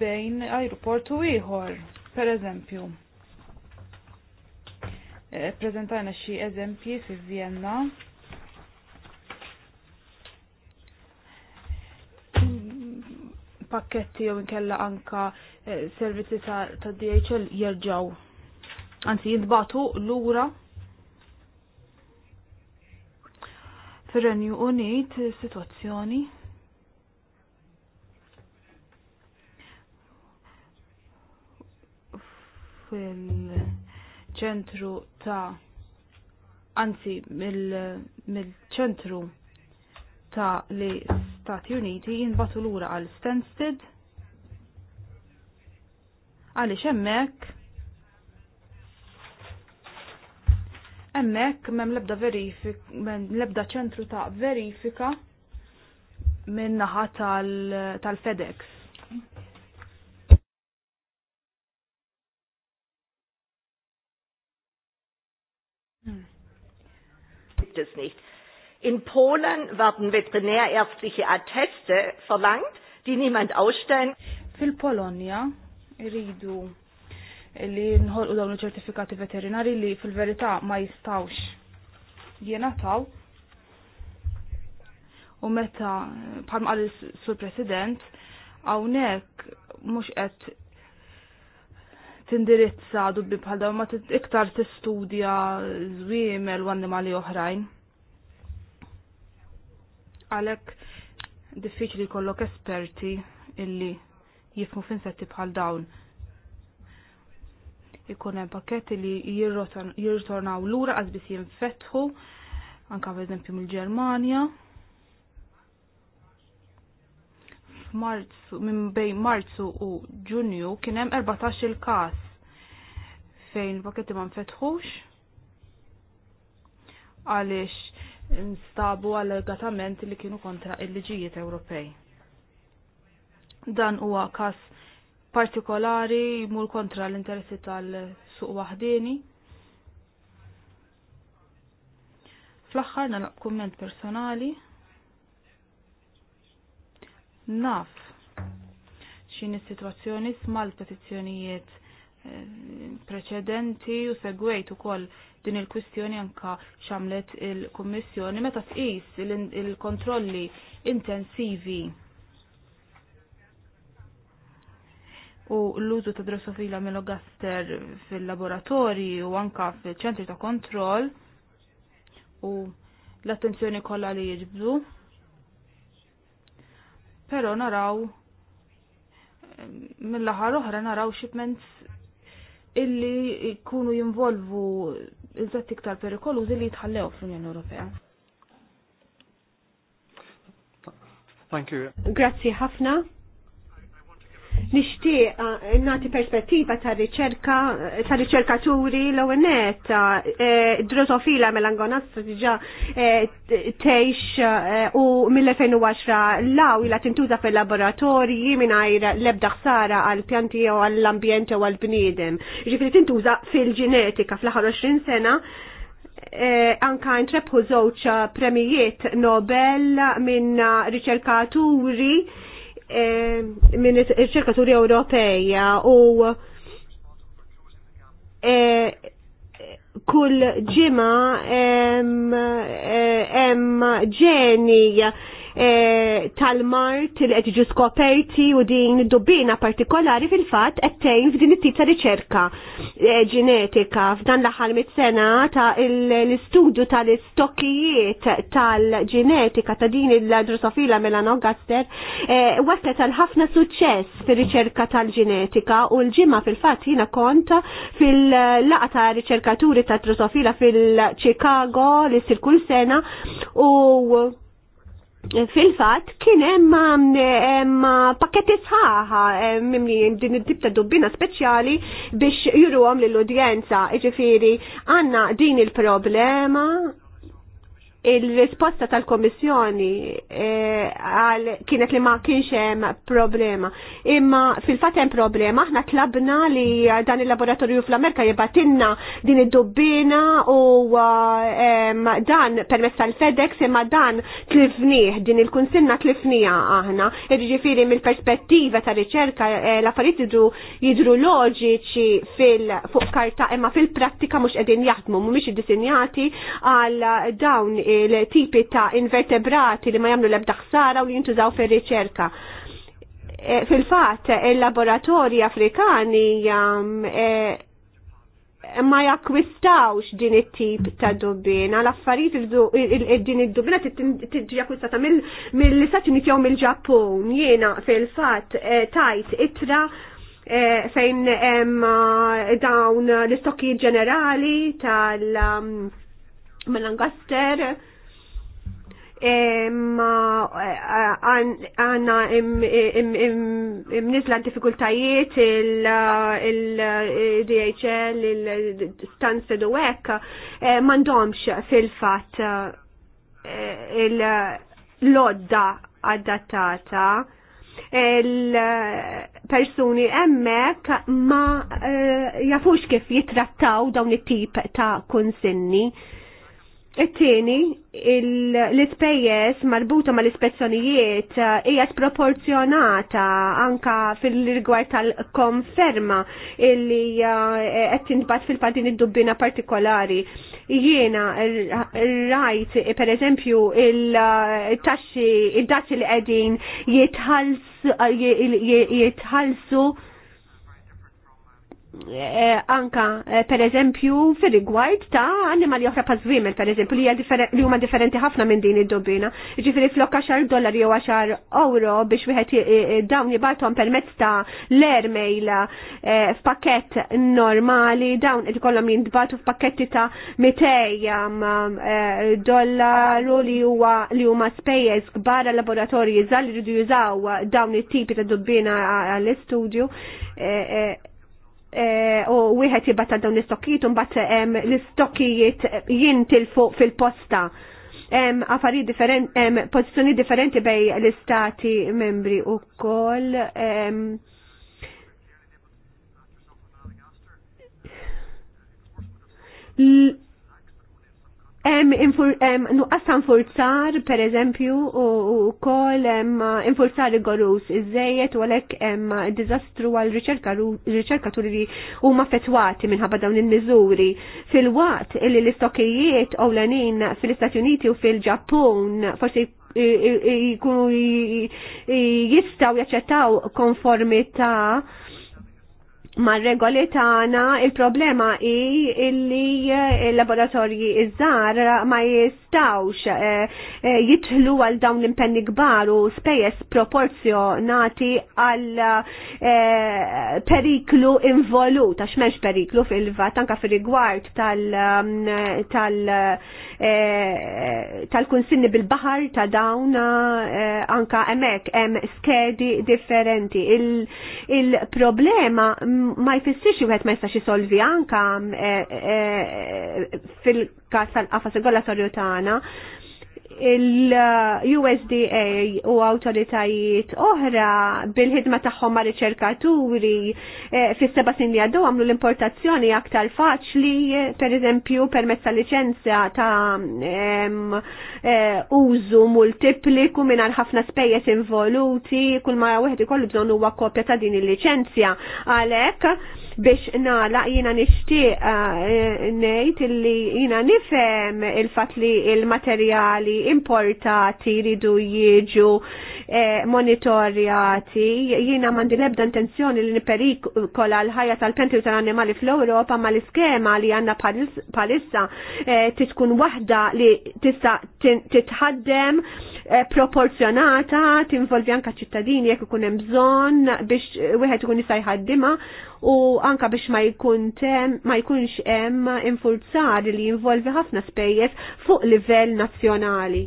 bejn ajruportu ieħor, per eżempju. Eh, prezentajna xi eżempji fi Vienna. Pakketti jew inkella anka eh, servizzi ta', DHL jerġgħu anzi jintbatu lura Fir-Renju Unit situazzjoni fil-ċentru ta' anzi mill-ċentru mil ta' li Stati Uniti jinbatu lura għal Stansted għaliex hemmhekk Emmek mem lebda verifik, mem lebda ċentru ta' verifika minna naħa tal-FedEx. Tal hm. Gibt es nicht. In Polen werden veterinärärztliche Atteste verlangt, die niemand ausstellen. Fil-Polonja iridu li nħolqu dawn iċ ċertifikati veterinari li fil-verità ma jistawx jenataw. U meta bħalma qal sur President hawnhekk mhux qed tindirizza dubbi bħal dawn ma iktar tistudja żwiemel u annimali oħrajn. Għalhekk diffiċli kollok esperti illi jifmu f'insetti bħal dawn ikun hemm pakketti li jirritornaw lura qas biss jinfetħu anka eżempju mill-Ġermanja. Marzu, minn bejn Marzu u Ġunju kien hemm 14 il-każ fejn il ma nfetħux għaliex nstabu allegatament li kienu kontra il-liġijiet Ewropej. Dan huwa każ partikolari jmur kontra l-interessi tal-suq wahdini. Fl-axħar nalaq komment personali. Naf xin il-situazzjoni sitwazzjoni l petizzjonijiet eh, preċedenti u segwejt ukoll din il-kwistjoni anka xamlet il-Kummissjoni meta tqis il-kontrolli intensivi u l-użu ta' drosofila melogaster fil-laboratori u anka fil-ċentri ta' kontroll u l-attenzjoni kollha li jiġbdu. Però naraw eh, mill laħar oħra naraw shipments illi jkunu jinvolvu iżatt iktar perikolużi li jitħallew fl-Unjoni Ewropea. Thank you. Grazzi ħafna nixtieq eh, nati perspettiva ta' riċerka ta' riċerkaturi l net eh, eh, drosofila melangonastra diġà tgħix u mill-2010 law ilha tintuża fil-laboratorji mingħajr l-ebda ħsara għal pjanti jew għall-ambjent jew għall-bniedem. Ġifieri tintuża fil-ġenetika fl-aħħar 20 sena anka ntrebħu żewġ premijiet Nobel minn riċerkaturi E, minn il-ċerkaturi Ewropeja u e, kull ġima hemm ġeni Eh, tal-mart il qed skoperti u din dubbina partikolari fil-fatt qed tgħin f'din it-tip ta' riċerka eh, ġenetika f'dan l-aħħar mit-sena ta' l-istudju tal-istokkijiet tal-ġenetika ta' din il-drosofila melanogaster eh, waslet għal ħafna suċċess fir-riċerka tal-ġenetika u l-ġimma fil-fatt jiena kont fil-laqa ta' riċerkaturi ta' drosofila fil-Chicago li ssir kull sena u fil-fat kien hemm um, pakketti sħaħa mimli din id dibta dubbina speċjali biex juruhom lill-udjenza, ġifiri, għandna din il-problema il-risposta tal-Komissjoni eh, għal e, kienet li ma kienx hemm problema. Imma fil-fatt hemm problema, aħna tlabna li dan il-laboratorju fl-Amerika jibatinna din id-dubbina u eh, dan permezz tal-FedEx imma dan tlifnih, din il-kunsinna tlifnija aħna. Jiġifieri mill-perspettiva ta' riċerka e, l-affarijiet jidru jidru loġiċi fil-fuq karta imma fil-prattika mhux qegħdin jaħdmu, mhumiex iddisinjati għal dawn il-tipi ta' invertebrati li ma jamlu lebda ħsara u li jintużaw fir-riċerka. E, fil-fatt, il-laboratori afrikani e, ma jakwistawx din it-tip ta' dubbina, l-affarijiet din id dubina tiġi akkwistata mill-Istati Uniti jew mill-Ġappun. Jiena fil-fatt e, tajt itra fejn hemm dawn l istokki ġenerali tal- um, mill-Angaster eh, eh, għanna imnizla diffikultajiet il-DHL, il-Stansted u għek, eh, mandomx fil-fat il-lodda adattata il-persuni emmek ma jafux kif jitrattaw dawn it-tip ta' kunsinni. It-tieni, l-ispejjeż marbuta mal-ispezzjonijiet eh, hija sproporzjonata anka fil-rigward tal-konferma illi eh, qed tinbat fil-padin id-dubbina partikolari. Jiena rajt eh, per eżempju il-taxxi id-dazzi li qegħdin jitħallsu Eh, anka eh, per eżempju fil-rigward ta' annimali oħra pa' zwimel per eżempju li huma differenti ħafna minn din id-dobina. Ġifiri flok 10 dollari jew 10 euro biex wieħed dawn jibatom permezz ta' l-airmail eh, f'pakett normali dawn qed ikollhom jintbatu f'pakketti ta' 200 dollaru li huwa li huma spejjeż kbar laboratorji żgħar li jridu jużaw dawn it-tipi ta' dubbina għall-istudju Eh, u wieħed jibata dawn l-istokkijiet u mbagħad l-istokkijiet jintil fuq fil-posta. Affarijiet differenti, pożizzjoni differenti bej l-istati membri wkoll. koll. Nuqqassan forzar, per eżempju, u kol infurzar il-gorus, iż-żejet u għalek dizastru għal riċerkaturi u ma fetwati minħabba dawn il-mizuri. Fil-wat illi l-istokijiet u l-anin fil-Istati Uniti u fil-Ġappun, forsi jkunu jistaw jaċċettaw konformita' ma' regoli tagħna il-problema hi illi eh, il-laboratorji iż ma jistawx eh, eh, jitħlu għal dawn l-impenni kbar u spejjeż proporzjonati għal periklu involuta għax m'hemmx periklu fil-vat tanka fir-rigward tal- um, tal-kunsinni bil-baħar ta' dawn anka hemmhekk hemm skedi differenti. Il-problema il problema ma jfissirx wieħed ma jistax isolvi anka eh, eh, eh, fil-każ tal-qafas il-gollatorju tagħna il-USDA u autoritajiet oħra bil-ħidma tagħhom ma' riċerkaturi eh, fi seba sin li għaddu għamlu l-importazzjoni aktar faċli, per eżempju, permezz ta' liċenzja ta' eh, użu multipliku minn ħafna spejjeż involuti, kull ma' wieħed ikollu bżonn huwa kopja ta' din il-liċenzja. Għalhekk biex nala jina nishtiq uh, nejt illi jina nifem il-fat li il-materjali importati ridu jieġu eh, monitorjati jina mandi lebda intenzjoni li niperikola l-ħajja tal-pentri tal-animali fl-Europa ma l-iskema li għanna palissa eh, titkun wahda li tista titħaddem Eh, proporzjonata, tinvolvi anka ċittadini jekk ikun hemm bżonn biex eh, wieħed ikun jista' jħaddimha u anka biex ma jkun ma jkunx hemm infurzar li jinvolvi ħafna spejjeż fuq livell nazzjonali.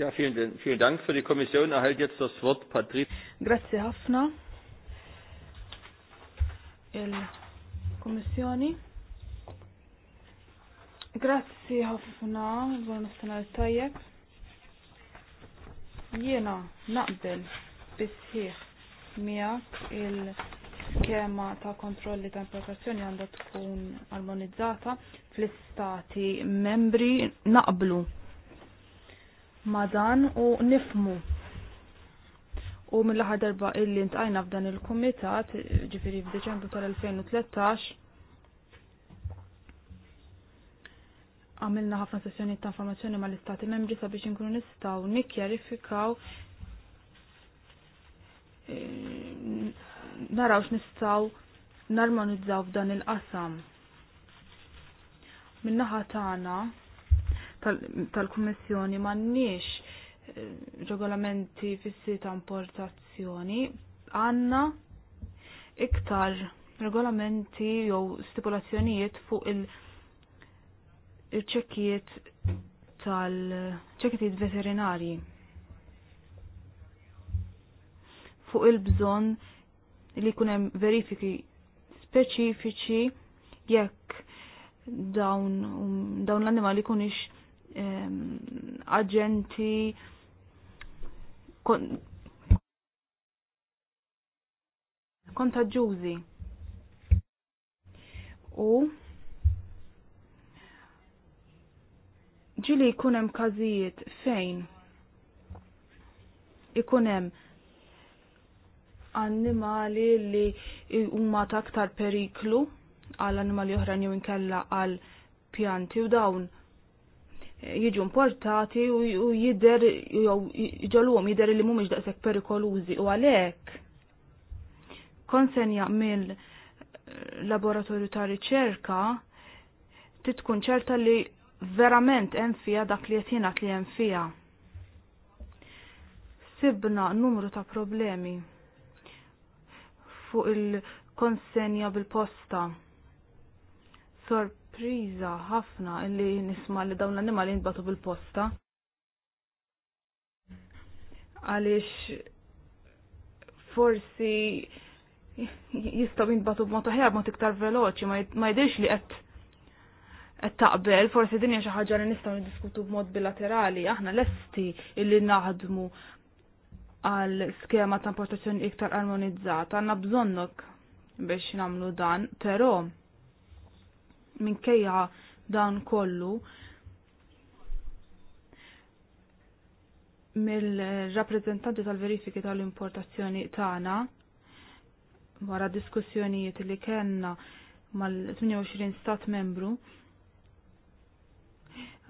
Ja, vielen, vielen Dank für die Kommission. Erhält jetzt das Wort Patrice. Grazie ħafna. Il-Kommissjoni. Grazzi ħafna, buon nofsenar tajjeb. Jiena naqbel bisħiħ miegħek il-skema ta' kontrolli ta' importazzjoni għandha tkun armonizzata fl-istati membri naqblu ma' dan u nifmu u mill-aħħar darba illi ntqajna f'dan il-kumitat ġifieri f'Deċembru tal-2013 għamilna ħafna sessjonijiet ta' informazzjoni mal-istati membri sabiex inkunu nistgħu nikkjarifikaw eh, naraw x'nistgħu narmonizzaw f'dan il-qasam. Min-naħa tagħna tal-Kummissjoni m'għandniex eh, regolamenti fissi ta' importazzjoni, għandna iktar regolamenti jew stipulazzjonijiet fuq il- il-ċekkijiet tal-ċekkijiet veterinari fuq il-bżon li kunem verifiki speċifiċi jekk dawn, dawn l-annimali kunix um, aġenti kon, U ġili jkunem kazijiet fejn jkunem annimali li huma ta' aktar periklu għal annimali oħra jew inkella għal pjanti u dawn jiġu importati u jider jew ġolhom jider li mhumiex daqshekk perikolużi u għalhekk konsenja mill laboratorju ta' riċerka titkun ċerta li verament hemm fija dak li qed jingħad li hemm fija. Sibna numru ta' problemi fuq il-konsenja bil-posta. Sorpriża ħafna li nisma' li dawn l-annimali jinbatu bil-posta. Għaliex forsi jistgħu jintbatu b'mod aħjar b'mod iktar veloċi, ma jidhirx li qed qed taqbel, forsi din hija xi ħaġa li nistgħu niddiskutu b'mod bilaterali, aħna lesti illi naħdmu għal skema ta' importazzjoni iktar armonizzata, għandna bżonnok biex nagħmlu dan, però minkejja dan kollu mill-rappreżentanti tal-verifiki tal-importazzjoni tagħna wara diskussjonijiet li kellna mal-28 stat membru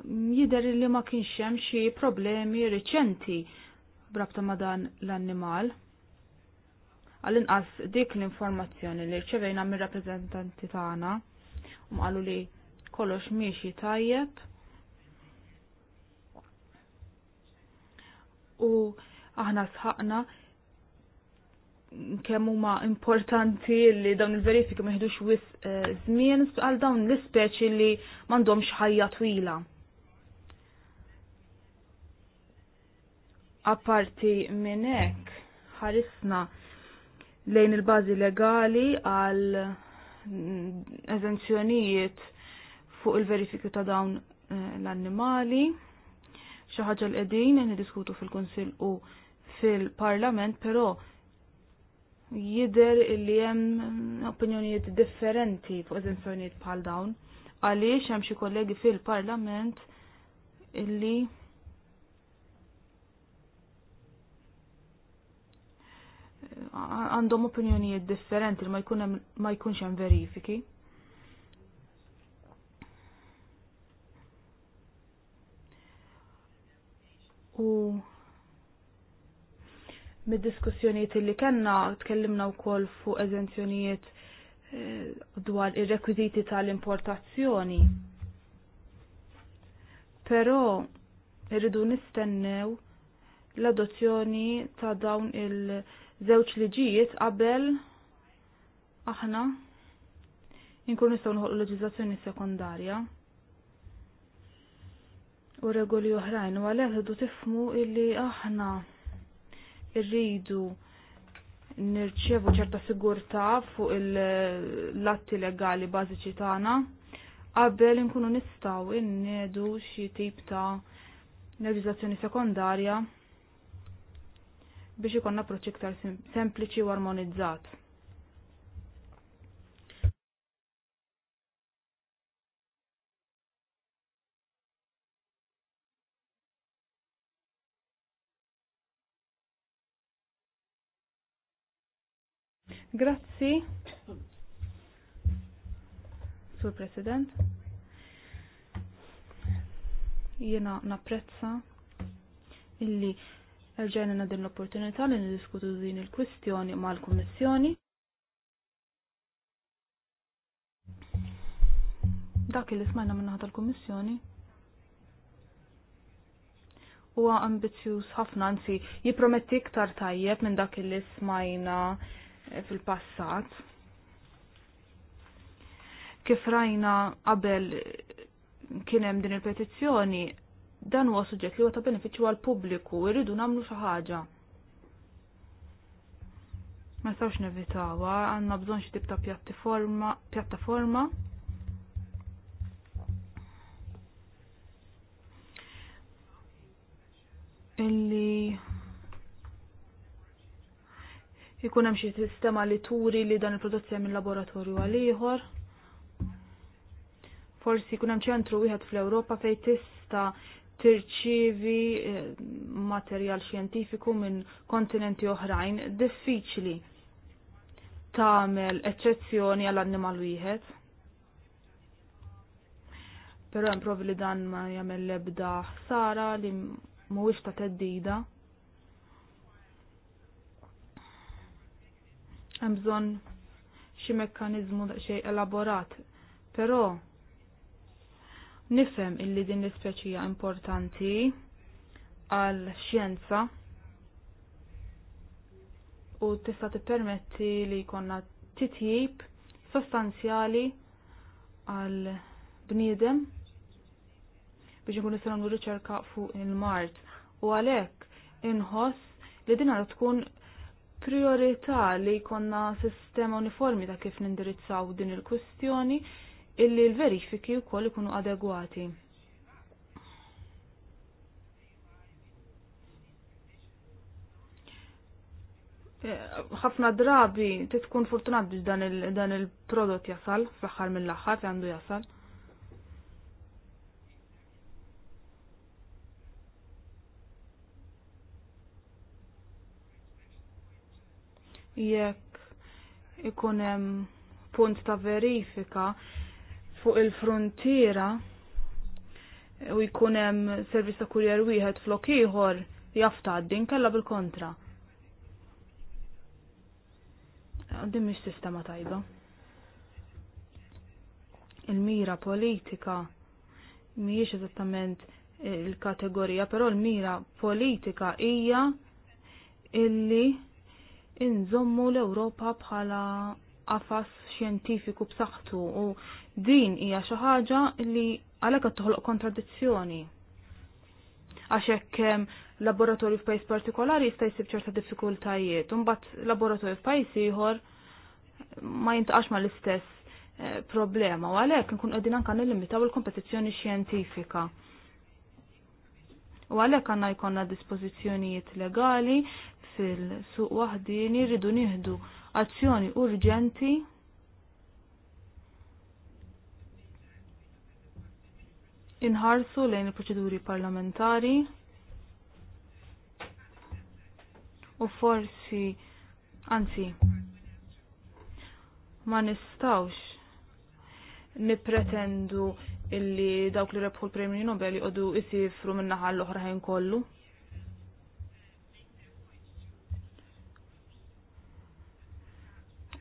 jider li ma kienx hemm xi problemi riċenti brabta ma dan l-annimal. Għal inqas dik l-informazzjoni li rċevejna mir rappreżentanti tagħna u mqalu li kollox miexi tajjeb. U aħna sħaqna kemm huma importanti li dawn il-verifiki meħdux wis eh, żmien għal dawn l-ispeċi li m'għandhomx ħajja twila. Apparti minn hekk ħarisna lejn il-bażi legali għal eżenzjonijiet fuq il-verifiku ta' dawn eh, l-annimali xi ħaġa l qegħdin eh, diskutu fil-Kunsill u fil-Parlament, però jider li hemm opinjonijiet differenti fuq eżenzjonijiet bħal dawn għaliex hemm xi kollegi fil-Parlament illi għandhom opinjonijiet differenti li ma jkunx hemm verifiki. U mid-diskussjonijiet li kellna tkellimna wkoll fuq eżenzjonijiet eh, dwar ir-rekwiżiti tal-importazzjoni. Però irridu nistennew l-adozzjoni ta' dawn il- żewġ liġijiet qabel aħna inkunu nistgħu noħolqu leġiżlazzjoni sekondarja u regoli oħrajn u għalhekk irdu tifhmu illi aħna rridu nirċevu ċerta sigurtà fuq il-latti legali bażiċi tagħna qabel inkunu nistgħu innedu xi tip ta' leġiżlazzjoni sekondarja biex ikonna approċċ iktar sempliċi u armonizzat. Grazzi, Sur President. Jena napprezza illi Erġajna din l-opportunità li niddiskutu din il-kwistjoni mal-Kummissjoni. Dak li smajna minnaħat tal-Kummissjoni huwa ambizzjuż ħafna anzi jipprometti iktar tajjeb minn dak li smajna fil-passat. Kif rajna qabel kien hemm din il-petizzjoni dan huwa suġġett li huwa ta' benefiċċju għal pubbliku, irridu nagħmlu xi ħaġa. Ma nistgħux nevitawha, għandna bżonn xi tip ta' pjattaforma, Illi jkun hemm xi sistema li turi li dan il-prodott hemm il-laboratorju għal ieħor. Forsi jkun hemm ċentru wieħed fl-Ewropa fejn tista' tirċivi eh, materjal xjentifiku minn kontinenti oħrajn diffiċli tagħmel eċċezzjoni għal annimal wieħed. Però hemm provi li dan ma jagħmel l-ebda ħsara li mhuwiex ta' teddida. Hemm bżonn xi mekkaniżmu xejn elaborat, però Nifhem illi din l-ispeċija importanti għal xjenza u tista' tippermetti li jkollna titjib sostanzjali għal bniedem biex ikun nistgħu nagħmlu riċerka fuq il-Mart u għalhekk inħoss li din għandha tkun priorità li jkollna sistema uniformi ta' kif nindirizzaw din il kwestjoni illi l-verifiki wkoll ikunu adegwati. E, ħafna drabi titkun fortunat biex dan il-prodott jasal, fl-axar mill-axar li għandu jasal. Jekk ikun hemm punt ta' verifika fuq il-frontiera u jkun hemm servizz ta' kurjer wieħed flok ieħor jafta għaddin kella bil-kontra. Din mhix sistema tajba. Il-mira politika mhijiex eżattament eh, il-kategorija, però l-mira politika hija illi inżommu l-Ewropa bħala qafas xjentifiku b'saħħtu u din hija xi ħaġa li għalhekk qed toħloq kontradizzjoni. Għax hekk laboratorju f'pajjiż partikolari jista' jsib ċerta diffikultajiet, u mbagħad laboratorju f'pajjiż ieħor ma jintaqax mal istess eh, problema u għalhekk nkun qegħdin anke nillimitaw il-kompetizzjoni xjentifika. U għalhekk għandna jkollna dispożizzjonijiet legali fil-suq waħdin rridu nieħdu azzjoni urġenti inħarsu lejn il-proċeduri parlamentari u forsi anzi ma nistawx nipretendu illi dawk li rebħu l-premju Nobel jqodu isifru minnaħa l-oħrajn kollu.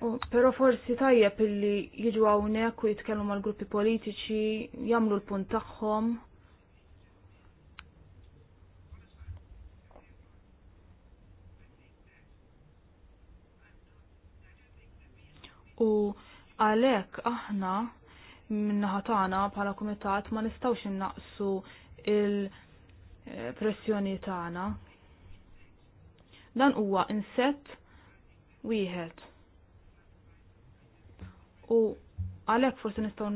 U, pero forsi tajjeb illi jiġu hawnhekk u jitkellmu mal-gruppi politiċi, jagħmlu l-punt tagħhom. U għalhekk aħna minnaħa tagħna bħala kumitat ma nistgħux innaqsu il-pressjoni tagħna. Dan huwa insett wieħed. U għalhekk forsi nistgħu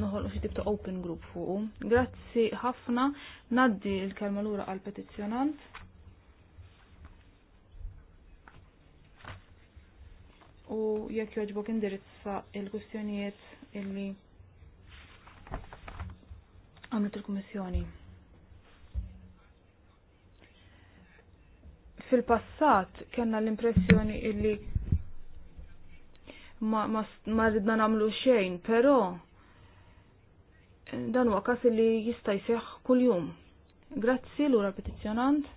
nħol u xitibta open group fuqu. Grazzi ħafna naddi l-kelma lura għall petizzjonant. U jekk joġbok indirizza il-kustjonijiet illi għamlu il-Kummissjoni. Fil-passat kellna l-impressjoni illi ma, rridna namlu xejn, però dan huwa każ li jista' jseħħ kuljum. Grazzi lura petizzjonant.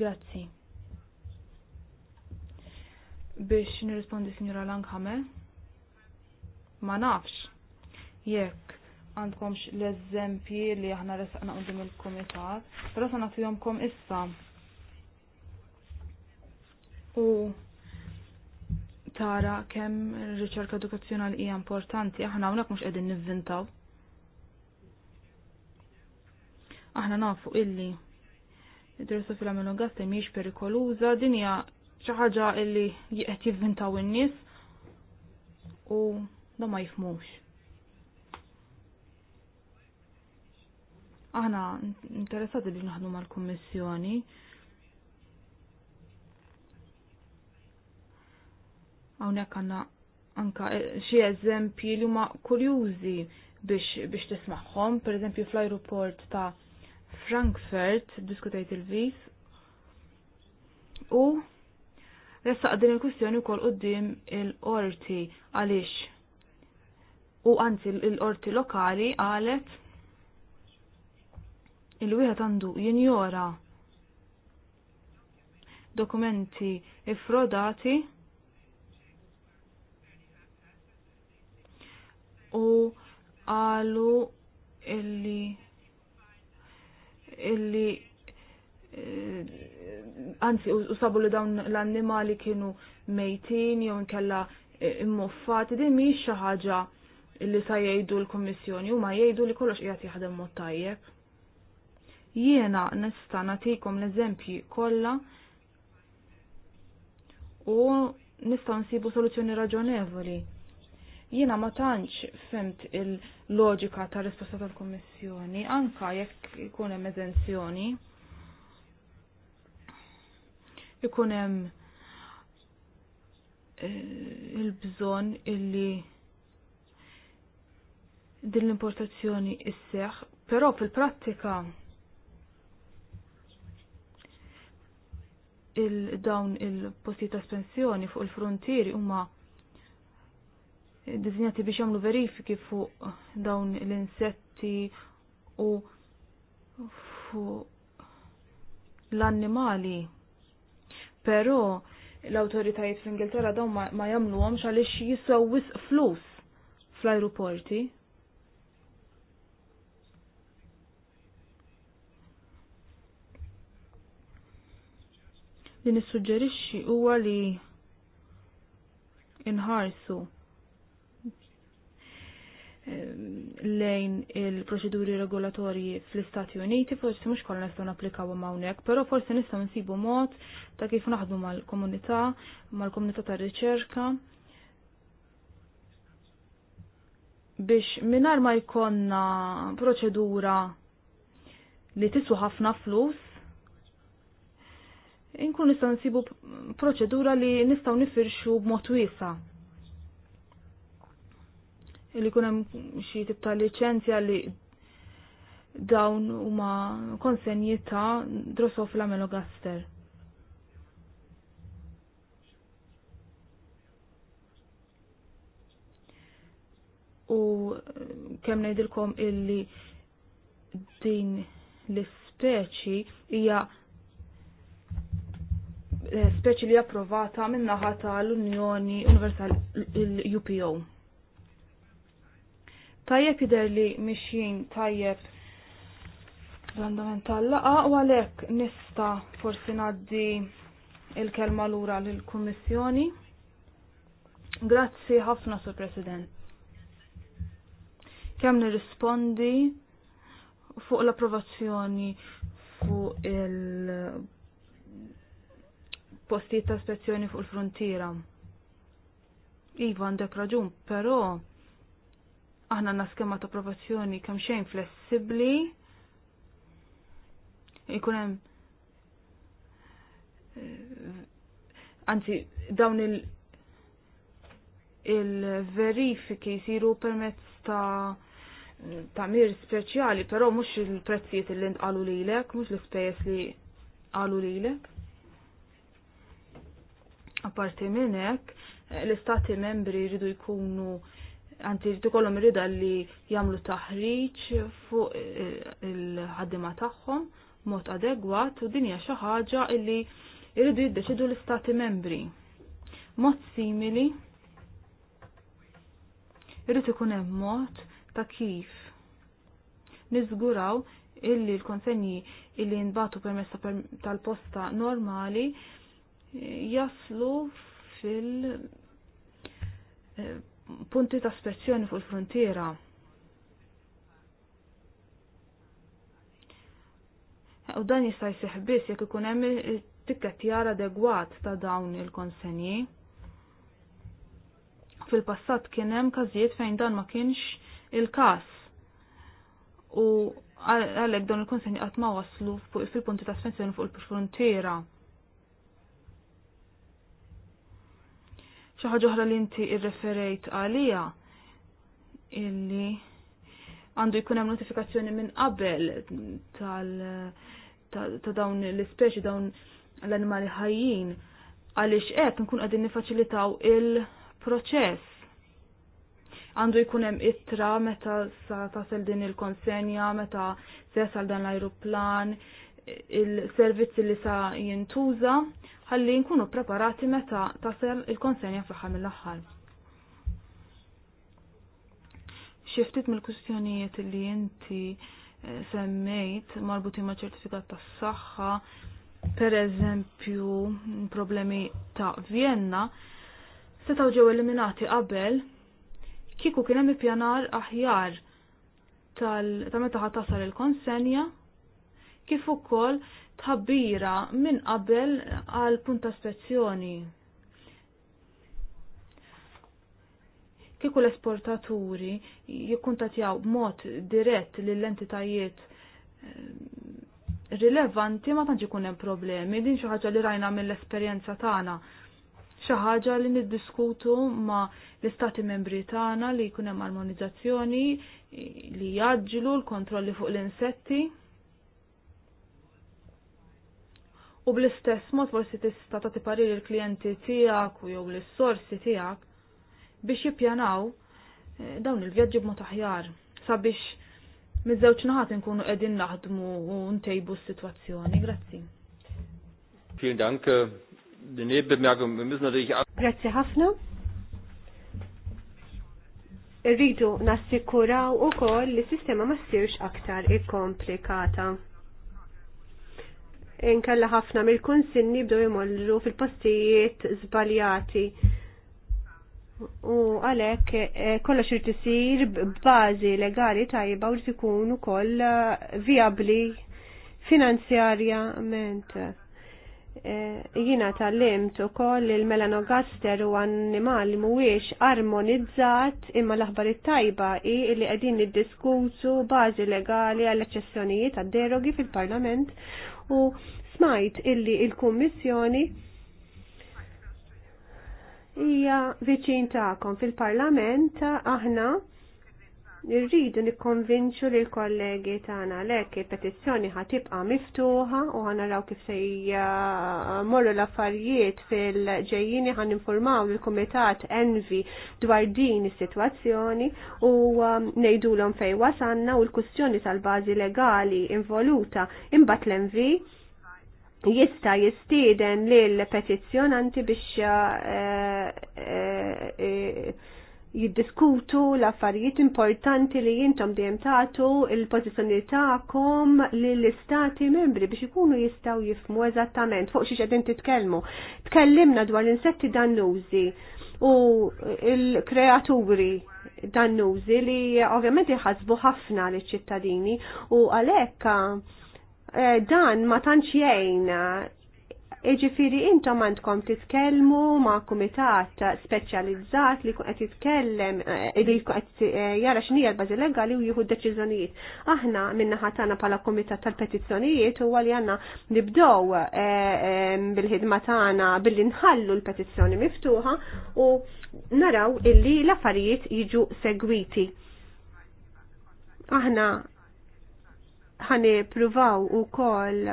Grazzi. Biex nirrispondi Signora Langhame? Ma nafx jekk għandkomx l-eżempji li aħna resaqna għandim il-komitat, però sa natijomkom issa. U tara kemm ir-riċerka edukazzjonali hija importanti, aħna hawnhekk mhux qegħdin nivvintaw. Aħna nafu illi id-drossa fil-amelongasta mhijiex perikoluża, din hija xi ħaġa illi qed jivvintaw in-nies u da ma jifmux. Aħna interessati li naħdmu mal-Kummissjoni. Hawnhekk għandna anka eh, xi eżempji li huma kurjużi biex biex tismagħhom, pereżempju fl-ajruport ta' Frankfurt, diskutajt il-vis, u jessa din il-kwistjoni wkoll qudiem il-qorti għaliex u anzi l-qorti lokali qalet il-wieħed għandu jinjora dokumenti ifrodati u għalu illi illi eh, anzi u sabu li dawn l-annimali kienu mejtin jew inkella eh, immuffati din mhix xi ħaġa li sa jgħidu l-Kummissjoni huma jgħidu li kollox qiegħed jaħdem mod tajjeb. Jiena nista' nagħtikom l-eżempji kollha u nistgħu nsibu soluzzjoni raġonevoli. Jiena ma tantx femt il-loġika ta' risposta tal-Kummissjoni anka jekk ikun hemm eżenzjoni. Ikun hemm eh, il-bżonn illi din l-importazzjoni isseħ, però fil-prattika il-dawn il-posti ta' spensjoni fuq il-frontieri huma dizinjati biex jagħmlu verifiki fuq dawn l-insetti u fuq l-annimali. Però l-autoritajiet fl-Ingilterra dawn ma, jagħmluhomx għaliex jisgħu wisq flus fl-ajruporti. li nissuġġerixxi huwa li inħarsu ehm, lejn il-proċeduri regolatorji fl-Istati Uniti, forsi mhux kollha nistgħu napplikaw hawnhekk, però forsi nistgħu nsibu mod ta' kif naħdu mal-komunità, mal-komunità tar riċerka biex minar ma jkonna proċedura li tiswa ħafna flus inkun nistgħu nsibu proċedura li nistgħu nifirxu b'mod wiesa. Illi kun hemm xi tip ta' liċenzja li dawn huma konsenji ta' drosofila melogaster. u eh, kemm ngħidilkom illi din l-ispeċi hija Eh, speċi li approvata naħata tal-Unjoni Universal l-UPO. Tajjeb jider li mixjin tajjeb l-andament tal-laqa u għalek nista forsi naddi il-kelma l-ura l-Kommissjoni. Grazzi ħafna, Sur President. Kemm nirrispondi fuq l-approvazzjoni fuq il- postijiet ta' spezzjoni fuq il-frontiera. Iva għandek raġun, però aħna na skema ta' provazzjoni kemm xejn flessibbli. Ikun hemm eh, anzi dawn il il-verifiki jisiru permezz ta' ta' mir speċjali, però mhux il-prezzijiet li ntqalu lilek, mhux l-ispejjeż li qalu lilek. Apparti minn hekk, eh, l-istati membri jridu jkunu għanti jridu kollom rida li jagħmlu taħriġ fuq eh, il-ħaddima tagħhom mod adegwat u dinja xi ħaġa li jridu jiddeċidu l-istati membri. Mod simili jrid ikun hemm mod ta' kif niżguraw illi l-konsenji illi nbatu permessa tal-posta normali jaslu fil eh, punti ta' spezzjoni fuq il-frontiera. U dan jista' jsih biss jekk ikun hemm jar adegwat ta' dawn il-konsenji. Fil-passat kien hemm każijiet fejn dan ma kienx il-każ. U għalhekk dawn il-konsenji qatt ma waslu fuq fil-punti ta' spezzjoni fuq il-frontiera. il xi ħaġa oħra li inti irreferejt għalija illi għandu jkun hemm notifikazzjoni minn qabel tal ta' dawn l-ispeċi dawn l-animali ħajjin għaliex hekk nkun qegħdin nifaċilitaw il-proċess. Għandu jkun hemm ittra meta sa tasel din il-konsenja, meta sesal dan l-ajruplan, il-servizzi li sa jintuża ħalli nkunu preparati meta tasem il-konsenja fl-aħħar mill-aħħar. Xiftit mill-kustjonijiet li inti eh, semmejt marbuti ma' ċertifikat tas saħħa per eżempju problemi ta' Vienna, setaw ġew eliminati qabel Kiku kien hemm ippjanar aħjar tal ta' meta ħatasar il-konsenja kif ukoll tħabbira minn qabel għal punta spezzjoni. Kieku l-esportaturi jikkuntatjaw mod dirett lill-entitajiet eh, rilevanti ma tantx ikun hemm problemi, din xi ħaġa li rajna mill-esperjenza tagħna. Xi ħaġa li niddiskutu ma l-istati membri tagħna li jkun hemm armonizzazzjoni li jaġġlu l-kontrolli fuq l-insetti. u bl-istess mod forsi tista' tagħti parir il-klijenti tiegħek u jew l-issorsi tiegħek biex jippjanaw eh, dawn il-vjaġġi b'mod aħjar sabiex miż-żewġ naħat inkunu qegħdin naħdmu u ntejbu s-sitwazzjoni. Grazzi. Vielen Dank. Äh, die Nebenbemerkung, wir müssen natürlich Grazie ħafna. Rridu nassikuraw ukoll li s-sistema ma ssirx aktar ikkomplikata inkella ħafna mill-kunsinni bdew jmollu fil-postijiet żbaljati. U għalek eh, kollox irid isir b'bażi legali tajba u irid ikun ukoll eh, viabli finanzjarjament. Eh, Jina tal-limt u koll il-melanogaster u animali muwiex armonizzat imma l-aħbarit tajba i li għedin id-diskutu bazi legali għall eċessjonijiet għad-derogi fil-parlament u smajt illi il-Kummissjoni hija viċin ta'kom fil-Parlament aħna Irridu nikkonvinċu lil kollegi tagħna għalhekk il-petizzjoni ħatibqa' miftuħa u ħanaraw kif se morru l-affarijiet fil-ġejjini ħan informaw il kumitat Envi dwar din is-sitwazzjoni u um, ngħidulhom fejn wasanna u l-kustjoni tal-bażi legali involuta imbagħad l-Envi jista jistieden lil petizzjonanti biex uh, uh, uh, jiddiskutu l-affarijiet importanti li jintom dejjem tagħtu il-pożizzjoni tagħkom lill-istati membri biex ikunu jistgħu jifmu eżattament fuq xi qegħdin titkellmu. Tkellimna dwar l-insetti dannużi u l kreaturi dannużi li ovvjament jħasbu ħafna liċ ċittadini u għalhekk eh, dan ma tantx jgħin Iġifiri intom għandkom titkellmu ma' kumitat speċjalizzat li qed jitkellem eh, li qed eh, jara x'nija l-bażi legali u jieħu deċiżjonijiet. Aħna minna tagħna bħala kumitat tal-petizzjonijiet u li għandna nibdew eh, bil-ħidma tagħna billi nħallu l-petizzjoni miftuħa u naraw illi l-affarijiet jiġu segwiti. Aħna ħani pruvaw u koll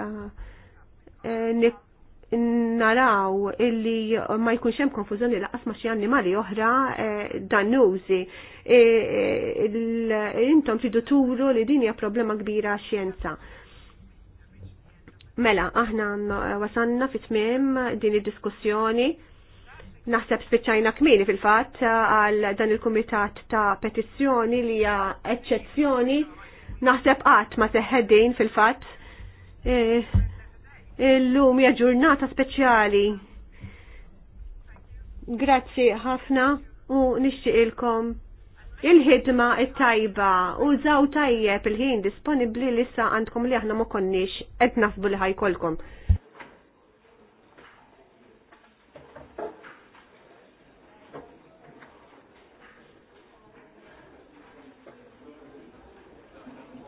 naraw illi ma jkunx hemm konfużjoni laqas ma xi annimali oħra eh, dannużi. Eh, eh, intom tridu turu li din hija problema kbira xjenza. Mela, aħna wasanna fit tmiem din id-diskussjoni. Naħseb spiċċajna kmini fil-fatt għal dan il-Kumitat ta' Petizzjoni li hija eċċezzjoni. Naħseb qatt ma teħħedin fil-fatt Illum hija ġurnata speċjali. Grazzi ħafna u nixtieqilkom il-ħidma it-tajba u żaw tajjeb il-ħin disponibbli li għandkom li aħna ma konniex qed nafbu li ħajkolkom.